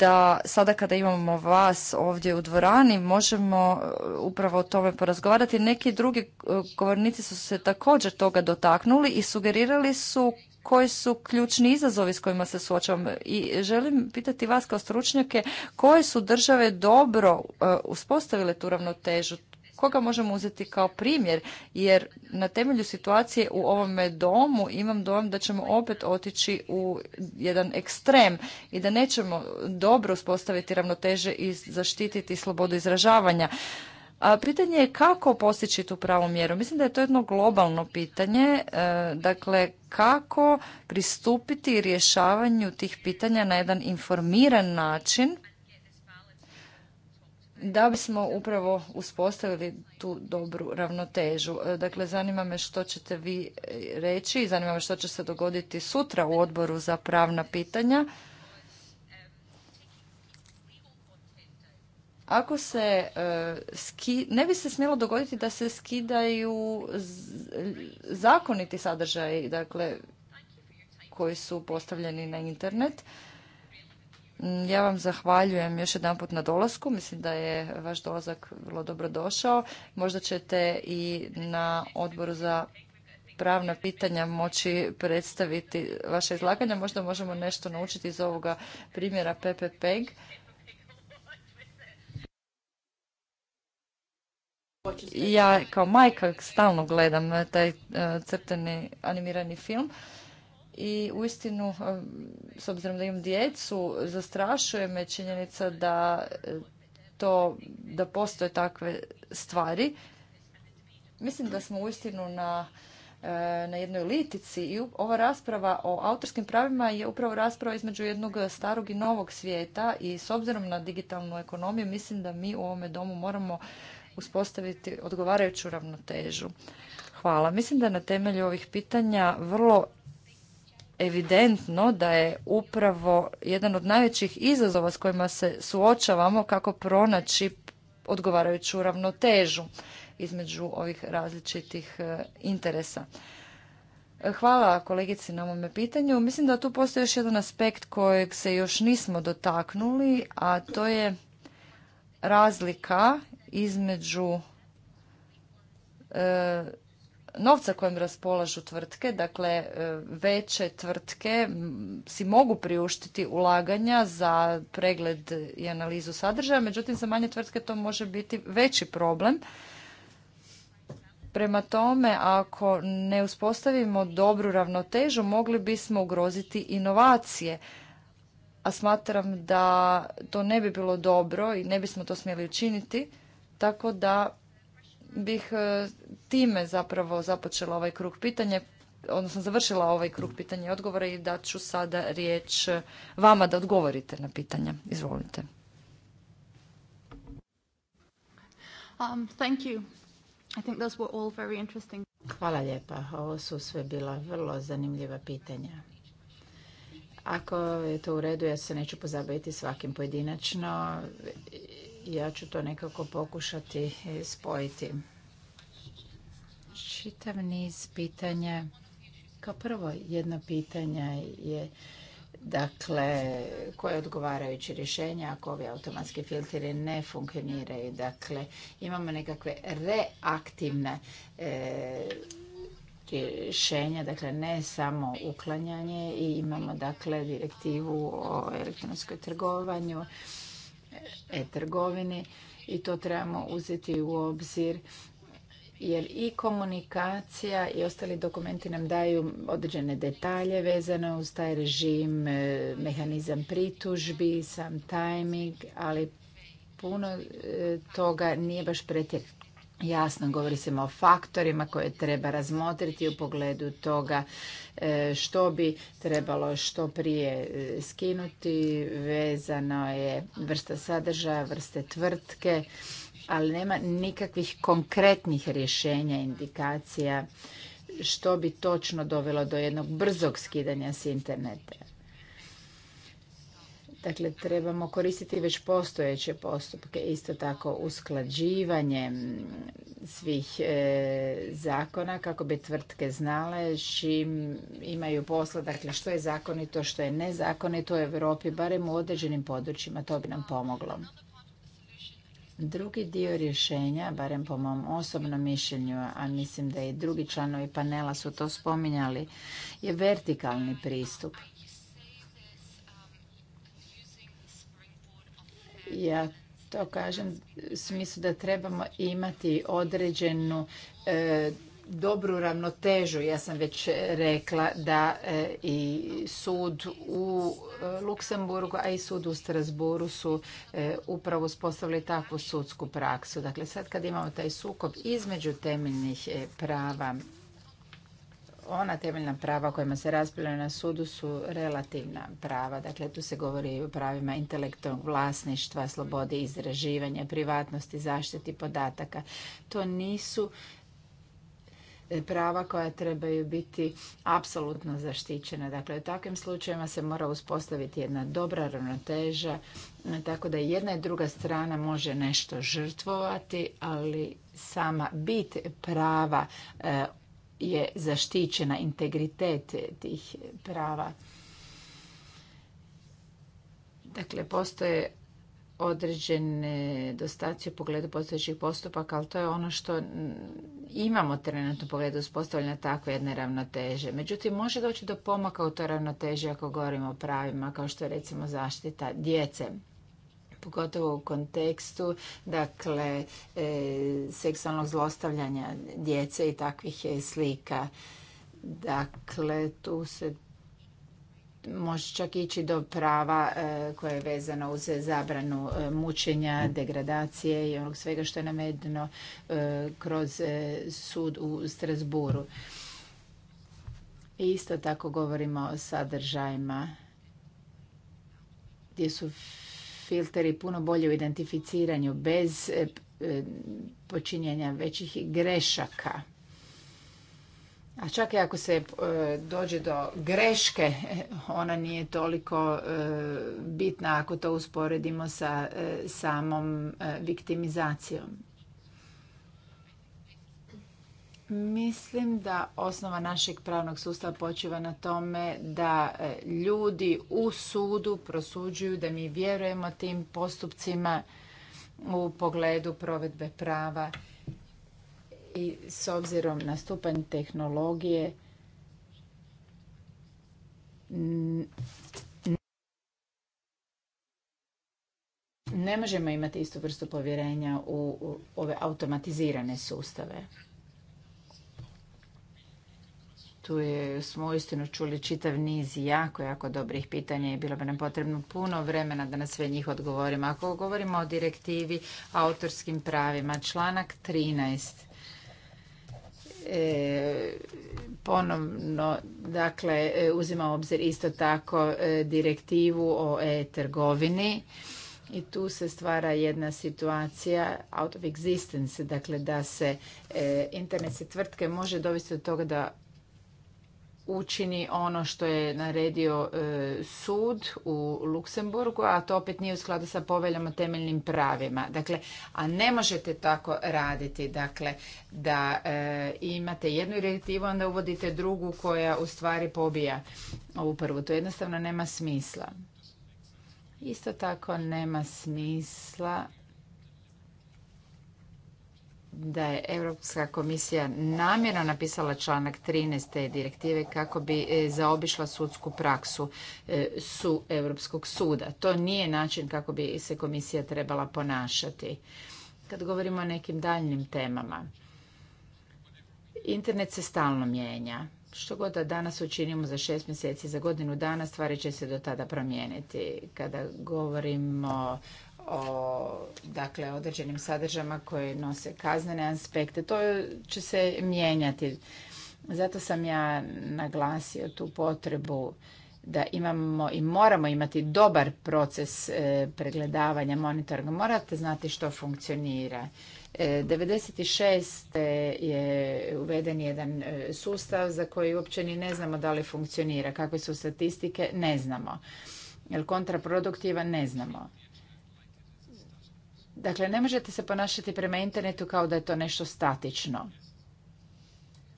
da sada kada imamo vas ovdje u dvorani možemo e, upravo o tome porazgovarati. Neki drugi e, govornici su se također toga dotaknuli i sugerirali su koji su ključni izazovi s kojima se suočavamo i želim pitati vas kao stručnjake koje su države dobro e, uspostavile tu ravnotežu koga možemo uzeti kao primjer, jer na temelju situacije u ovome domu imam dojam da ćemo opet otići u jedan ekstrem i da nećemo dobro uspostaviti ravnoteže i zaštititi slobodu izražavanja. A pitanje je kako postići tu pravu mjeru. Mislim da je to jedno globalno pitanje, e, dakle kako pristupiti rješavanju tih pitanja na jedan informiran način da bismo upravo uspostavili tu dobru ravnotežu. E, dakle, zanima me što ćete vi e, reći i zanima me što će se dogoditi sutra u odboru za pravna pitanja. Ako se e, ne bi se smjelo dogoditi da se skidaju zakoniti sadržaji, dakle koji su postavljeni na internet. Ja vam zahvaljujem još jedanput na dolasku. Mislim da je vaš dolazak vrlo dobro došao. Možda ćete i na odboru za pravna pitanja moći predstaviti vaše izlaganja. Možda možemo nešto naučiti iz ovoga primjera Peg. Ja kao majka stalno gledam taj eh, crteni animirani film i uistinu, e, s obzirom da imam djecu, zastrašuje me činjenica da e, to, da postoje takve stvari. Mislim da smo uistinu na e, na jednoj litici i ova rasprava o autorskim pravima je upravo rasprava između jednog starog i novog svijeta i s obzirom na digitalnu ekonomiju mislim da mi u ovome domu moramo uspostaviti odgovarajuću ravnotežu. Hvala. Mislim da na temelju ovih pitanja vrlo evidentno da je upravo jedan od najvećih izazova s kojima se suočavamo kako pronaći odgovarajuću ravnotežu između ovih različitih e, interesa. E, hvala kolegici na ovome pitanju. Mislim da tu postoji još jedan aspekt kojeg se još nismo dotaknuli, a to je razlika između e, novca kojim raspolažu tvrtke, dakle e, veće tvrtke si mogu priuštiti ulaganja za pregled i analizu sadržaja, međutim za manje tvrtke to može biti veći problem. Prema tome, ako ne uspostavimo dobru ravnotežu, mogli bismo ugroziti inovacije. A smatram da to ne bi bilo dobro i ne bismo to smjeli učiniti, tako da bih e, time zapravo započela ovaj krug pitanja, odnosno završila ovaj krug pitanja i odgovora i dat ću sada riječ vama da odgovorite na pitanja. Izvolite.
Hvala lijepa. Ovo su sve bila vrlo zanimljiva pitanja. Ako je to u redu, ja se neću pozabaviti svakim pojedinačno ja ću to nekako pokušati e, spojiti. Čitav niz pitanja. Kao prvo jedno pitanje je dakle koje odgovarajuće rješenje ako ovi automatski filteri ne funkcioniraju. Dakle, imamo nekakve reaktivne e, rješenja, dakle ne samo uklanjanje i imamo dakle direktivu o elektronskoj trgovanju e-trgovini i to trebamo uzeti u obzir jer i komunikacija i ostali dokumenti nam daju određene detalje vezane uz taj režim, e, mehanizam pritužbi, sam timing, ali puno e, toga nije baš pretjerano jasno govori se o faktorima koje treba razmotriti u pogledu toga e, što bi trebalo što prije e, skinuti vezano je vrsta sadržaja vrste tvrtke ali nema nikakvih konkretnih rješenja indikacija što bi točno dovelo do jednog brzog skidanja s interneta Dakle, trebamo koristiti već postojeće postupke, isto tako usklađivanje svih e, zakona kako bi tvrtke znale čim imaju posla, dakle što je zakonito, što je nezakonito u Europi, barem u određenim područjima, to bi nam pomoglo. Drugi dio rješenja, barem po mom osobnom mišljenju, a mislim da i drugi članovi panela su to spominjali, je vertikalni pristup. Ja to kažem u smislu da trebamo imati određenu e, dobru ravnotežu. Ja sam već rekla da e, i sud u e, Luksemburgu, a i sud u Strasburu su upravo uspostavili takvu sudsku praksu. Dakle, sad kad imamo taj sukob između temeljnih prava ona temeljna prava kojima se raspravlja na sudu su relativna prava. Dakle, tu se govori o pravima intelektualnog vlasništva, slobodi izraživanja, privatnosti, zaštiti podataka. To nisu e, prava koja trebaju biti apsolutno zaštićena. Dakle, u takvim slučajevima se mora uspostaviti jedna dobra ravnoteža, tako da jedna i druga strana može nešto žrtvovati, ali sama bit prava e, je zaštićena integritet tih prava. Dakle, postoje određene dostacije u pogledu postojećih postupaka, ali to je ono što imamo trenutno u pogledu uspostavljanja takve jedne ravnoteže. Međutim, može doći do pomaka u toj ravnoteži ako govorimo o pravima, kao što je recimo zaštita djece pogotovo u kontekstu dakle, e, seksualnog zlostavljanja djece i takvih slika. Dakle, tu se može čak ići do prava e, koje je vezana uz zabranu e, mučenja, degradacije i onog svega što je navedeno kroz sud u Strasburu. I isto tako govorimo o sadržajima gdje su filteri puno bolje u identificiranju bez e, e, počinjenja većih grešaka. A čak i ako se e, dođe do greške, [laughs] ona nije toliko bitna ako to usporedimo sa samom viktimizacijom. Mislim da osnova našeg pravnog sustava počiva na tome da e, ljudi u sudu prosuđuju da mi vjerujemo tim postupcima u pogledu provedbe prava i s obzirom na stupanj tehnologije ne možemo imati istu vrstu povjerenja u ove automatizirane sustave. Tu je, smo uistinu čuli čitav niz jako, jako dobrih pitanja i bilo bi nam potrebno puno vremena da na sve njih odgovorimo. Ako govorimo o direktivi, autorskim pravima, članak 13. E, ponovno, dakle, e, uzima u obzir isto tako e, direktivu o e-trgovini i tu se stvara jedna situacija out of existence, dakle da se e, internetske tvrtke može dovesti do toga da učini ono što je naredio e, sud u Luksemburgu, a to opet nije u skladu sa poveljama temeljnim pravima. Dakle, a ne možete tako raditi, dakle, da e, imate jednu direktivu, onda uvodite drugu koja u stvari pobija ovu prvu. To jednostavno nema smisla. Isto tako nema smisla da je Europska komisija namjerno napisala članak 13. direktive kako bi e, zaobišla sudsku praksu e, su Europskog suda. To nije način kako bi se komisija trebala ponašati. Kad govorimo o nekim daljnim temama, internet se stalno mijenja. Što god da danas učinimo za šest mjeseci, za godinu dana, stvari će se do tada promijeniti. Kada govorimo o dakle, određenim sadržama koje nose kaznene aspekte. To će se mijenjati. Zato sam ja naglasio tu potrebu da imamo i moramo imati dobar proces e, pregledavanja monitoringa. Morate znati što funkcionira. E, 96. je uveden jedan e, sustav za koji uopće ni ne znamo da li funkcionira. Kakve su statistike, ne znamo. Jel kontraproduktivan, ne znamo. Dakle, ne možete se ponašati prema internetu kao da je to nešto statično.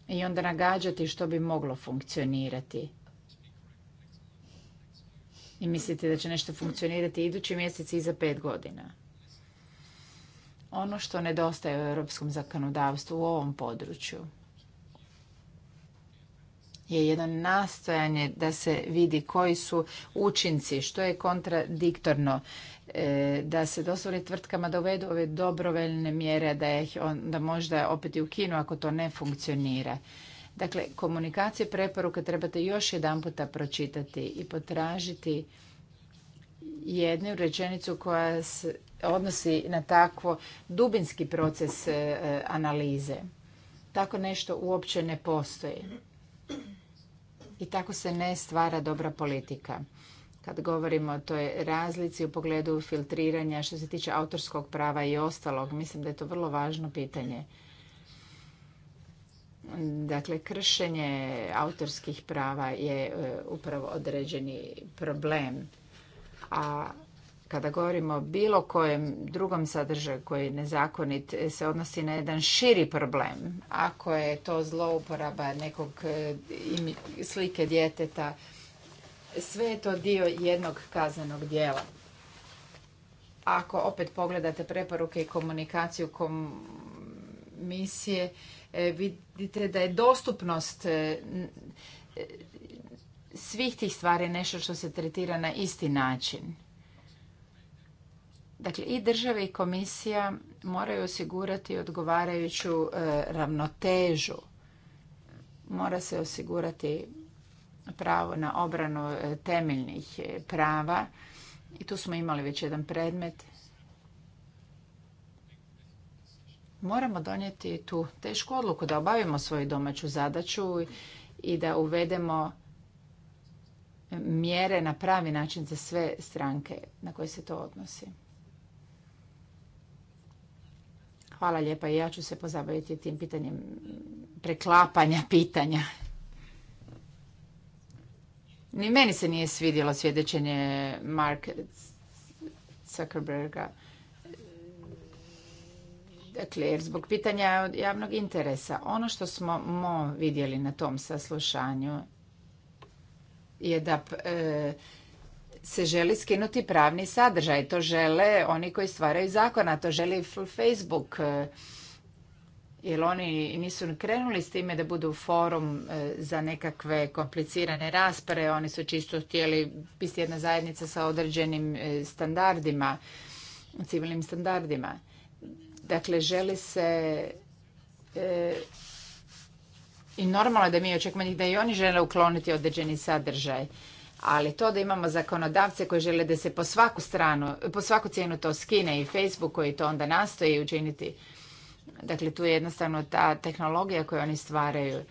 I onda nagađati što bi moglo funkcionirati. I mislite da će nešto funkcionirati idući mjesec i za pet godina. Ono što nedostaje u europskom zakonodavstvu u ovom području – je jedno nastojanje da se vidi koji su učinci, što je kontradiktorno e, da se dozvoli tvrtkama da uvedu ove dobrovoljne mjere, da ih možda opet i ukinu ako to ne funkcionira. Dakle, komunikacije preporuke trebate još jedan puta pročitati i potražiti jednu rečenicu koja se odnosi na takvo dubinski proces e, analize. Tako nešto uopće ne postoji i tako se ne stvara dobra politika. Kad govorimo o toj razlici u pogledu filtriranja što se tiče autorskog prava i ostalog, mislim da je to vrlo važno pitanje. Dakle, kršenje autorskih prava je e, upravo određeni problem. A kada govorimo o bilo kojem drugom sadržaju koji je nezakonit se odnosi na jedan širi problem. Ako je to zlouporaba nekog e, slike djeteta, sve je to dio jednog kaznenog dijela. Ako opet pogledate preporuke i komunikaciju komisije, e, vidite da je dostupnost e, svih tih stvari nešto što se tretira na isti način. Dakle, i država i komisija moraju osigurati odgovarajuću e, ravnotežu. Mora se osigurati pravo na obranu e, temeljnih e, prava. I tu smo imali već jedan predmet. Moramo donijeti tu tešku odluku da obavimo svoju domaću zadaću i da uvedemo mjere na pravi način za sve stranke na koje se to odnosi. Hvala lijepa i ja ću se pozabaviti tim pitanjem preklapanja pitanja. Ni meni se nije svidjelo svjedočenje Mark Zuckerberga. Dakle, jer zbog pitanja od javnog interesa. Ono što smo vidjeli na tom saslušanju je da e, se želi skinuti pravni sadržaj. To žele oni koji stvaraju zakona, to želi Facebook. E, Jer oni nisu krenuli s time da budu forum e, za nekakve komplicirane rasprave. oni su čisto htjeli biti jedna zajednica sa određenim e, standardima, civilnim standardima. Dakle, želi se i normalno je da mi očekujemo da i oni žele ukloniti određeni sadržaj ali to da imamo zakonodavce koji žele da se po svaku stranu, po svaku cijenu to skine i Facebook koji to onda nastoji učiniti. Dakle, tu je jednostavno ta tehnologija koju oni stvaraju.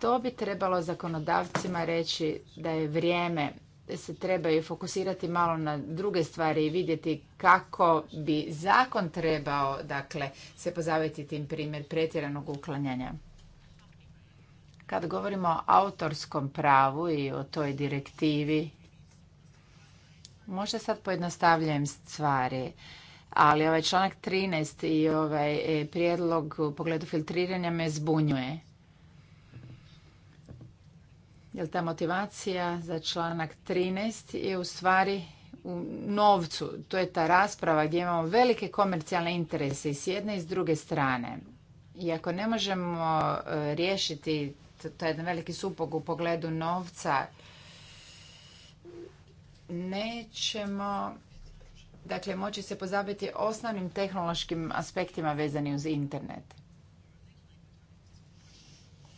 To bi trebalo zakonodavcima reći da je vrijeme da se trebaju fokusirati malo na druge stvari i vidjeti kako bi zakon trebao dakle, se pozaviti tim primjer pretjeranog uklanjanja. Kad govorimo o autorskom pravu i o toj direktivi, možda sad pojednostavljujem stvari, ali ovaj članak 13 i ovaj e, prijedlog u pogledu filtriranja me zbunjuje. Jer ta motivacija za članak 13 je u stvari u novcu. To je ta rasprava gdje imamo velike komercijalne interese i s jedne i s druge strane. I ako ne možemo e, riješiti to je jedan veliki supog u pogledu novca. Nećemo dakle, moći se pozabiti osnovnim tehnološkim aspektima vezani uz internet.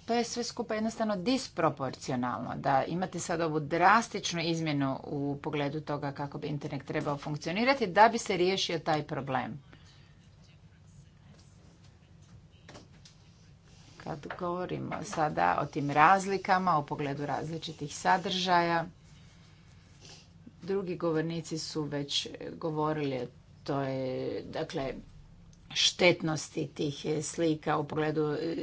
To je sve skupa jednostavno disproporcionalno, da imate sad ovu drastičnu izmjenu u pogledu toga kako bi internet trebao funkcionirati da bi se riješio taj problem. Kad govorimo sada o tim razlikama u pogledu različitih sadržaja, drugi govornici su već govorili to je, dakle, štetnosti tih slika u pogledu e,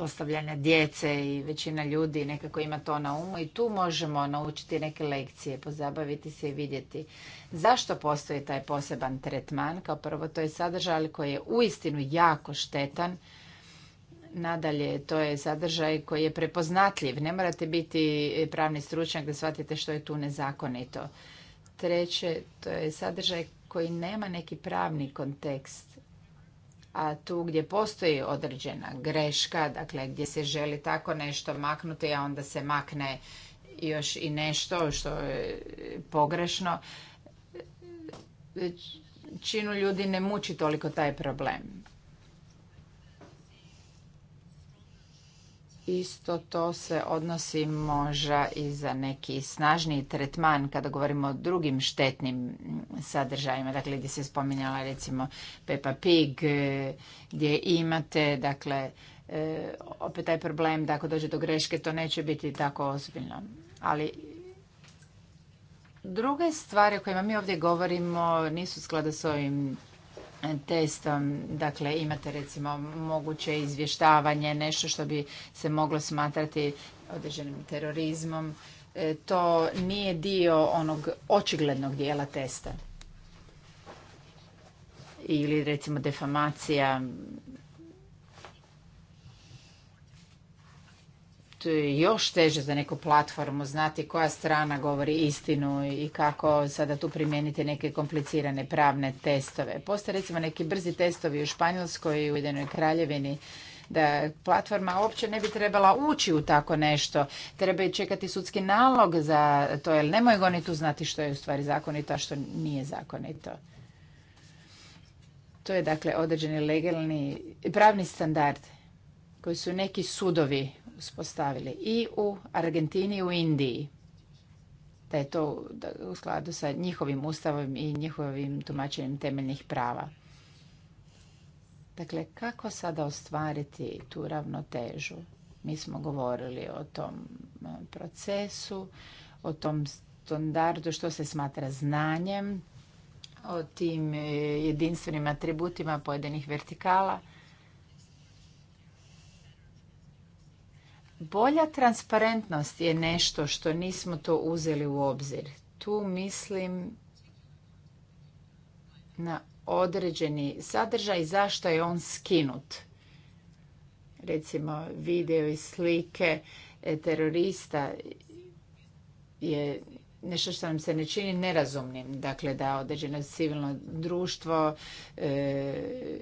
ostavljanja djece i većina ljudi nekako ima to na umu i tu možemo naučiti neke lekcije, pozabaviti se i vidjeti zašto postoji taj poseban tretman. Kao prvo to je sadržaj koji je uistinu jako štetan Nadalje, to je sadržaj koji je prepoznatljiv. Ne morate biti pravni stručnjak da shvatite što je tu nezakonito. Treće, to je sadržaj koji nema neki pravni kontekst. A tu gdje postoji određena greška, dakle gdje se želi tako nešto maknuti, a onda se makne još i nešto što je pogrešno, činu ljudi ne muči toliko taj problem. Isto to se odnosi možda i za neki snažniji tretman kada govorimo o drugim štetnim sadržajima, dakle gdje se spominjala recimo Peppa Pig, e, gdje imate, dakle, e, opet taj problem da ako dođe do greške to neće biti tako ozbiljno. Ali druge stvari o kojima mi ovdje govorimo nisu skladu s ovim testom, dakle imate recimo moguće izvještavanje, nešto što bi se moglo smatrati određenim terorizmom, e, to nije dio onog očiglednog dijela testa. Ili recimo defamacija, to je još teže za neku platformu znati koja strana govori istinu i kako sada tu primijeniti neke komplicirane pravne testove. Postoje recimo neki brzi testovi u Španjolskoj i u Ujedinoj Kraljevini da platforma uopće ne bi trebala ući u tako nešto. Treba čekati sudski nalog za to, jer nemoj oni tu znati što je u stvari zakonito, a što nije zakonito. To je dakle određeni legalni pravni standard koji su neki sudovi uspostavili i u Argentini i u Indiji. Da je to u skladu sa njihovim ustavom i njihovim tumačenjem temeljnih prava. Dakle, kako sada ostvariti tu ravnotežu? Mi smo govorili o tom e, procesu, o tom standardu što se smatra znanjem, o tim e, jedinstvenim atributima pojedinih vertikala. Bolja transparentnost je nešto što nismo to uzeli u obzir. Tu mislim na određeni sadržaj zašto je on skinut. Recimo video i slike e, terorista je nešto što nam se ne čini nerazumnim. Dakle, da određeno civilno društvo e,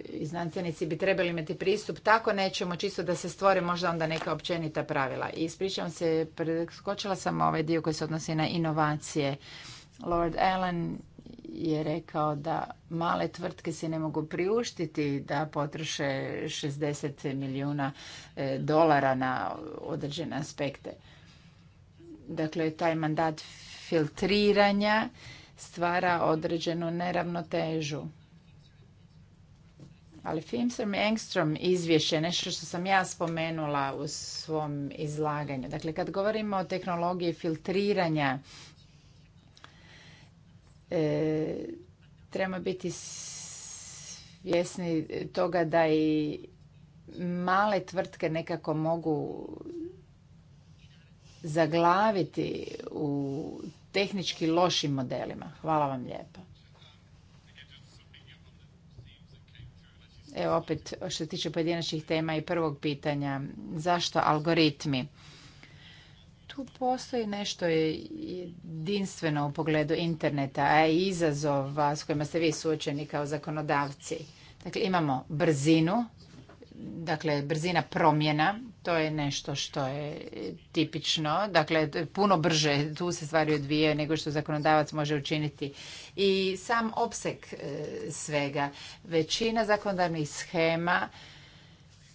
i znanstvenici bi trebali imati pristup tako nećemo čisto da se stvore možda onda neka općenita pravila. I ispričavam se, preskočila sam ovaj dio koji se odnosi na inovacije. Lord Allen je rekao da male tvrtke se ne mogu priuštiti da potroše 60 milijuna e, dolara na određene aspekte. Dakle, taj mandat filtriranja stvara određenu neravnotežu. Ali Fimstrom i Engstrom izvješće, nešto što sam ja spomenula u svom izlaganju. Dakle, kad govorimo o tehnologiji filtriranja, e, treba biti svjesni toga da i male tvrtke nekako mogu zaglaviti u tehnički lošim modelima. Hvala vam lijepa. Evo opet što se tiče pojedinačnih tema i prvog pitanja, zašto algoritmi? Tu postoji nešto jedinstveno u pogledu interneta, a i izazova s kojima ste vi suočeni kao zakonodavci. Dakle, imamo brzinu, dakle brzina promjena to je nešto što je tipično. Dakle, puno brže tu se stvari odvijaju nego što zakonodavac može učiniti. I sam opsek e, svega. Većina zakonodavnih schema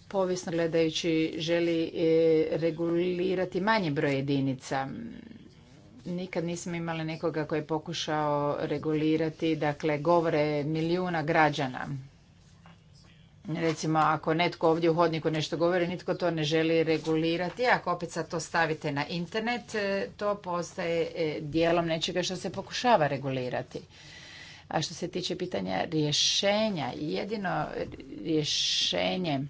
povijesno gledajući želi e, regulirati manji broj jedinica. Nikad nisam imala nekoga koji je pokušao regulirati, dakle, govore milijuna građana recimo ako netko ovdje u hodniku nešto govori, nitko to ne želi regulirati, ako opet sad to stavite na internet, e, to postaje e, dijelom nečega što se pokušava regulirati. A što se tiče pitanja rješenja, jedino rješenje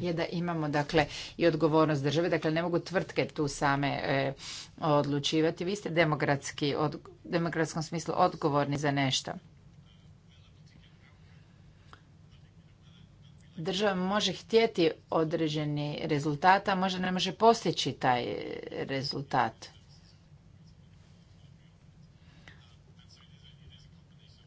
je da imamo dakle i odgovornost države, dakle ne mogu tvrtke tu same e, odlučivati. Vi ste demokratski, od, demokratskom smislu odgovorni za nešto. država može htjeti određeni rezultat, a možda ne može postići taj rezultat.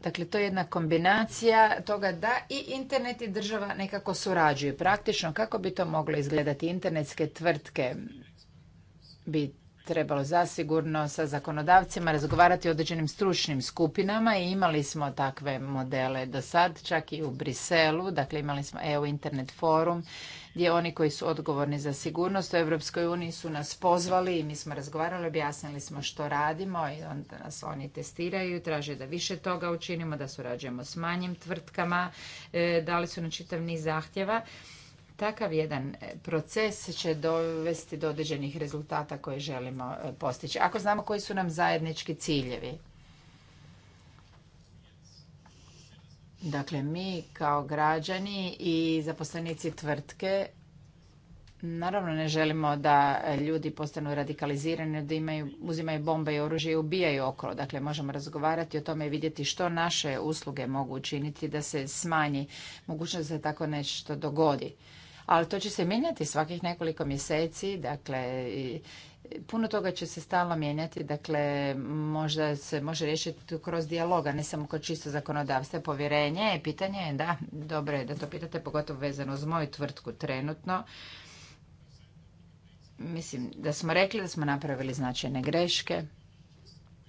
Dakle, to je jedna kombinacija toga da i internet i država nekako surađuju. Praktično, kako bi to moglo izgledati? Internetske tvrtke bi trebalo zasigurno sa zakonodavcima razgovarati o određenim stručnim skupinama i imali smo takve modele do sad, čak i u Briselu, dakle imali smo EU Internet forum gdje oni koji su odgovorni za sigurnost u Europskoj uniji su nas pozvali i mi smo razgovarali, objasnili smo što radimo i onda nas oni testiraju, traže da više toga učinimo, da surađujemo s manjim tvrtkama, e, dali su nam čitav niz zahtjeva. Takav jedan e, proces će dovesti do određenih rezultata koje želimo e, postići. Ako znamo koji su nam zajednički ciljevi. Dakle, mi kao građani i zaposlenici tvrtke Naravno ne želimo da ljudi postanu radikalizirani, da imaju, uzimaju bombe i oružje i ubijaju okolo. Dakle, možemo razgovarati o tome i vidjeti što naše usluge mogu učiniti da se smanji mogućnost da se tako nešto dogodi ali to će se mijenjati svakih nekoliko mjeseci, dakle puno toga će se stalno mijenjati, dakle možda se može riješiti kroz dijaloga, ne samo kod čisto zakonodavstva, povjerenje, pitanje je da, dobro je da to pitate, pogotovo vezano uz moju tvrtku trenutno. Mislim da smo rekli da smo napravili značajne greške,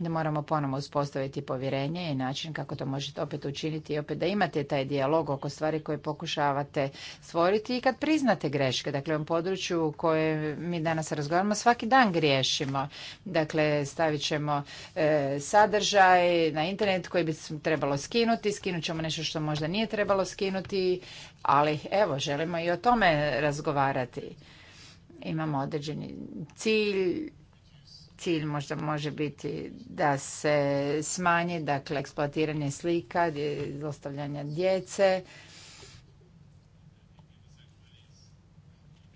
da moramo ponovno uspostaviti povjerenje i način kako to možete opet učiniti i opet da imate taj dijalog oko stvari koje pokušavate stvoriti i kad priznate greške. Dakle, u području koje mi danas razgovaramo svaki dan griješimo. Dakle, stavit ćemo e, sadržaj na internet koji bi trebalo skinuti, skinut ćemo nešto što možda nije trebalo skinuti, ali evo, želimo i o tome razgovarati imamo određeni cilj cilj možda može biti da se smanji, dakle, eksploatiranje slika, zlostavljanja djece.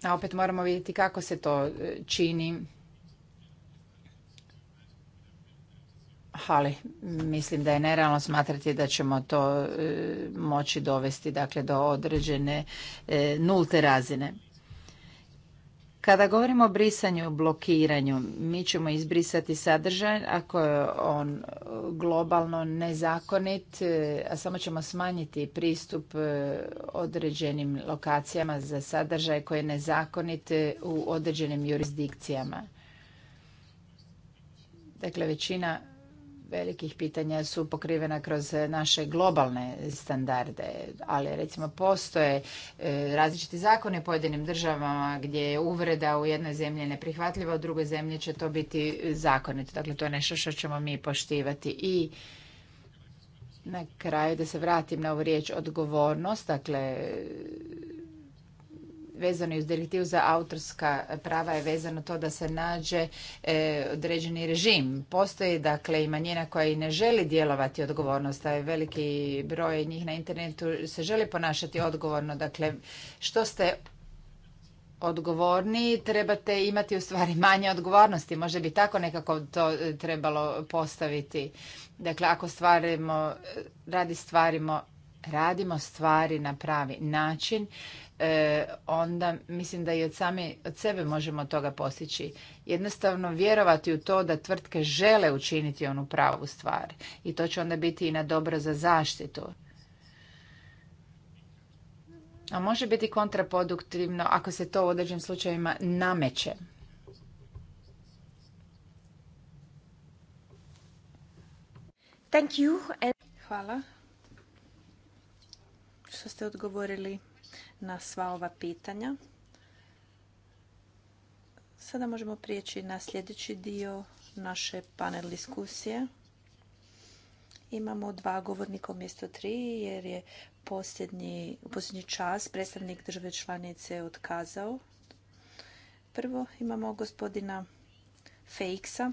A opet moramo vidjeti kako se to e, čini. ali mislim da je nerealno smatrati da ćemo to e, moći dovesti dakle do određene e, nulte razine. Kada govorimo o brisanju, blokiranju, mi ćemo izbrisati sadržaj ako je on globalno nezakonit, a samo ćemo smanjiti pristup e, određenim lokacijama za sadržaj koji je nezakonit e, u određenim jurisdikcijama. Dakle, većina velikih pitanja su pokrivena kroz naše globalne standarde, ali recimo postoje e, različiti zakoni u pojedinim državama gdje je uvreda u jednoj zemlji neprihvatljiva, u drugoj zemlji će to biti zakonito. Dakle, to je nešto što ćemo mi poštivati i na kraju da se vratim na ovu riječ odgovornost, dakle vezano uz direktivu za autorska prava je vezano to da se nađe e, određeni režim. Postoji dakle i manjina koja i ne želi djelovati odgovornost, a je veliki broj njih na internetu se želi ponašati odgovorno. Dakle, što ste odgovorni trebate imati u stvari manje odgovornosti. Može bi tako nekako to e, trebalo postaviti. Dakle, ako stvarimo, radi stvarimo, radimo stvari na pravi način, E, onda mislim da i od sami od sebe možemo toga postići. Jednostavno vjerovati u to da tvrtke žele učiniti onu pravu stvar i to će onda biti i na dobro za zaštitu. A može biti kontraproduktivno ako se to u određenim slučajevima nameće.
Thank you. Hvala što ste odgovorili na sva ova pitanja. Sada možemo prijeći na sljedeći dio naše panel diskusije. Imamo dva govornika umjesto tri jer je posljednji, posljednji čas predstavnik države članice otkazao. Prvo imamo gospodina Fejksa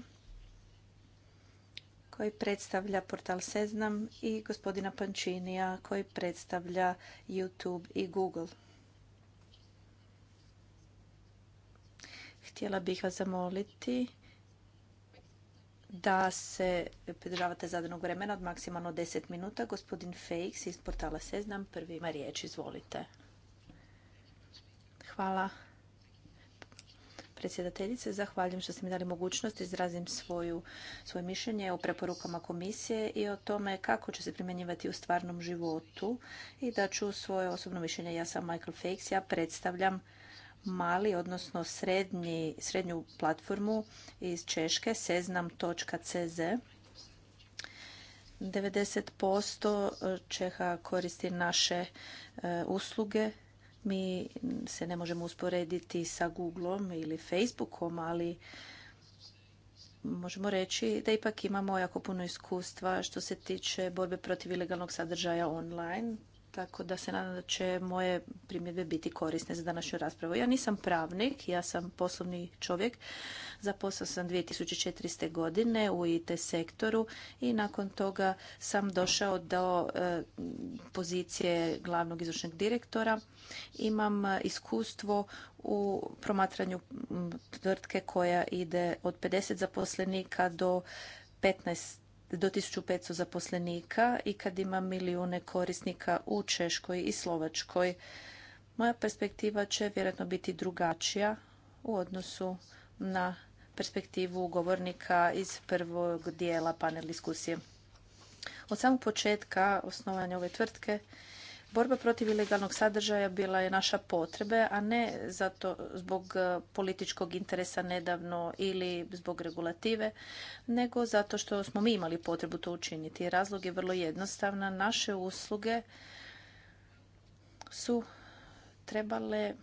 koji predstavlja portal Seznam i gospodina Pančinija koji predstavlja YouTube i Google. Htjela bih vas zamoliti da se pridržavate zadanog vremena od maksimalno 10 minuta. Gospodin Fejks iz portala Seznam prvi ima riječ. Izvolite. Hvala predsjedateljice. Zahvaljujem što ste mi dali mogućnost izrazim svoje mišljenje o preporukama komisije i o tome kako će se primjenjivati u stvarnom životu i da ću svoje osobno mišljenje. Ja sam Michael Fakes, ja predstavljam mali, odnosno srednju platformu iz Češke, seznam.cz. 90% Čeha koristi naše e, usluge mi se ne možemo usporediti sa Googleom ili Facebookom, ali možemo reći da ipak imamo jako puno iskustva što se tiče borbe protiv ilegalnog sadržaja online. Tako da se nadam da će moje primjedbe biti korisne za današnju raspravu. Ja nisam pravnik, ja sam poslovni čovjek. Zaposlao sam 2400. godine u IT sektoru i nakon toga sam došao do e, pozicije glavnog izvršnog direktora. Imam iskustvo u promatranju tvrtke koja ide od 50 zaposlenika do 15 do 1500 zaposlenika i kad ima milijune korisnika u Češkoj i Slovačkoj. Moja perspektiva će vjerojatno biti drugačija u odnosu na perspektivu govornika iz prvog dijela panel diskusije. Od samog početka osnovanja ove tvrtke Borba protiv ilegalnog sadržaja bila je naša potrebe, a ne zato zbog e, političkog interesa nedavno ili zbog regulative, nego zato što smo mi imali potrebu to učiniti. Razlog je vrlo jednostavna. Naše usluge su trebale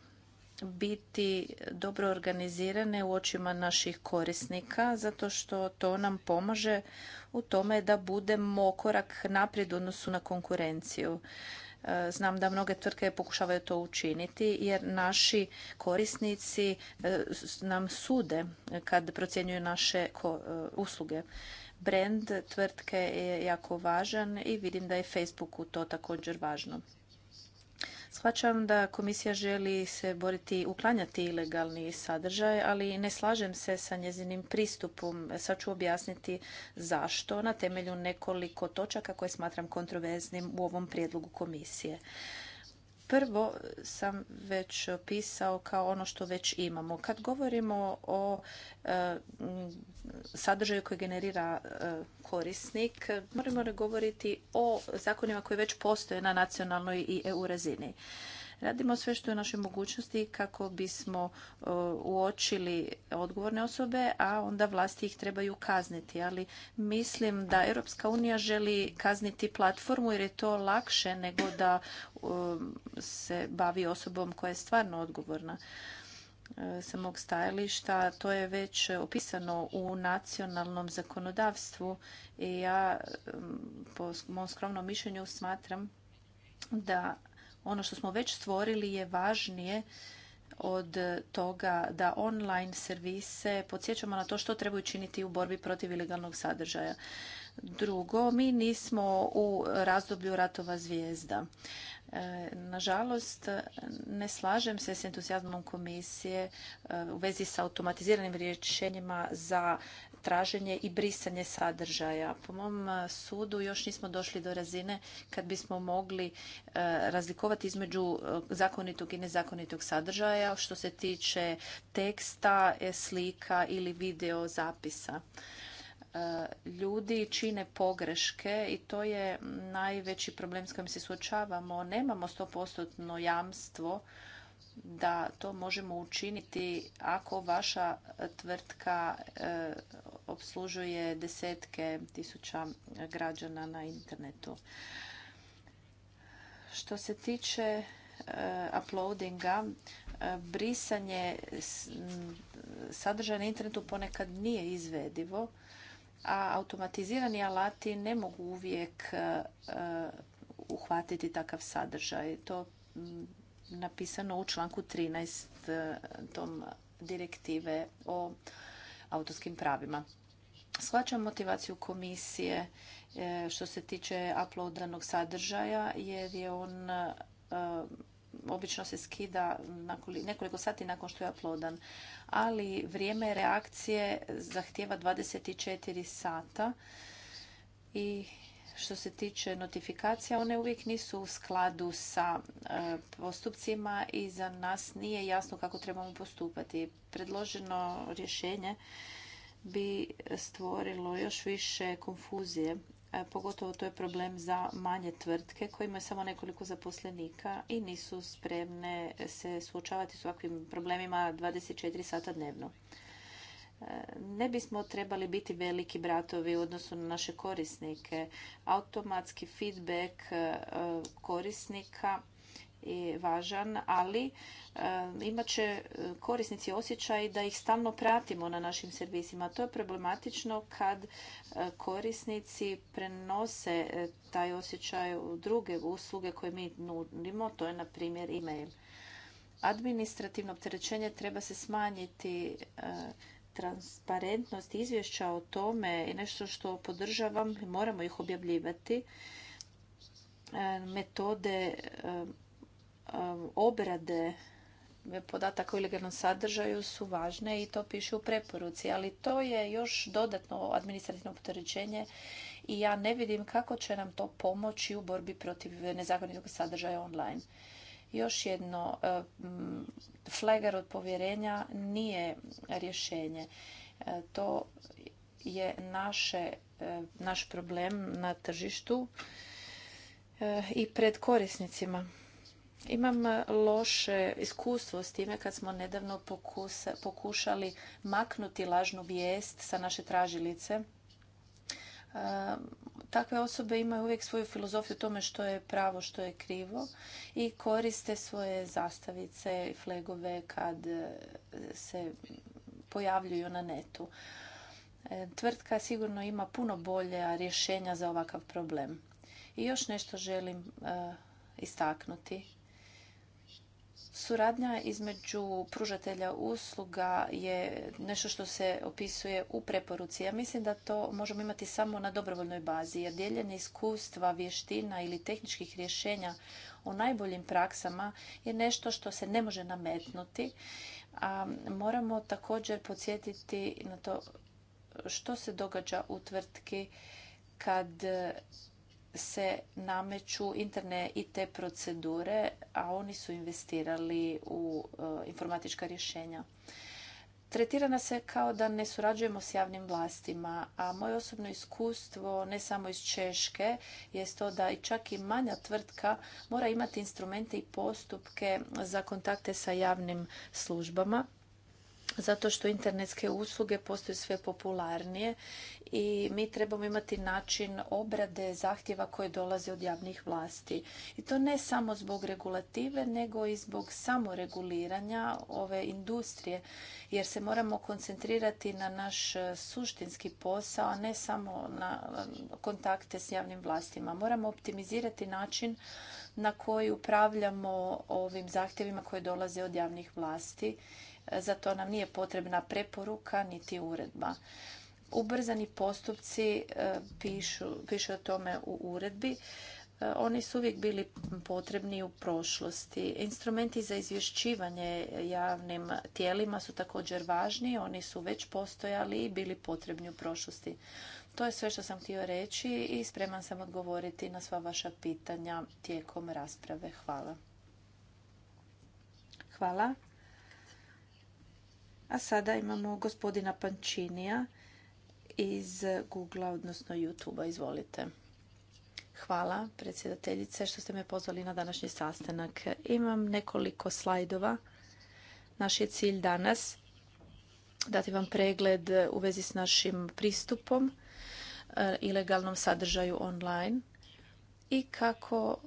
biti dobro organizirane u očima naših korisnika zato što to nam pomaže u tome da budemo korak naprijed u odnosu na konkurenciju. E, znam da mnoge tvrtke pokušavaju to učiniti jer naši korisnici e, nam sude kad procjenjuju naše e, usluge. Brand tvrtke je jako važan i vidim da je Facebooku to također važno. Shvaćam da komisija želi se boriti, uklanjati ilegalni sadržaj, ali ne slažem se sa njezinim pristupom. Sad ću objasniti zašto na temelju nekoliko točaka koje smatram kontroverznim u ovom prijedlogu komisije prvo sam već pisao kao ono što već imamo. Kad govorimo o e, sadržaju koji generira e, korisnik, moramo govoriti o zakonima koji već postoje na nacionalnoj i EU razini. Radimo sve što je u našoj mogućnosti kako bismo e, uočili odgovorne osobe, a onda vlasti ih trebaju kazniti. Ali mislim da Europska unija želi kazniti platformu jer je to lakše nego da e, se bavi osobom koja je stvarno odgovorna e, sa mog stajališta. To je već opisano u nacionalnom zakonodavstvu i ja po mom skromnom mišljenju smatram da ono što smo već stvorili je važnije od toga da online servise podsjećamo na to što trebaju činiti u borbi protiv ilegalnog sadržaja. Drugo, mi nismo u razdoblju ratova zvijezda. E, nažalost, ne slažem se s entuzijazmom komisije e, u vezi sa automatiziranim rješenjima za traženje i brisanje sadržaja. Po mom e, sudu još nismo došli do razine kad bismo mogli e, razlikovati između e, zakonitog i nezakonitog sadržaja što se tiče teksta, slika ili video zapisa ljudi čine pogreške i to je najveći problem s kojim se suočavamo. Nemamo 100% jamstvo da to možemo učiniti ako vaša tvrtka obslužuje desetke tisuća građana na internetu. Što se tiče e, uploadinga, e, brisanje sadržaja na internetu ponekad nije izvedivo, a automatizirani alati ne mogu uvijek e, uhvatiti takav sadržaj. To napisano u članku 13. tom direktive o autorskim pravima. Shvaćam motivaciju komisije e, što se tiče uploadanog sadržaja jer je on e, obično se skida nekoliko sati nakon što je uploadan, ali vrijeme reakcije zahtjeva 24 sata i što se tiče notifikacija, one uvijek nisu u skladu sa e, postupcima i za nas nije jasno kako trebamo postupati. Predloženo rješenje bi stvorilo još više konfuzije. E, pogotovo to je problem za manje tvrtke koje imaju samo nekoliko zaposlenika i nisu spremne se suočavati s ovakvim problemima 24 sata dnevno. E, ne bismo trebali biti veliki bratovi u odnosu na naše korisnike. Automatski feedback e, korisnika i važan, ali eh, imat će eh, korisnici osjećaj da ih stalno pratimo na našim servisima. To je problematično kad eh, korisnici prenose taj osjećaj u druge usluge koje mi nudimo, to je na primjer e-mail. Administrativno opterećenje treba se smanjiti transparentnost izvješća o tome i nešto što podržavam, moramo ih objavljivati. Metode obrade podataka o ilegalnom sadržaju su važne i to piše u preporuci, ali to je još dodatno administrativno opterećenje i ja ne vidim kako će nam to pomoći u borbi protiv nezakonitog sadržaja online. Još jedno, flagar od povjerenja nije rješenje. E, to je naše, e, naš problem na tržištu e, i pred korisnicima. Imam e, loše iskustvo s time kad smo nedavno pokušali maknuti lažnu vijest sa naše tražilice. E, takve osobe imaju uvijek svoju filozofiju o tome što je pravo, što je krivo i koriste svoje zastavice i flegove kad e, se pojavljuju na netu. tvrtka sigurno ima puno bolje rješenja za ovakav problem. I još nešto želim istaknuti Suradnja između pružatelja usluga je nešto što se opisuje u preporuci. Ja mislim da to možemo imati samo na dobrovoljnoj bazi, jer dijeljenje iskustva, vještina ili tehničkih rješenja o najboljim praksama je nešto što se ne može nametnuti. A moramo također podsjetiti na to što se događa u tvrtki kad se nameću interne IT procedure, a oni su investirali u e, informatička rješenja. Tretira se kao da ne surađujemo s javnim vlastima, a moje osobno iskustvo, ne samo iz Češke, je to da i čak i manja tvrtka mora imati instrumente i postupke za kontakte sa javnim službama zato što internetske usluge postaju sve popularnije i mi trebamo imati način obrade zahtjeva koje dolaze od javnih vlasti. I to ne samo zbog regulative, nego i zbog samoreguliranja ove industrije, jer se moramo koncentrirati na naš suštinski posao, a ne samo na kontakte s javnim vlastima. Moramo optimizirati način na koji upravljamo ovim zahtjevima koje dolaze od javnih vlasti za to nam nije potrebna preporuka niti uredba. Ubrzani postupci e, pišu, piše o tome u uredbi. E, oni su uvijek bili potrebni u prošlosti. Instrumenti za izvješćivanje javnim tijelima su također važni. Oni su već postojali i bili potrebni u prošlosti. To je sve što sam htio reći i spreman sam odgovoriti na sva vaša pitanja tijekom rasprave. Hvala. Hvala. A sada imamo gospodina Pančinija iz Googlea, odnosno YouTube-a, Izvolite. Hvala predsjedateljice što ste me pozvali na današnji sastanak. Imam nekoliko slajdova. Naš je cilj danas dati vam pregled u vezi s našim pristupom e, ilegalnom sadržaju online i kako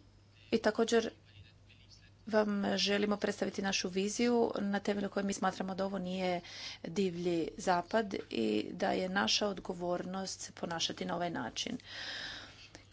i također vam želimo predstaviti našu viziju na temelju koje mi smatramo da ovo nije divlji zapad i da je naša odgovornost ponašati na ovaj način.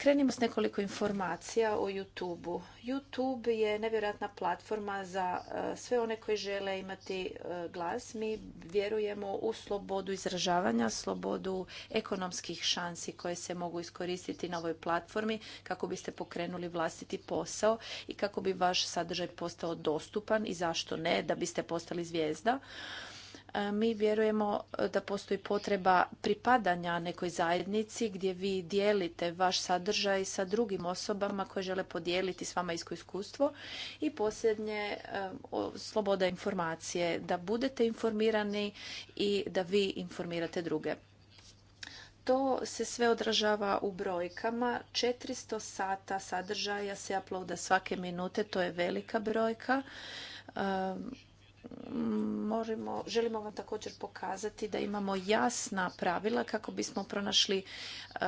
Krenimo s nekoliko informacija o YouTube-u. YouTube je nevjerojatna platforma za eh, sve one koji žele imati eh, glas. Mi vjerujemo u slobodu izražavanja, slobodu ekonomskih šansi koje se mogu iskoristiti na ovoj platformi kako biste pokrenuli vlastiti posao i kako bi vaš sadržaj postao dostupan i zašto ne da biste postali zvijezda. E, mi vjerujemo da postoji potreba pripadanja nekoj zajednici gdje vi dijelite vaš sadržaj sa drugim osobama koje žele podijeliti s vama isko iskustvo i posljednje e, sloboda informacije, da budete informirani i da vi informirate druge. To se sve odražava u brojkama. 400 sata sadržaja se uploada svake minute, to je velika brojka. E, možemo želimo vam također pokazati da imamo jasna pravila kako bismo pronašli e,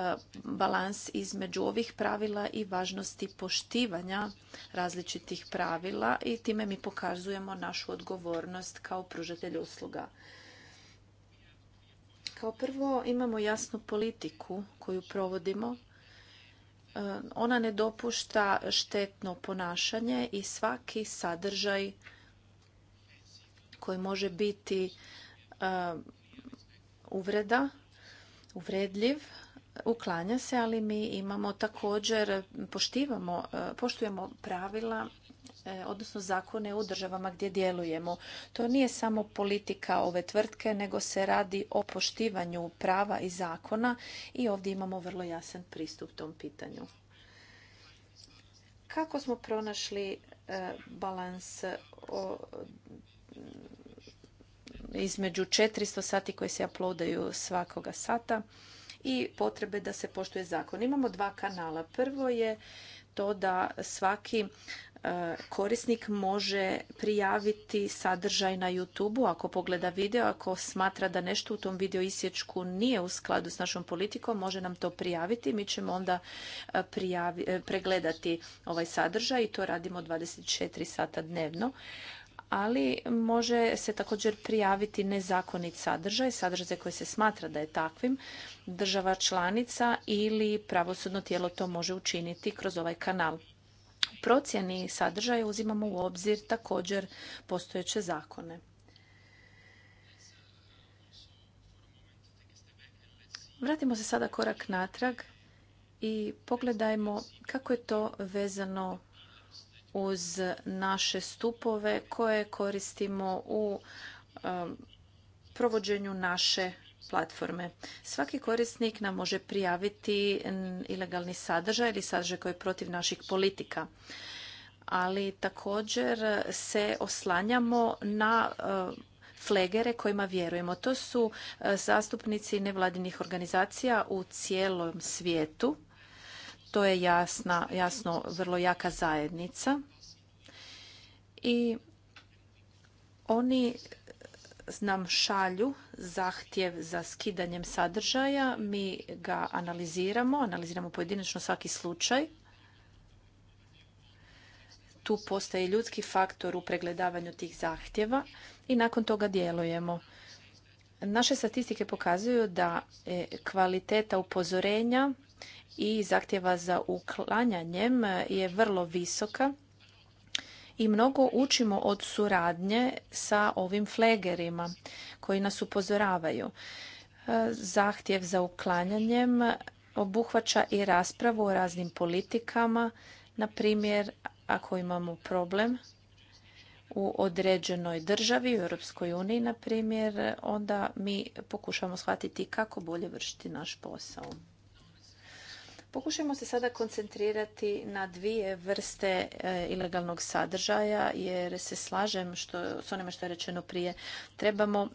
balans između ovih pravila i važnosti poštivanja različitih pravila i time mi pokazujemo našu odgovornost kao pružatelj usluga. Kao prvo imamo jasnu politiku koju provodimo e, ona ne dopušta štetno ponašanje i svaki sadržaj koji može biti e, uvreda, uvredljiv, uklanja se, ali mi imamo također, e, poštujemo pravila e, odnosno zakone u državama gdje djelujemo. To nije samo politika ove tvrtke, nego se radi o poštivanju prava i zakona i ovdje imamo vrlo jasan pristup tom pitanju. Kako smo pronašli balans između 400 sati koje se uploadaju svakoga sata i potrebe da se poštuje zakon. Imamo dva kanala. Prvo je to da svaki e, korisnik može prijaviti sadržaj na YouTube-u ako pogleda video, ako smatra da nešto u tom video isječku nije u skladu s našom politikom, može nam to prijaviti. Mi ćemo onda e, e, pregledati ovaj sadržaj i to radimo 24 sata dnevno ali može se također prijaviti nezakonit sadržaj, sadržaj koji se smatra da je takvim. Država članica ili pravosudno tijelo to može učiniti kroz ovaj kanal. U procjeni sadržaja uzimamo u obzir također postojeće zakone. Vratimo se sada korak natrag i pogledajmo kako je to vezano uz naše stupove koje koristimo u um, provođenju naše platforme. Svaki korisnik nam može prijaviti ilegalni sadržaj ili sadržaj koji je protiv naših politika. Ali također se oslanjamo na uh, flegere kojima vjerujemo. To su uh, zastupnici nevladinih organizacija u cijelom svijetu to je jasna, jasno vrlo jaka zajednica i oni nam šalju zahtjev za skidanjem sadržaja, mi ga analiziramo, analiziramo pojedinačno svaki slučaj. Tu postaje ljudski faktor u pregledavanju tih zahtjeva i nakon toga djelujemo. Naše statistike pokazuju da kvaliteta upozorenja i zahtjeva za uklanjanjem je vrlo visoka i mnogo učimo od suradnje sa ovim flegerima koji nas upozoravaju. E, zahtjev za uklanjanjem obuhvaća i raspravu o raznim politikama, na primjer ako imamo problem u određenoj državi, u Europskoj uniji na primjer, onda mi pokušamo shvatiti kako bolje vršiti naš posao. Pokušajmo se sada koncentrirati na dvije vrste e, ilegalnog sadržaja jer se slažem što, s onime što je rečeno prije. Trebamo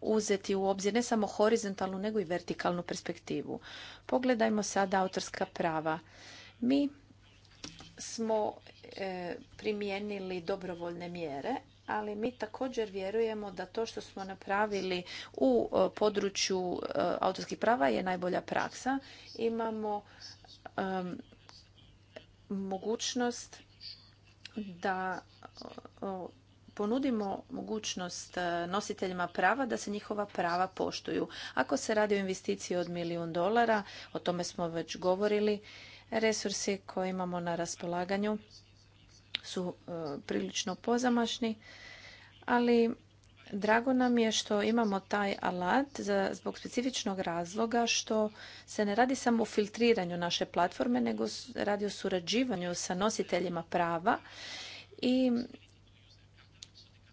uzeti u obzir ne samo horizontalnu nego i vertikalnu perspektivu. Pogledajmo sada autorska prava. Mi smo e, primijenili dobrovoljne mjere ali mi također vjerujemo da to što smo napravili u e, području e, autorskih prava je najbolja praksa. Imamo mogućnost da e, ponudimo mogućnost nositeljima prava da se njihova prava poštuju. Ako se radi o investiciji od milijun dolara, o tome smo već govorili, resursi koje imamo na raspolaganju su e, prilično pozamašni, ali drago nam je što imamo taj alat zbog specifičnog razloga što se ne radi samo o filtriranju naše platforme, nego radi o surađivanju sa nositeljima prava i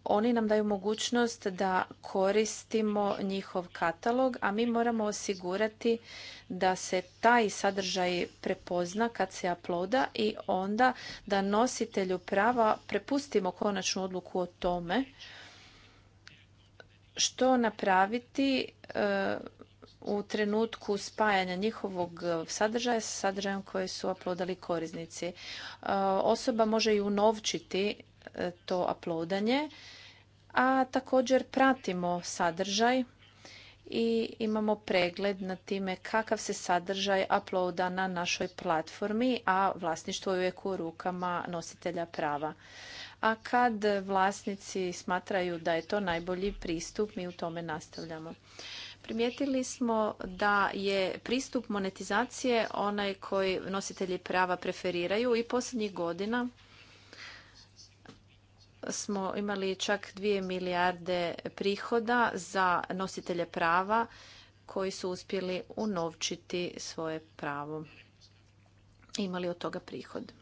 oni nam daju mogućnost da koristimo njihov katalog, a mi moramo osigurati da se taj sadržaj prepozna kad se uploada i onda da nositelju prava prepustimo konačnu odluku o tome što napraviti eh, u trenutku spajanja njihovog sadržaja sa sadržajem koje su uploadali korisnici. Eh, osoba može i unovčiti E, to uploadanje, a također pratimo sadržaj i imamo pregled na time kakav se sadržaj uploada na našoj platformi, a vlasništvo je uvijek u rukama nositelja prava. A kad vlasnici smatraju da je to najbolji pristup, mi u tome nastavljamo. Primijetili smo da je pristup monetizacije onaj koji nositelji prava preferiraju i posljednjih godina smo imali čak 2 milijarde prihoda za nositelje prava koji su uspjeli unovčiti svoje pravo. Imali od toga prihod.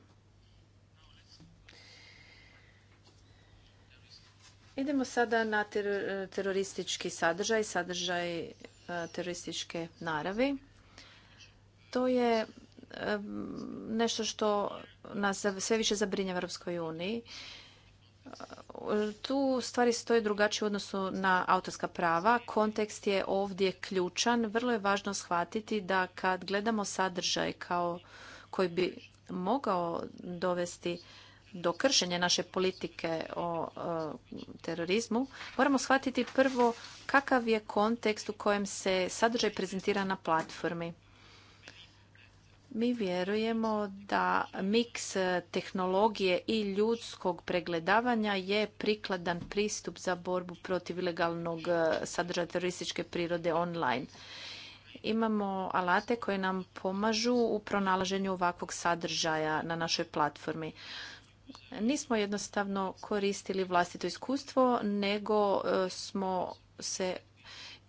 Idemo sada na teroristički sadržaj, sadržaj e, terorističke naravi. To je e, nešto što nas sve više zabrinja u Europskoj uniji tu stvari stoje drugačije u odnosu na autorska prava. Kontekst je ovdje ključan. Vrlo je važno shvatiti da kad gledamo sadržaj kao koji bi mogao dovesti do kršenja naše politike o terorizmu, moramo shvatiti prvo kakav je kontekst u kojem se sadržaj prezentira na platformi. Mi vjerujemo da miks tehnologije i ljudskog pregledavanja je prikladan pristup za borbu protiv ilegalnog e, sadržaja terorističke prirode online. Imamo alate koje nam pomažu u pronalaženju ovakvog sadržaja na našoj platformi. Nismo jednostavno koristili vlastito iskustvo, nego e, smo se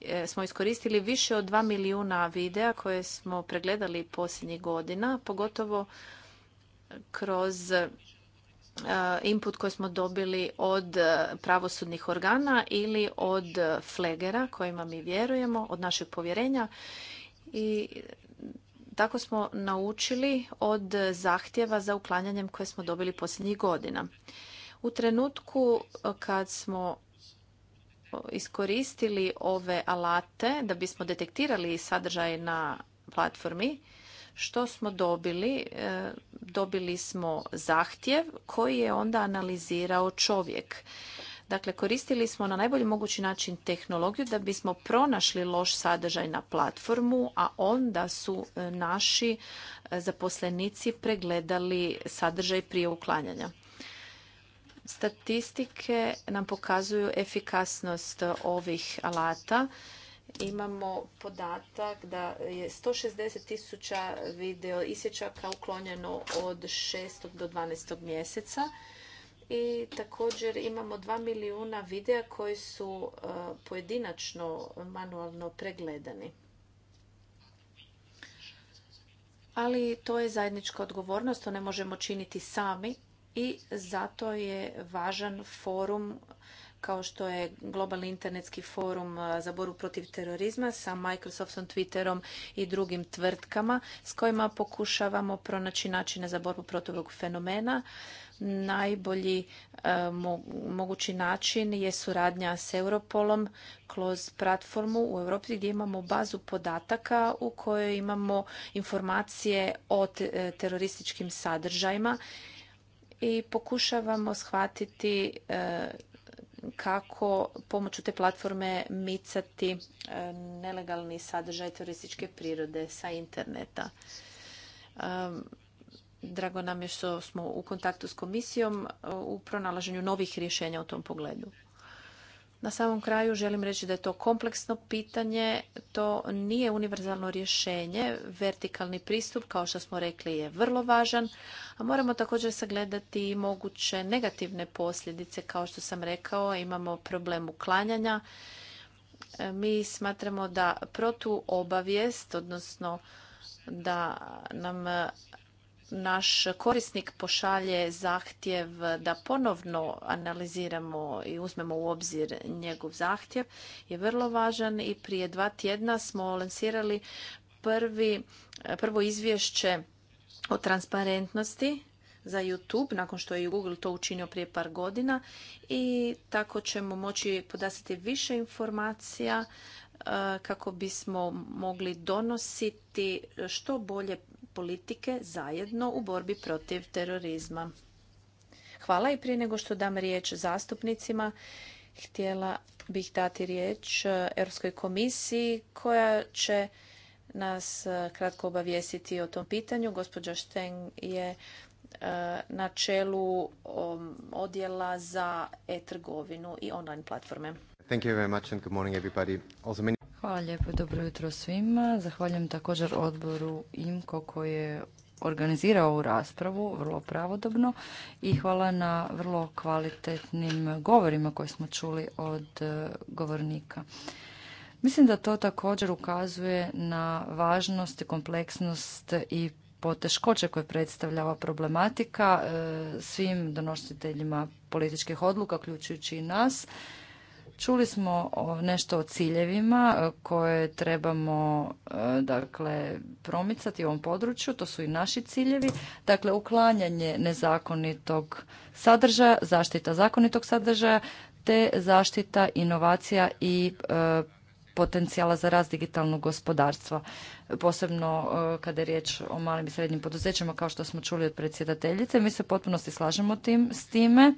E, smo iskoristili više od 2 milijuna videa koje smo pregledali posljednjih godina, pogotovo kroz e, input koji smo dobili od e, pravosudnih organa ili od flegera kojima mi vjerujemo, od našeg povjerenja. I tako smo naučili od zahtjeva za uklanjanjem koje smo dobili posljednjih godina. U trenutku kad smo iskoristili ove alate da bismo detektirali sadržaj na platformi, što smo dobili? E, dobili smo zahtjev koji je onda analizirao čovjek. Dakle, koristili smo na najbolji mogući način tehnologiju da bismo pronašli loš sadržaj na platformu, a onda su e, naši e, zaposlenici pregledali sadržaj prije uklanjanja. Statistike nam pokazuju efikasnost ovih alata. Imamo podatak da je 160 tisuća video isječaka uklonjeno od 6. do 12. mjeseca i također imamo 2 milijuna videa koji su e, pojedinačno manualno pregledani. Ali to je zajednička odgovornost, to ne možemo činiti sami i zato je važan forum kao što je globalni internetski forum za borbu protiv terorizma sa Microsoftom, Twitterom i drugim tvrtkama s kojima pokušavamo pronaći načine za borbu protiv ovog fenomena. Najbolji mogući način je suradnja s Europolom kroz platformu u Europi gdje imamo bazu podataka u kojoj imamo informacije o e, terorističkim sadržajima i pokušavamo shvatiti e, kako pomoću te platforme micati e, nelegalni sadržaj turističke prirode sa interneta. E, drago nam je što smo u kontaktu s komisijom u pronalaženju novih rješenja u tom pogledu. Na samom kraju želim reći da je to kompleksno pitanje, to nije univerzalno rješenje. Vertikalni pristup, kao što smo rekli, je vrlo važan, a moramo također sagledati i moguće negativne posljedice. Kao što sam rekao, imamo problem uklanjanja. E, mi smatramo da protuobavijest, odnosno da nam naš korisnik pošalje zahtjev da ponovno analiziramo i uzmemo u obzir njegov zahtjev je vrlo važan i prije dva tjedna smo lansirali prvi, prvo izvješće o transparentnosti za YouTube, nakon što je Google to učinio prije par godina i tako ćemo moći podastiti više informacija e, kako bismo mogli donositi što bolje politike zajedno u borbi protiv terorizma. Hvala i prije nego što dam riječ zastupnicima, htjela bih dati riječ e, Europskoj komisiji koja će nas e, kratko obavijestiti o tom pitanju. Gospođa Šteng je e, na čelu odjela za e-trgovinu i online platforme.
Thank you very much and good Hvala lijepo i dobro jutro svima. Zahvaljujem također odboru IMKO koji je organizirao ovu raspravu vrlo pravodobno i hvala na vrlo kvalitetnim govorima koje smo čuli od e, govornika. Mislim da to također ukazuje na važnost, i kompleksnost i poteškoće koje ova problematika e, svim donositeljima političkih odluka, uključujući i nas Čuli smo nešto o ciljevima e, koje trebamo e, dakle, promicati u ovom području, to su i naši ciljevi, dakle uklanjanje nezakonitog sadržaja, zaštita zakonitog sadržaja, te zaštita inovacija i e, potencijala za rast digitalnog gospodarstva, posebno kada je riječ o malim i srednjim poduzećima, kao što smo čuli od predsjedateljice. Mi se potpunosti slažemo tim, s time.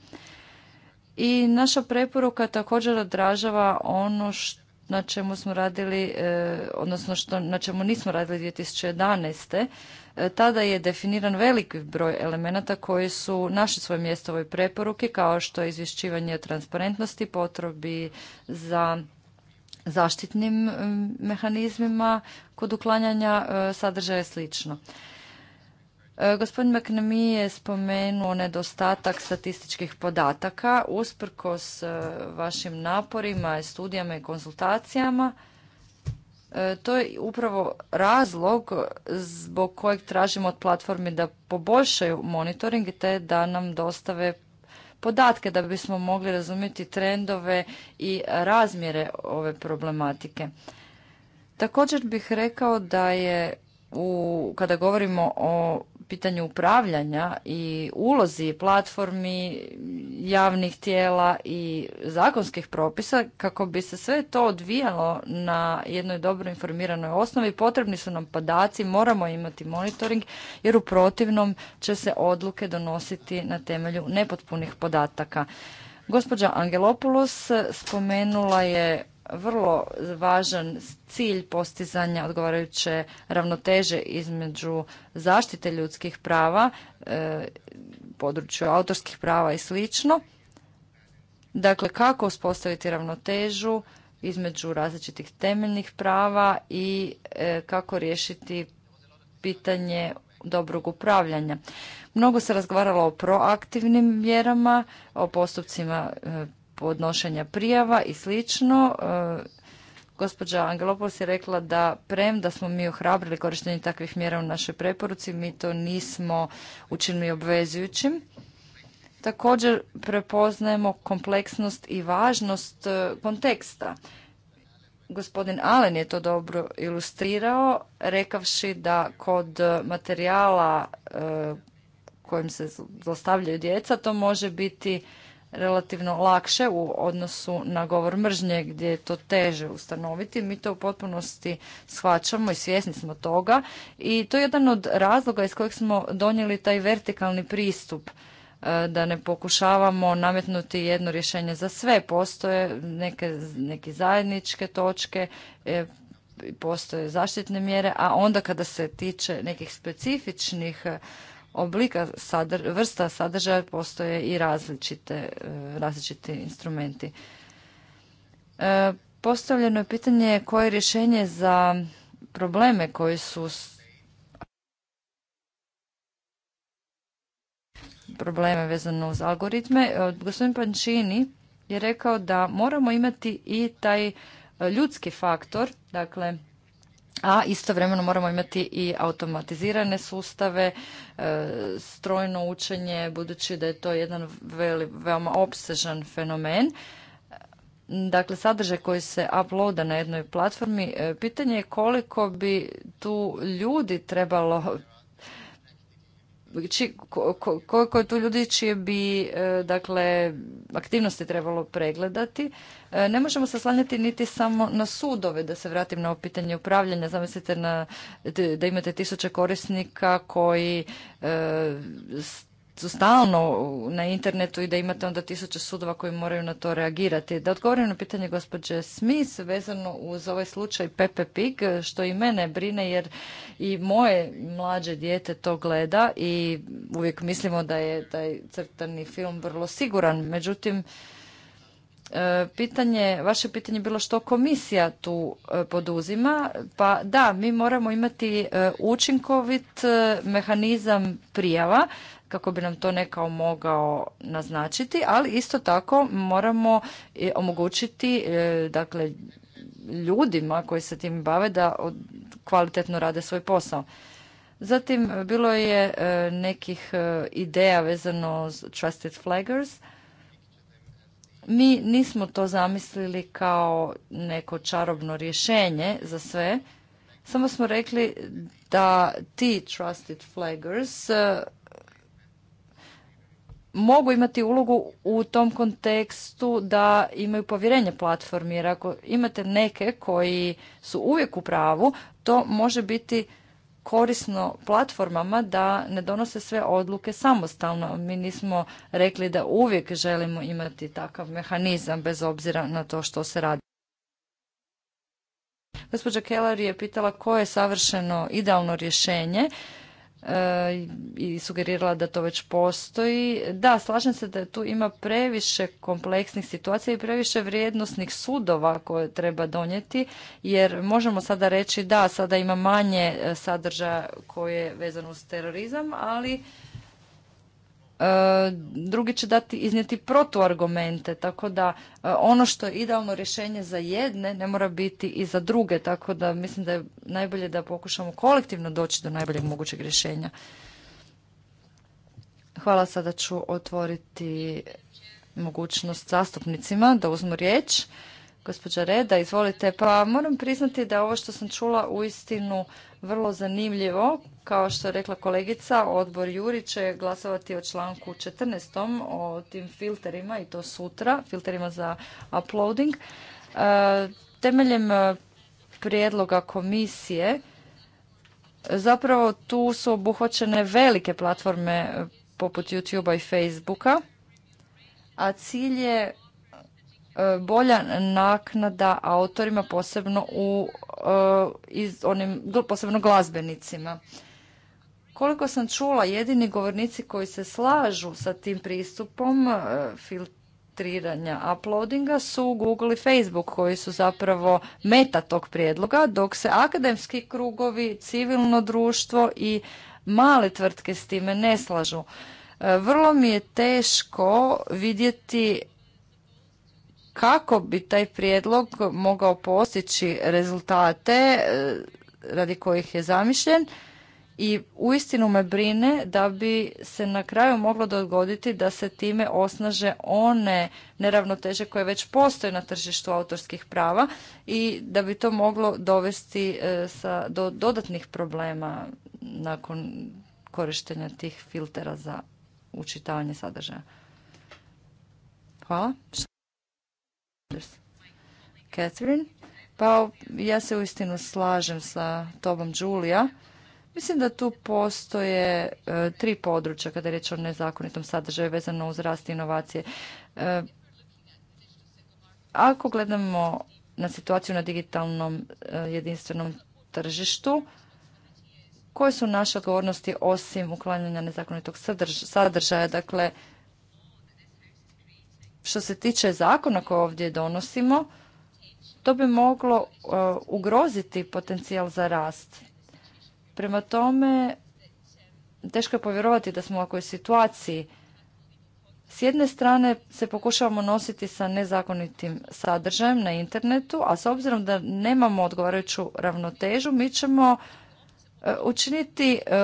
I naša preporuka također odražava ono što na čemu smo radili, e, odnosno što, na čemu nismo radili 2011. E, tada je definiran veliki broj elemenata koji su našli svoje mjesto ovoj preporuki, kao što je izvješćivanje transparentnosti, potrebi za zaštitnim mehanizmima kod uklanjanja e, sadržaja slično. E, gospodin McNamee je spomenuo nedostatak statističkih podataka. Usprkos e, vašim naporima, studijama i konsultacijama, e, to je upravo razlog zbog kojeg tražimo od platformi da poboljšaju monitoring te da nam dostave podatke da bismo mogli razumjeti trendove i razmjere ove problematike. Također bih rekao da je u, kada govorimo o pitanju upravljanja i ulozi platformi javnih tijela i zakonskih propisa kako bi se sve to odvijalo na jednoj dobro informiranoj osnovi potrebni su nam podaci, moramo imati monitoring jer u protivnom će se odluke donositi na temelju nepotpunih podataka. Gospođa Angelopoulos spomenula je vrlo važan cilj postizanja odgovarajuće ravnoteže između zaštite ljudskih prava, e, području autorskih prava i slično. Dakle, kako uspostaviti ravnotežu između različitih temeljnih prava i e, kako riješiti pitanje dobrog upravljanja. Mnogo se razgovaralo o proaktivnim mjerama, o postupcima e, podnošenja prijava i slično. E, gospođa Angelopoulos je rekla da prem da smo mi ohrabrili korištenje takvih mjera u našoj preporuci, mi to nismo učinili obvezujućim. Također prepoznajemo kompleksnost i važnost e, konteksta. Gospodin Allen je to dobro ilustrirao, rekavši da kod materijala e, kojim se zlostavljaju djeca to može biti relativno lakše u odnosu na govor mržnje gdje je to teže ustanoviti. Mi to u potpunosti shvaćamo i svjesni smo toga i to je jedan od razloga iz kojeg smo donijeli taj vertikalni pristup e, da ne pokušavamo nametnuti jedno rješenje za sve. Postoje neke, neke zajedničke točke, e, postoje zaštitne mjere, a onda kada se tiče nekih specifičnih oblika vrsta sadržaja postoje i različite, e, različiti instrumenti. E, postavljeno je pitanje koje je rješenje za probleme koji su probleme vezano uz algoritme. E, gospodin Pančini je rekao da moramo imati i taj ljudski faktor, dakle a istovremeno moramo imati i automatizirane sustave, e, strojno učenje, budući da je to jedan veli, veoma opsežan fenomen. Dakle, sadržaj koji se uploada na jednoj platformi, e, pitanje je koliko bi tu ljudi trebalo či, koliko je tu ljudi čije bi e, dakle aktivnosti trebalo pregledati. E, ne možemo se slanjati niti samo na sudove, da se vratim na pitanje upravljanja. Zamislite na, da imate tisuće korisnika koji e, su stalno na internetu i da imate onda tisuće sudova koji moraju na to reagirati. Da odgovorim na pitanje gospođe Smith vezano uz ovaj slučaj Pepe Pig, što i mene brine jer i moje mlađe dijete to gleda i uvijek mislimo da je taj crtani film vrlo siguran. Međutim, e, pitanje, vaše pitanje je bilo što komisija tu e, poduzima. Pa da, mi moramo imati e, učinkovit mehanizam prijava kako bi nam to nekao mogao naznačiti, ali isto tako moramo e, omogućiti e, dakle, ljudima koji se tim bave da kvalitetno rade svoj posao. Zatim bilo je e, nekih ideja vezano s Trusted Flaggers. Mi nismo to zamislili kao neko čarobno rješenje za sve. Samo smo rekli da ti Trusted Flaggers mogu imati ulogu u tom kontekstu da imaju povjerenje platformi jer ako imate neke koji su uvijek u pravu to može biti korisno platformama da ne donose sve odluke samostalno. Mi nismo rekli da uvijek želimo imati takav mehanizam bez obzira na to što se radi. Gospođa Keller je pitala koje je savršeno idealno rješenje i sugerirala da to već postoji. Da, slažem se da tu ima previše kompleksnih situacija i previše vrijednosnih sudova koje treba donijeti, jer možemo sada reći da, sada ima manje e, sadržaja koje je vezano uz terorizam, ali E, drugi će dati iznijeti protuargumente, tako da e, ono što je idealno rješenje za jedne ne mora biti i za druge, tako da mislim da je najbolje da pokušamo kolektivno doći do najboljeg mogućeg rješenja. Hvala, sada ću otvoriti mogućnost zastupnicima da uzmu riječ. Gospođa Reda, izvolite. Pa moram priznati da ovo što sam čula uistinu vrlo zanimljivo. Kao što je rekla kolegica, odbor Juri će glasovati o članku 14. o tim filterima i to sutra, filterima za uploading. E, temeljem e, prijedloga komisije zapravo tu su obuhvaćene velike platforme e, poput YouTube-a i Facebooka, a cilj je bolja naknada autorima posebno u iz onim posebno glazbenicima. Koliko sam čula, jedini govornici koji se slažu sa tim pristupom e, filtriranja uploadinga su Google i Facebook koji su zapravo meta tog prijedloga, dok se akademski krugovi, civilno društvo i male tvrtke s time ne slažu. E, vrlo mi je teško vidjeti kako bi taj prijedlog mogao postići rezultate e, radi kojih je zamišljen i uistinu me brine da bi se na kraju moglo dogoditi da se time osnaže one neravnoteže koje već postoje na tržištu autorskih prava i da bi to moglo dovesti e, sa, do dodatnih problema nakon korištenja tih filtera za učitavanje sadržaja. Hvala. Catherine? Pa ja se uistinu slažem sa tobom, Julia. Mislim da tu postoje e, tri područja kada je riječ o nezakonitom sadržaju vezano uz rast inovacije. E, ako gledamo na situaciju na digitalnom e, jedinstvenom tržištu, koje su naše odgovornosti osim uklanjanja nezakonitog sadržaja? Dakle, što se tiče zakona koje ovdje donosimo, to bi moglo ugroziti potencijal za rast Prema tome, teško je povjerovati da smo u ovakvoj situaciji. S jedne strane se pokušavamo nositi sa nezakonitim sadržajem na internetu, a s obzirom da nemamo odgovarajuću ravnotežu, mi ćemo e, učiniti e,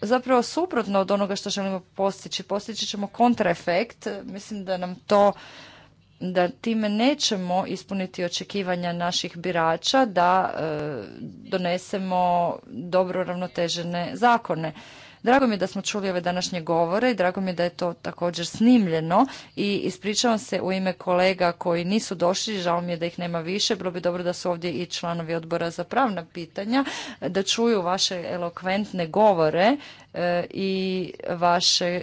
zapravo suprotno od onoga što želimo postići. Postići ćemo kontraefekt. Mislim da nam to da time nećemo ispuniti očekivanja naših birača da e, donesemo dobro ravnotežene zakone. Drago mi je da smo čuli ove današnje govore i drago mi je da je to također snimljeno i ispričavam se u ime kolega koji nisu došli, žao mi je da ih nema više, bilo bi dobro da su ovdje i članovi odbora za pravna pitanja, da čuju vaše elokventne govore e, i vaše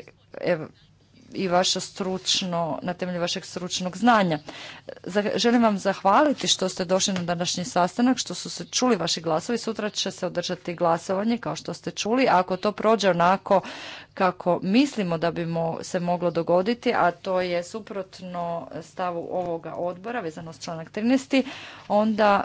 i vaše stručno, na temelju vašeg stručnog znanja. Želim vam zahvaliti što ste došli na današnji sastanak, što su se čuli vaši glasovi. Sutra će se održati glasovanje, kao što ste čuli. ako to prođe onako kako mislimo da bi se moglo dogoditi, a to je suprotno stavu ovoga odbora, vezano s članak 13, onda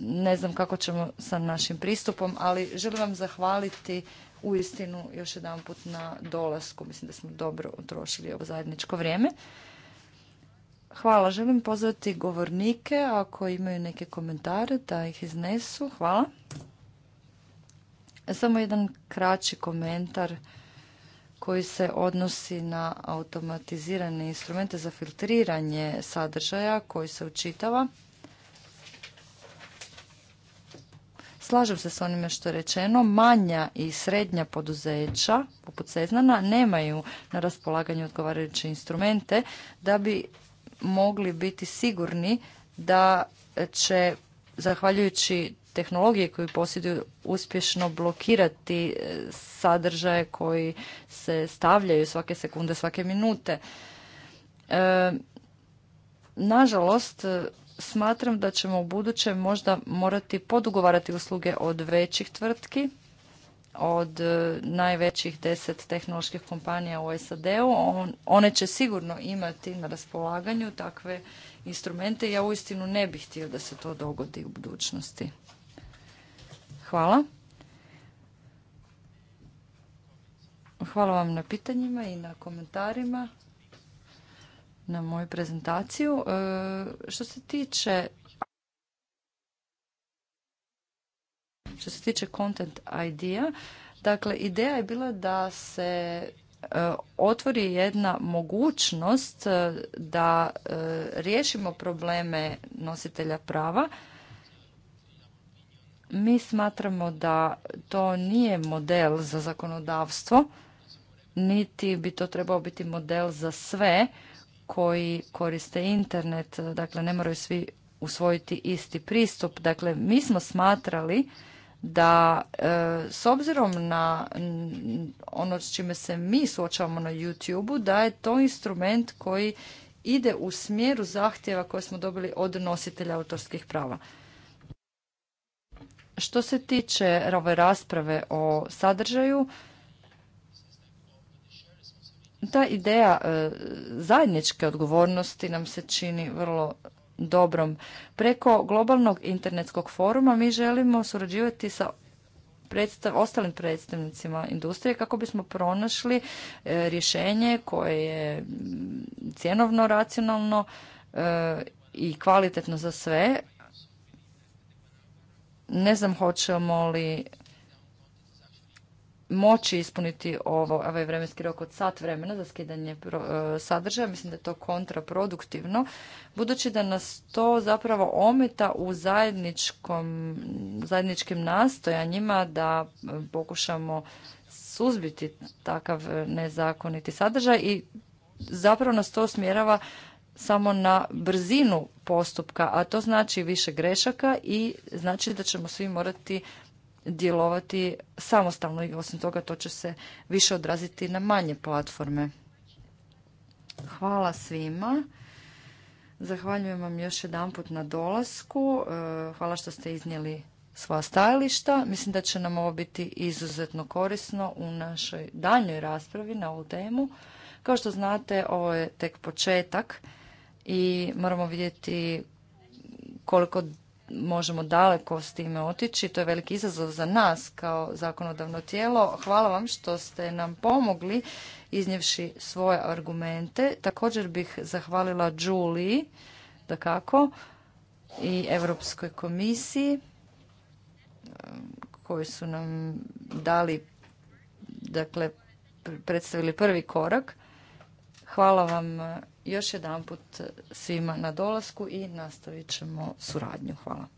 ne znam kako ćemo sa našim pristupom, ali želim vam zahvaliti uistinu još put na dolasku. Mislim da smo dobro utrošili ovo zajedničko vrijeme. Hvala. Želim pozvati govornike ako imaju neke komentare da ih iznesu. Hvala. Samo jedan kraći komentar koji se odnosi na automatizirane instrumente za filtriranje sadržaja koji se učitava. Slažem se s onime što je rečeno, manja i srednja poduzeća, poput Seznana, nemaju na raspolaganju odgovarajuće instrumente da bi mogli biti sigurni da će, zahvaljujući tehnologije koju posjeduju, uspješno blokirati e, sadržaje koji se stavljaju svake sekunde, svake minute. E, nažalost, smatram da ćemo u buduće možda morati podugovarati usluge od većih tvrtki, od e, najvećih deset tehnoloških kompanija u SAD-u. One će sigurno imati na raspolaganju takve instrumente. Ja uistinu ne bih htio da se to dogodi u budućnosti. Hvala. Hvala vam na pitanjima i na komentarima na moju prezentaciju. E, što se tiče što se tiče content idea, dakle ideja je bila da se e, otvori jedna mogućnost e, da riješimo probleme nositelja prava. Mi smatramo da to nije model za zakonodavstvo, niti bi to trebao biti model za sve koji koriste internet, dakle ne moraju svi usvojiti isti pristup. Dakle, mi smo smatrali da e, s obzirom na ono s čime se mi suočavamo na YouTube-u, da je to instrument koji ide u smjeru zahtjeva koje smo dobili od nositelja autorskih prava. Što se tiče ove rasprave o sadržaju, ta ideja e, zajedničke odgovornosti nam se čini vrlo dobrom. Preko globalnog internetskog foruma mi želimo surađivati sa ostalim predstavnicima industrije kako bismo pronašli e, rješenje koje je mm, cjenovno, racionalno e, i kvalitetno za sve. Ne znam hoćemo li moći ispuniti ovo, ovaj vremenski rok od sat vremena za skidanje e, sadržaja. Mislim da je to kontraproduktivno, budući da nas to zapravo ometa u zajedničkom, zajedničkim nastojanjima da e, pokušamo suzbiti takav nezakoniti sadržaj i zapravo nas to smjerava samo na brzinu postupka, a to znači više grešaka i znači da ćemo svi morati djelovati samostalno i osim toga to će se više odraziti na manje platforme. Hvala svima. Zahvaljujem vam još jedanput na dolasku. E, hvala što ste iznijeli svoja stajališta. Mislim da će nam ovo biti izuzetno korisno u našoj daljnjoj raspravi na ovu temu. Kao što znate, ovo je tek početak i moramo vidjeti koliko možemo daleko s time otići. To je veliki izazov za nas kao zakonodavno tijelo. Hvala vam što ste nam pomogli iznjevši svoje argumente. Također bih zahvalila Julie, da kako, i Europskoj komisiji um, koji su nam dali, dakle, predstavili prvi korak. Hvala vam još jedanput svima na dolasku i nastavit ćemo suradnju. Hvala.